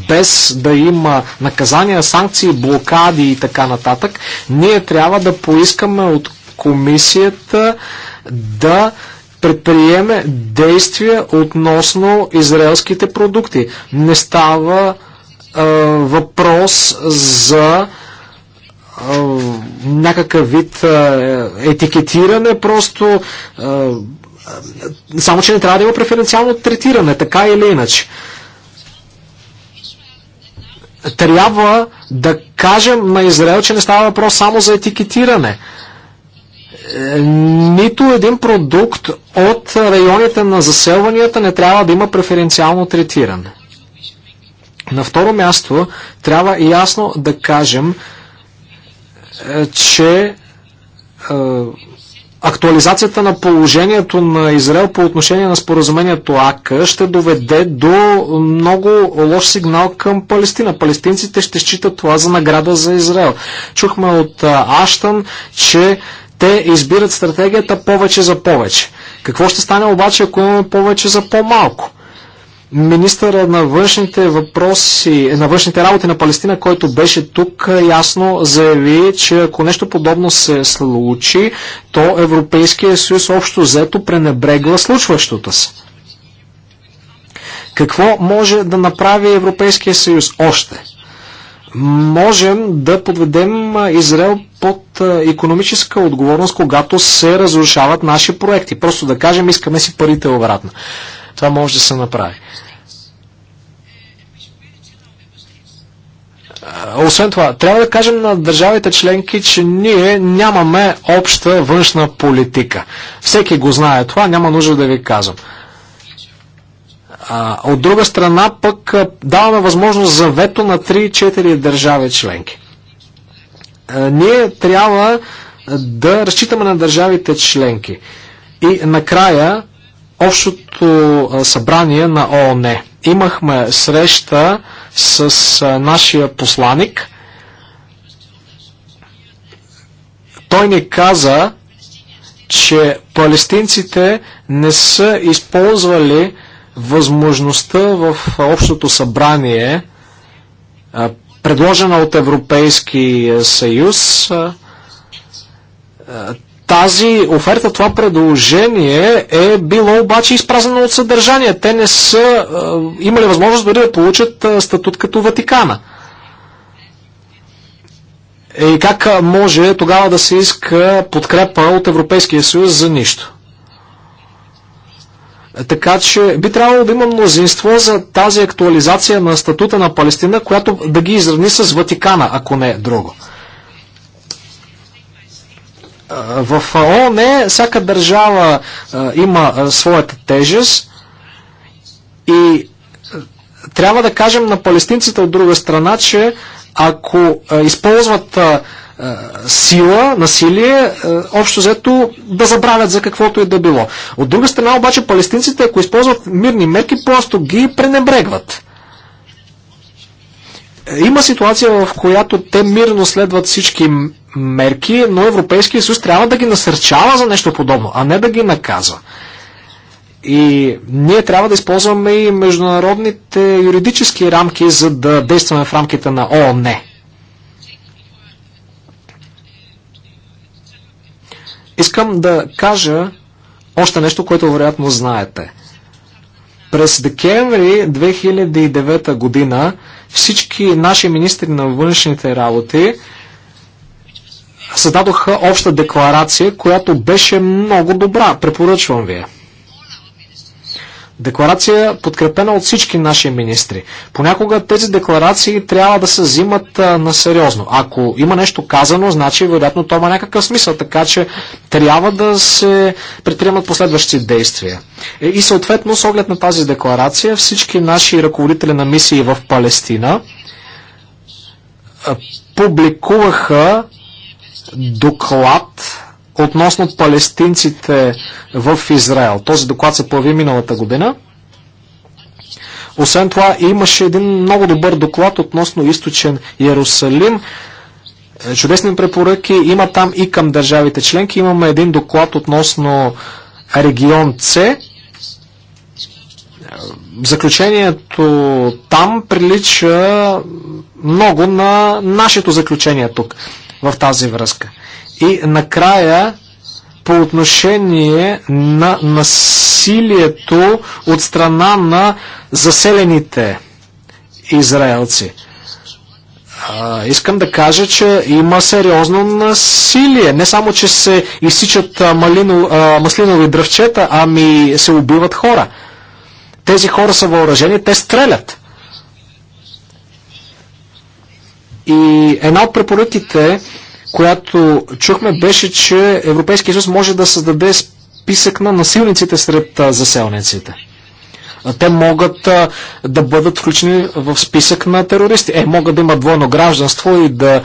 Speaker 3: без да има наказания, санкции, блокади и така нататък, ние трябва да поискаме от комисията да предприеме действия относно израелските продукти. Не става е, въпрос за е, някакъв вид е, етикетиране, просто е, само, че не трябва да има преференциално третиране, така или иначе. Е, трябва да кажем на Израел, че не става въпрос само за етикетиране. Е, нито един продукт от районите на заселванията не трябва да има преференциално третиране. На второ място трябва ясно да кажем, е, че е, Актуализацията на положението на Израел по отношение на споразумението АК ще доведе до много лош сигнал към Палестина. Палестинците ще считат това за награда за Израел. Чухме от Аштан, че те избират стратегията повече за повече. Какво ще стане обаче, ако имаме повече за по-малко? Министъра на външните въпроси, на външните работи на Палестина, който беше тук, е, ясно заяви, че ако нещо подобно се случи, то Европейския съюз общо взето пренебрегва случващото се. Какво може да направи Европейския съюз още? можем да подведем Израел под економическа отговорност, когато се разрушават наши проекти. Просто да кажем, искаме си парите обратно. Това може да се направи. Освен това, трябва да кажем на държавите членки, че ние нямаме обща външна политика. Всеки го знае това, няма нужда да ви казвам. От друга страна пък даваме възможност за вето на 3-4 държави членки. Ние трябва да разчитаме на държавите членки. И накрая Общото събрание на ООН. Имахме среща с нашия посланик. Той ни каза, че палестинците не са използвали възможността в Общото събрание, предложена от Европейски съюз, тази оферта, това предложение е било обаче изпразнено от съдържание. Те не са е, имали възможност дори да получат е, статут като Ватикана. Е, и как е, може тогава да се иска подкрепа от Европейския съюз за нищо? Така че би трябвало да има мнозинство за тази актуализация на статута на Палестина, която да ги изравни с Ватикана, ако не е друго. В ООН е, всяка държава има своята тежест и трябва да кажем на палестинците от друга страна, че ако използват сила, насилие, общо взето да забравят за каквото и да било. От друга страна обаче палестинците, ако използват мирни мерки, просто ги пренебрегват. Е, има ситуация, в която те мирно следват всички мерки, но Европейския съюз трябва да ги насърчава за нещо подобно, а не да ги наказва. И ние трябва да използваме и международните юридически рамки, за да действаме в рамките на ООН. Искам да кажа още нещо, което вероятно знаете. През декември 2009 година всички наши министри на външните работи създадоха обща декларация, която беше много добра. Препоръчвам ви. Декларация подкрепена от всички наши министри. Понякога тези декларации трябва да се взимат а, на сериозно. Ако има нещо казано, значи вероятно то има някакъв смисъл, така че трябва да се предприемат последващи действия. Е, и съответно, с оглед на тази декларация, всички наши ръководители на мисии в Палестина а, публикуваха доклад относно палестинците в Израел. Този доклад се появи миналата година. Освен това, имаше един много добър доклад относно източен Иерусалим. Чудесни препоръки има там и към държавите членки. Имаме един доклад относно регион С заключението там прилича много на нашето заключение тук, в тази връзка. И накрая, по отношение на насилието от страна на заселените израелци. А, искам да кажа, че има сериозно насилие. Не само, че се изсичат малино, а, маслинови дръвчета, ами се убиват хора. Тези хора са въоръжени, те стрелят. И една от препоръките, която чухме, беше, че Европейския съюз може да създаде списък на насилниците сред заселниците. Те могат да бъдат включени в списък на терористи. Е, могат да имат двойно гражданство и да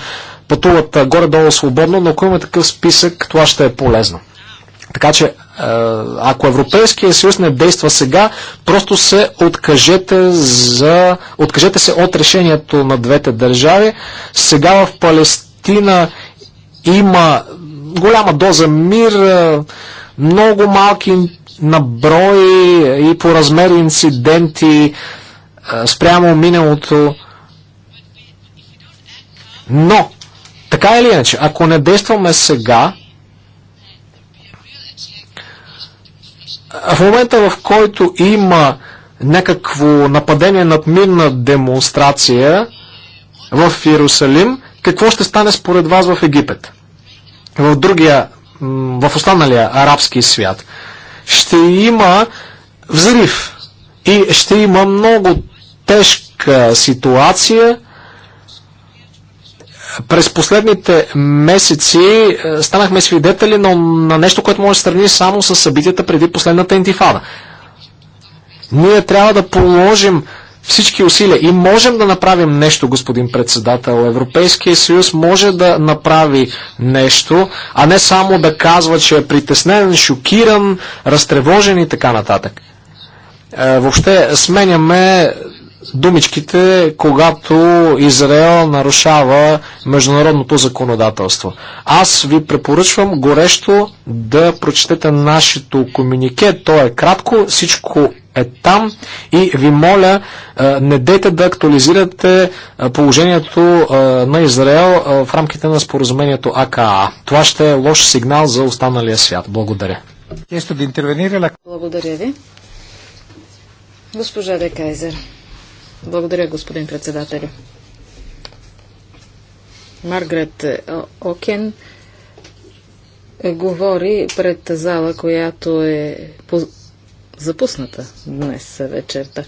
Speaker 3: пътуват горе-долу свободно, но ако има такъв списък, това ще е полезно. Така че ако Европейския съюз не действа сега, просто се откажете, за, откажете се от решението на двете държави. Сега в Палестина има голяма доза мир, много малки наброи и по размер инциденти спрямо миналото. Но, така или иначе, ако не действаме сега, в момента в който има някакво нападение над мирна демонстрация в Иерусалим, какво ще стане според вас в Египет? В другия, в останалия арабски свят. Ще има взрив и ще има много тежка ситуация, през последните месеци е, станахме свидетели на, на нещо, което може да сравни само с събитията преди последната интифада. Ние трябва да положим всички усилия и можем да направим нещо, господин председател. Европейския съюз може да направи нещо, а не само да казва, че е притеснен, шокиран, разтревожен и така нататък. Е, въобще сменяме думичките, когато Израел нарушава международното законодателство. Аз ви препоръчвам горещо да прочетете нашето комюнике. То е кратко, всичко е там и ви моля е, не дейте да актуализирате е, положението е, на Израел в рамките на споразумението АКА. Това ще е лош сигнал за останалия свят. Благодаря.
Speaker 2: Благодаря ви. Госпожа Декайзер. Благодаря, господин председател. Маргарет е, Окен е, говори пред зала, която е запусната днес вечерта.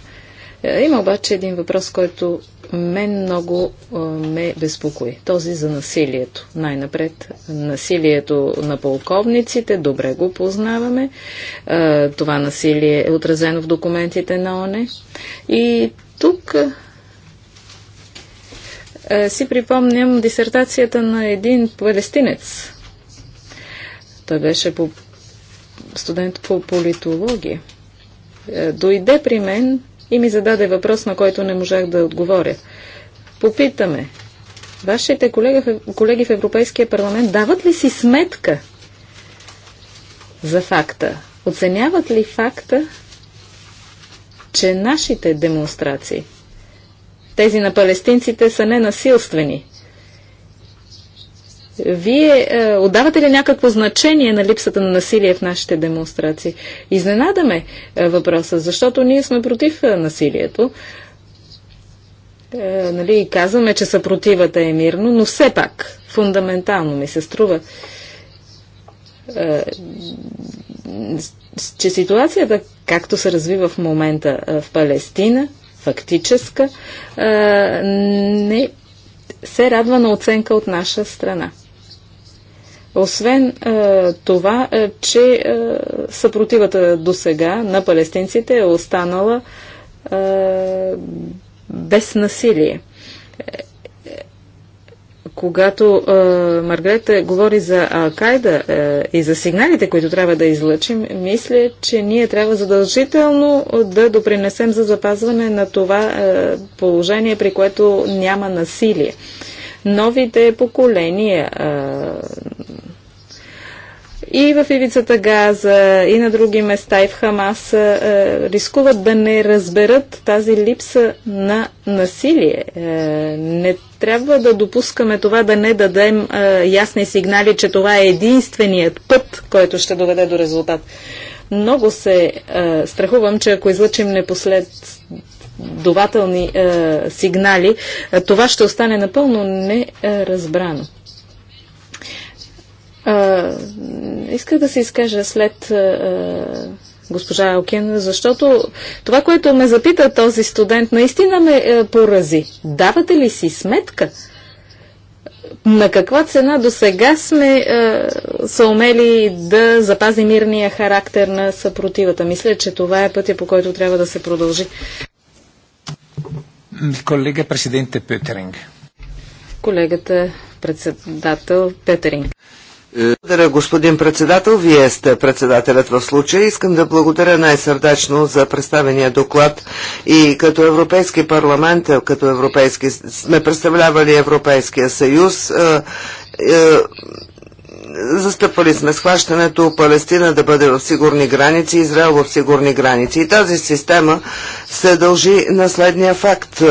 Speaker 2: Е, има обаче един въпрос, който мен много ме безпокои. Този за насилието. Най-напред насилието на полковниците, добре го познаваме. Това насилие е отразено в документите на ОНЕ. И тук си припомням дисертацията на един палестинец. Той беше по студент по политология. Е, дойде при мен и ми зададе въпрос, на който не можах да отговоря. Попитаме, вашите колега, колеги в Европейския парламент дават ли си сметка за факта? Оценяват ли факта, че нашите демонстрации, тези на палестинците, са ненасилствени. Вие е, отдавате ли някакво значение на липсата на насилие в нашите демонстрации? Изненадаме е, въпроса, защото ние сме против е, насилието. Е, нали, казваме, че съпротивата е мирно, но все пак фундаментално ми се струва, е, че ситуацията, както се развива в момента е, в Палестина, фактическа, е, не се радва на оценка от наша страна. Освен е, това, е, че е, съпротивата до сега на палестинците е останала е, без насилие. Когато а, Маргарета говори за Алкайда и за сигналите, които трябва да излъчим, мисля, че ние трябва задължително да допринесем за запазване на това а, положение, при което няма насилие новите поколения и в ивицата Газа, и на други места, и в Хамас е, е, рискуват да не разберат тази липса на насилие. Е, не трябва да допускаме това да не дадем ясни сигнали, че това е единственият път, който ще доведе до резултат. Много се страхувам, че ако излъчим непослед дователни сигнали, това ще остане напълно неразбрано. А, исках да се изкажа след а, госпожа Алкин, защото това, което ме запита този студент, наистина ме а, порази. Давате ли си сметка? на каква цена до сега сме а, са умели да запази мирния характер на съпротивата. Мисля, че това е пътя, по който трябва да се продължи.
Speaker 4: Колега
Speaker 1: президент Петеринг.
Speaker 2: Колегата председател Петеринг.
Speaker 4: Благодаря, господин председател. Вие сте председателят в случая. Искам да благодаря най-сърдечно за представения доклад и като Европейски парламент, като Европейски, сме представлявали Европейския съюз. Е, е, Застъпвали сме схващането Палестина да бъде в сигурни граници, Израел в сигурни граници. И тази система се дължи на следния факт.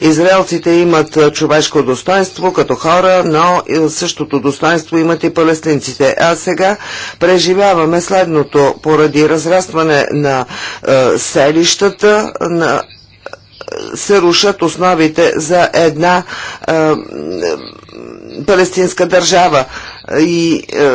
Speaker 4: Израелците имат човешко достоинство като хора, но същото достоинство имат и палестинците. А сега преживяваме следното поради разрастване на е, селищата, на се рушат основите за една е, палестинска държава. И е,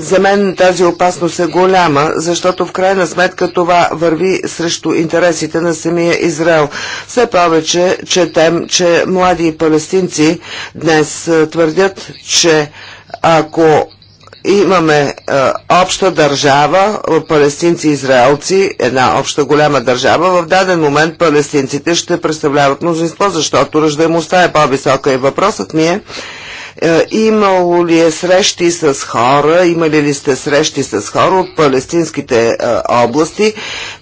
Speaker 4: за мен тази опасност е голяма, защото в крайна сметка това върви срещу интересите на самия Израел. Все повече четем, че млади палестинци днес е, твърдят, че ако имаме е, обща държава, палестинци и израелци, една обща голяма държава, в даден момент палестинците ще представляват мнозинство, защото ръждаемостта е по-висока и въпросът ми е е, имало ли е срещи с хора, имали ли сте срещи с хора от палестинските е, области,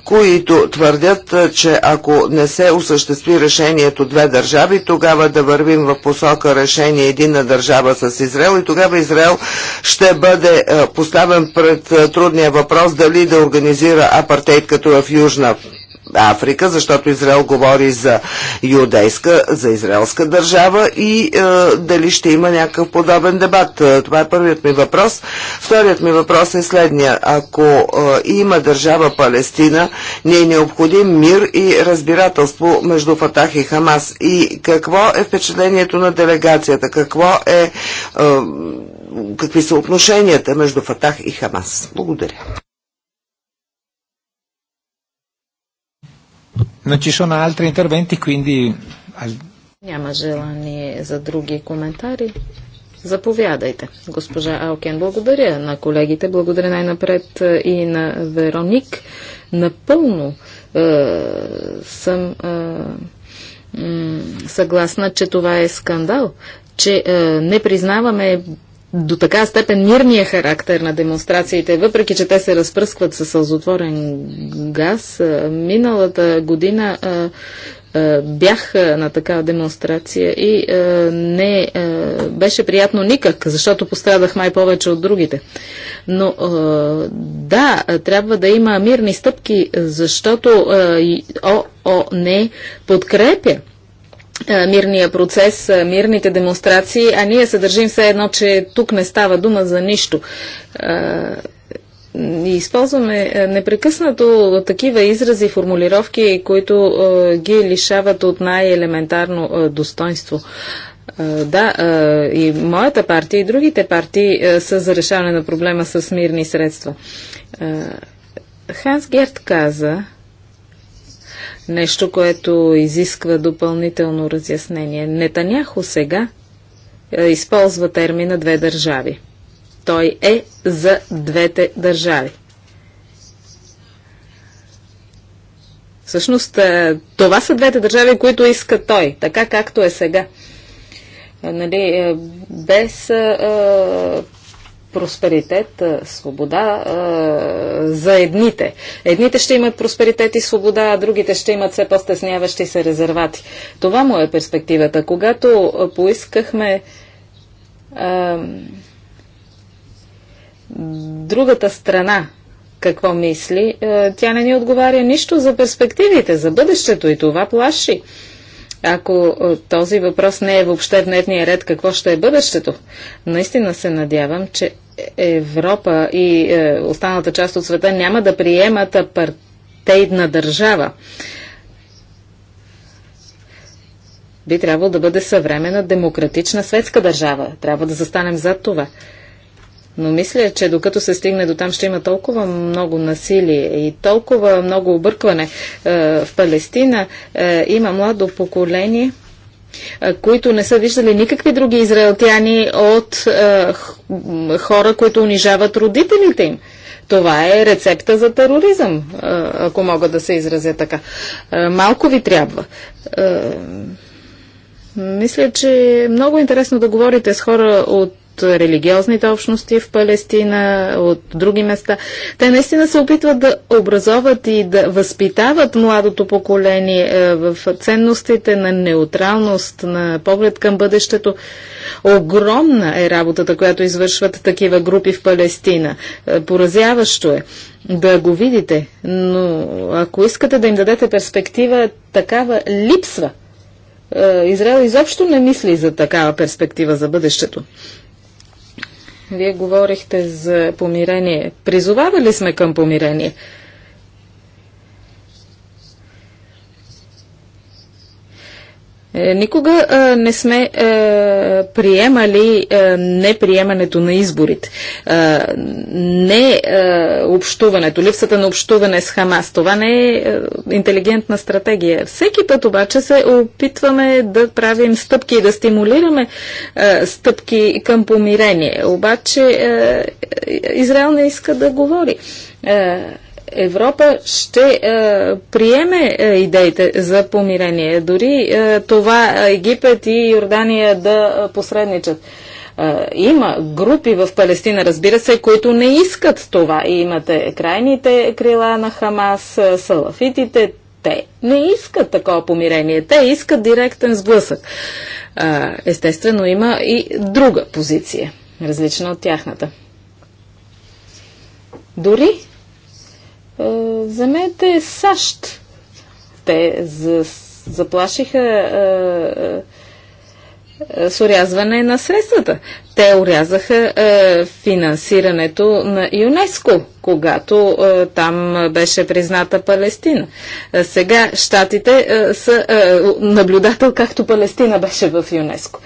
Speaker 4: които твърдят, е, че ако не се осъществи решението две държави, тогава да вървим в посока решение едина държава с Израел и тогава Израел ще бъде поставен пред трудния въпрос дали да организира апартейт като в Южна Африка, защото Израел говори за юдейска, за израелска държава и е, дали ще има някакъв подобен дебат. Е, това е първият ми въпрос. Вторият ми въпрос е следния. Ако е, има държава Палестина, не е необходим мир и разбирателство между Фатах и Хамас. И какво е впечатлението на делегацията? Какво е, е какви са отношенията между Фатах и Хамас? Благодаря.
Speaker 1: Non ci sono altri interventi, quindi...
Speaker 2: Няма желание за други коментари. Заповядайте, госпожа Алкен. Благодаря на колегите, благодаря най-напред е, и на Вероник. Напълно е, съм е, съгласна, че това е скандал, че е, не признаваме до така степен мирния характер на демонстрациите, въпреки че те се разпръскват със сълзотворен газ. Миналата година бях на такава демонстрация и не беше приятно никак, защото пострадах май повече от другите. Но да, трябва да има мирни стъпки, защото ООН подкрепя е, мирния процес, е, мирните демонстрации, а ние се държим все едно, че тук не става дума за нищо. Е, и използваме непрекъснато такива изрази, формулировки, които ги лишават от най-елементарно достоинство. Да, и моята партия, и другите партии са за решаване на проблема с мирни средства. Ханс Герт каза, нещо, което изисква допълнително разяснение. Нетаняхо сега е, използва термина две държави. Той е за двете държави. Всъщност, е, това са двете държави, които иска той, така както е сега. Е, нали, без просперитет, свобода за едните. Едните ще имат просперитет и свобода, а другите ще имат все по-стесняващи се резервати. Това му е перспективата. Когато поискахме а, другата страна какво мисли, тя не ни отговаря нищо за перспективите, за бъдещето и това плаши ако този въпрос не е въобще в дневния ред, какво ще е бъдещето? Наистина се надявам, че Европа и е, останалата част от света няма да приемат апартеидна държава. Би трябвало да бъде съвременна демократична светска държава. Трябва да застанем зад това. Но мисля, че докато се стигне до там, ще има толкова много насилие и толкова много объркване. Е, в Палестина е, има младо поколение, е, които не са виждали никакви други израелтяни от хора, които унижават родителите им. Това е рецепта за тероризъм, ако мога да се изразя така. Малко ви трябва. Мисля, че е много интересно да говорите с хора от религиозните общности в Палестина, от други места. Те наистина се опитват да образоват и да възпитават младото поколение е, в ценностите на неутралност, на поглед към бъдещето. Огромна е работата, която извършват такива групи в Палестина. Е, поразяващо е да го видите, но ако искате да им дадете перспектива, такава липсва. Е, Израел изобщо не мисли за такава перспектива за бъдещето. Вие говорихте за помирение. Призовавали сме към помирение. Е, никога е, не сме е, приемали неприемането на изборите, не общуването, липсата на общуване с Хамас. Това не е интелигентна стратегия. Всеки път обаче се опитваме да правим стъпки и да стимулираме стъпки към помирение. Обаче Израел не иска да говори. Европа ще е, приеме е, идеите за помирение. Дори е, това е, Египет и Йордания да е, посредничат. Е, има групи в Палестина, разбира се, които не искат това. И имате крайните крила на Хамас, салафитите. Те не искат такова помирение. Те искат директен сблъсък. Естествено, има и друга позиция, различна от тяхната. Дори Вземете САЩ. Те заплашиха с урязване на средствата. Те урязаха финансирането на ЮНЕСКО, когато там беше призната Палестина. сега щатите са наблюдател, както Палестина беше в ЮНЕСКО.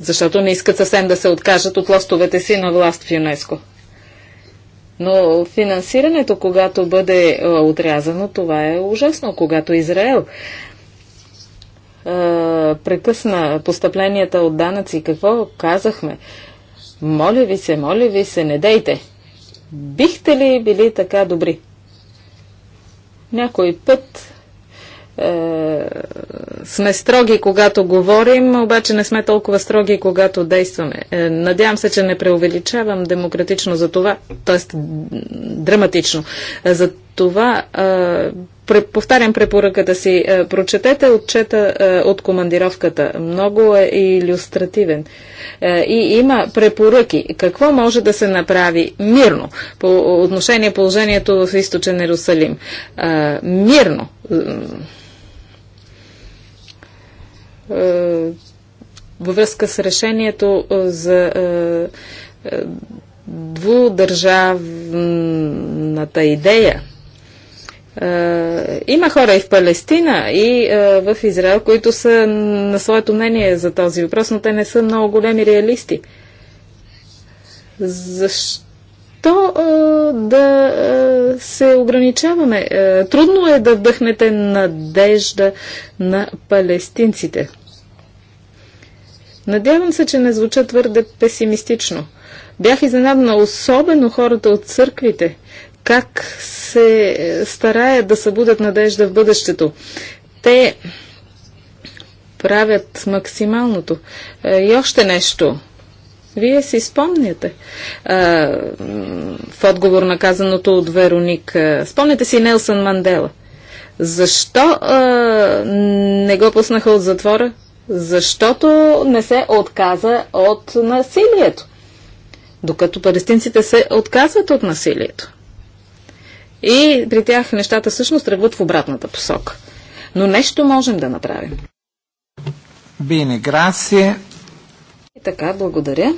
Speaker 2: Защото не искат съвсем да се откажат от лостовете си на власт в ЮНЕСКО. Но финансирането, когато бъде отрязано, това е ужасно. Когато Израел прекъсна постъпленията от данъци. Какво казахме? Моля ви се, моля ви се, не дейте. Бихте ли били така добри? Някой път е, сме строги, когато говорим, обаче не сме толкова строги, когато действаме. Е, надявам се, че не преувеличавам демократично за това, т.е. драматично. Е, за това повтарям препоръката си. Прочетете отчета от командировката. Много е иллюстративен. И има препоръки. Какво може да се направи мирно по отношение положението в източен Иерусалим? Мирно е, във връзка с решението е, за е, двудържавната идея. Има хора и в Палестина, и в Израел, които са на своето мнение за този въпрос, но те не са много големи реалисти. Защо? то а, да а, се ограничаваме. А, трудно е да вдъхнете надежда на палестинците. Надявам се, че не звуча твърде песимистично. Бях изненадана особено хората от църквите, как се стараят да събудят надежда в бъдещето. Те правят максималното. Е, и още нещо – вие си спомняте а, в отговор на казаното от Вероник. А, спомняте си Нелсън Мандела. Защо а, не го пуснаха от затвора? Защото не се отказа от насилието. Докато палестинците се отказват от насилието. И при тях нещата всъщност тръгват в обратната посока. Но нещо можем да направим.
Speaker 1: Bene, grazie.
Speaker 2: И така, благодаря.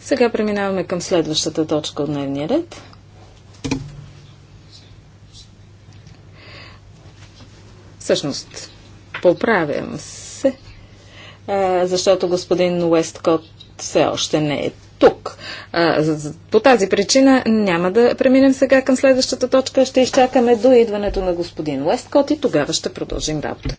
Speaker 2: Сега преминаваме към следващата точка от дневния ред. Всъщност, поправям се, защото господин Уесткот все още не е тук. По тази причина няма да преминем сега към следващата точка. Ще изчакаме до идването на господин Уесткот и тогава ще продължим работа.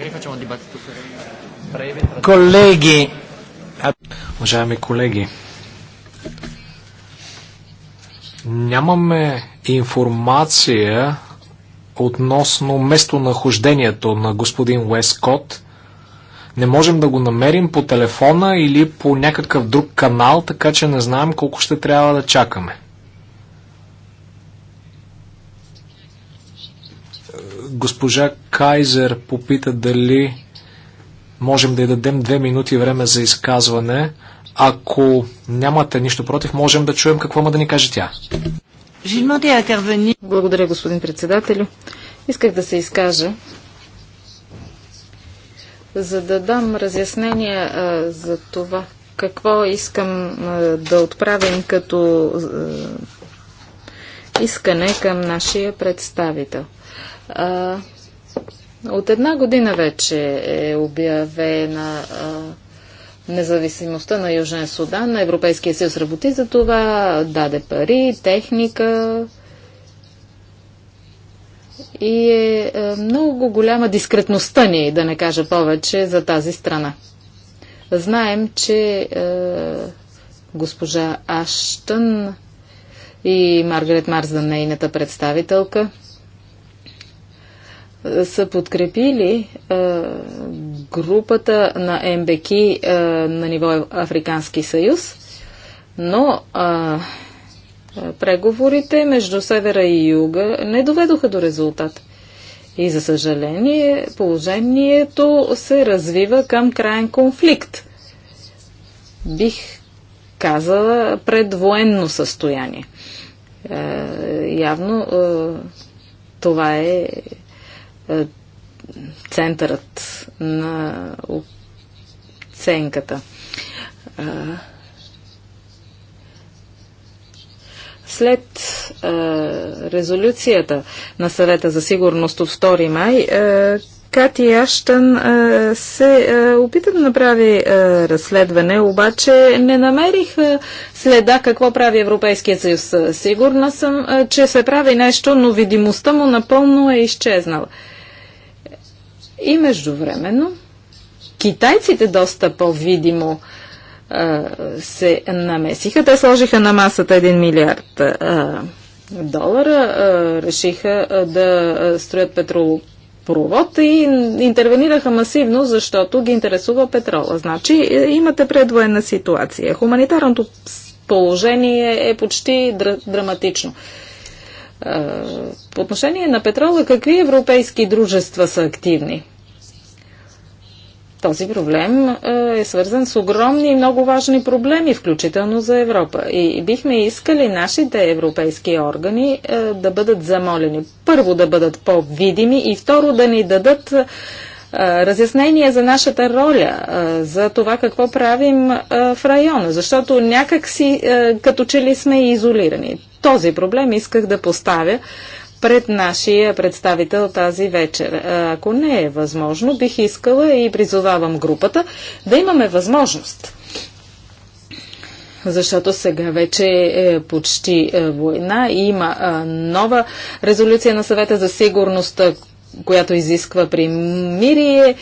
Speaker 3: Е колеги, уважаеми колеги, нямаме информация относно местонахождението на господин Уескот. Не можем да го намерим по телефона или по някакъв друг канал, така че не знаем колко ще трябва да чакаме. Госпожа Кайзер попита дали можем да й дадем две минути време за изказване. Ако нямате нищо против, можем да чуем какво има да ни каже тя.
Speaker 2: Благодаря, господин председателю. Исках да се изкажа, за да дам разяснение а, за това какво искам а, да отправим като а, искане към нашия представител. А, от една година вече е обявена а, независимостта на Южен Судан. Европейския съюз работи за това, даде пари, техника и е, е много голяма дискретността ни, да не кажа повече, за тази страна. Знаем, че а, е, госпожа Аштън и Маргарет Марс за нейната представителка – са подкрепили е, групата на МБК е, на ниво Африкански съюз, но е, преговорите между севера и юга не доведоха до резултат. И за съжаление, положението се развива към крайен конфликт. Бих казала предвоенно състояние. Е, явно е, това е е, центърът на оценката. След е, резолюцията на съвета за сигурност от 2 май, е, Кати Аштън е, се е, опита да направи е, разследване, обаче не намерих е, следа какво прави Европейския съюз. Сигурна съм, е, че се прави нещо, но видимостта му напълно е изчезнала. И междувременно китайците доста по-видимо се намесиха. Те сложиха на масата 1 милиард а, долара, а, решиха да строят петролопровод и интервенираха масивно, защото ги интересува петрола. Значи е, имате предвоенна ситуация. Хуманитарното положение е почти драматично. По отношение на петрола, какви европейски дружества са активни? Този проблем е свързан с огромни и много важни проблеми, включително за Европа. И бихме искали нашите европейски органи да бъдат замолени. Първо да бъдат по-видими и второ да ни дадат разяснение за нашата роля, за това какво правим в района, защото някак си като че ли сме изолирани този проблем исках да поставя пред нашия представител тази вечер. Ако не е възможно, бих искала и призовавам групата да имаме възможност защото сега вече е почти е, война и има нова резолюция на съвета за сигурност, която изисква примирие.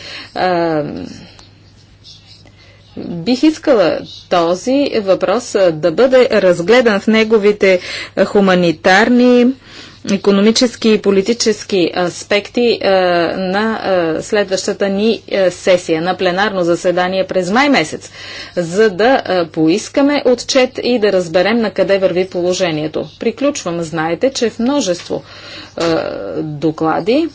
Speaker 2: Бих искала този въпрос да бъде разгледан в неговите хуманитарни, економически и политически аспекти на следващата ни сесия, на пленарно заседание през май месец, за да поискаме отчет и да разберем на къде върви положението. Приключвам. Знаете, че в множество доклади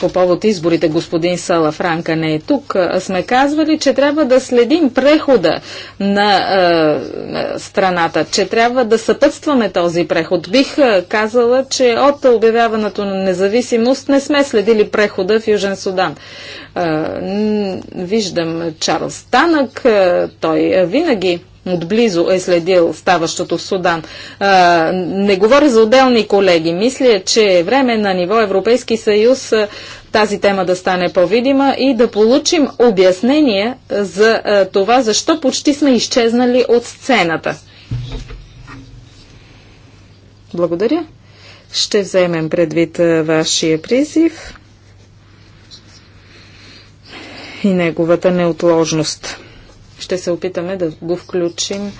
Speaker 2: по повод изборите господин Сала Франка не е тук, сме казвали, че трябва да следим прехода на страната, че трябва да съпътстваме този преход. Бих казала, че от обявяването на независимост не сме следили прехода в Южен Судан. виждам Чарлз Танък, той винаги отблизо е следил ставащото в Судан. А, не говоря за отделни колеги. Мисля, че е време на ниво Европейски съюз тази тема да стане по-видима и да получим обяснение за а, това, защо почти сме изчезнали от сцената. Благодаря. Ще вземем предвид а, вашия призив и неговата неотложност. Ще се опитаме да го включим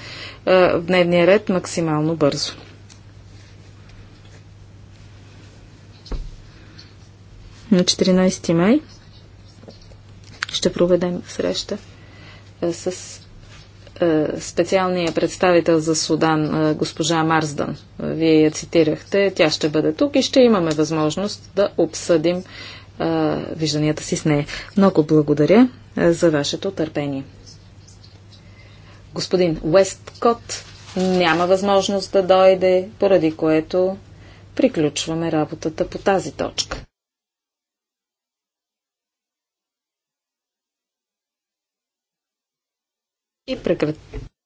Speaker 2: в дневния ред максимално бързо. На 14 май ще проведем среща с специалния представител за Судан, госпожа Марсдън. Вие я цитирахте. Тя ще бъде тук и ще имаме възможност да обсъдим вижданията си с нея. Много благодаря за вашето търпение господин Уесткот няма възможност да дойде, поради което приключваме работата по тази точка. И прекратяваме.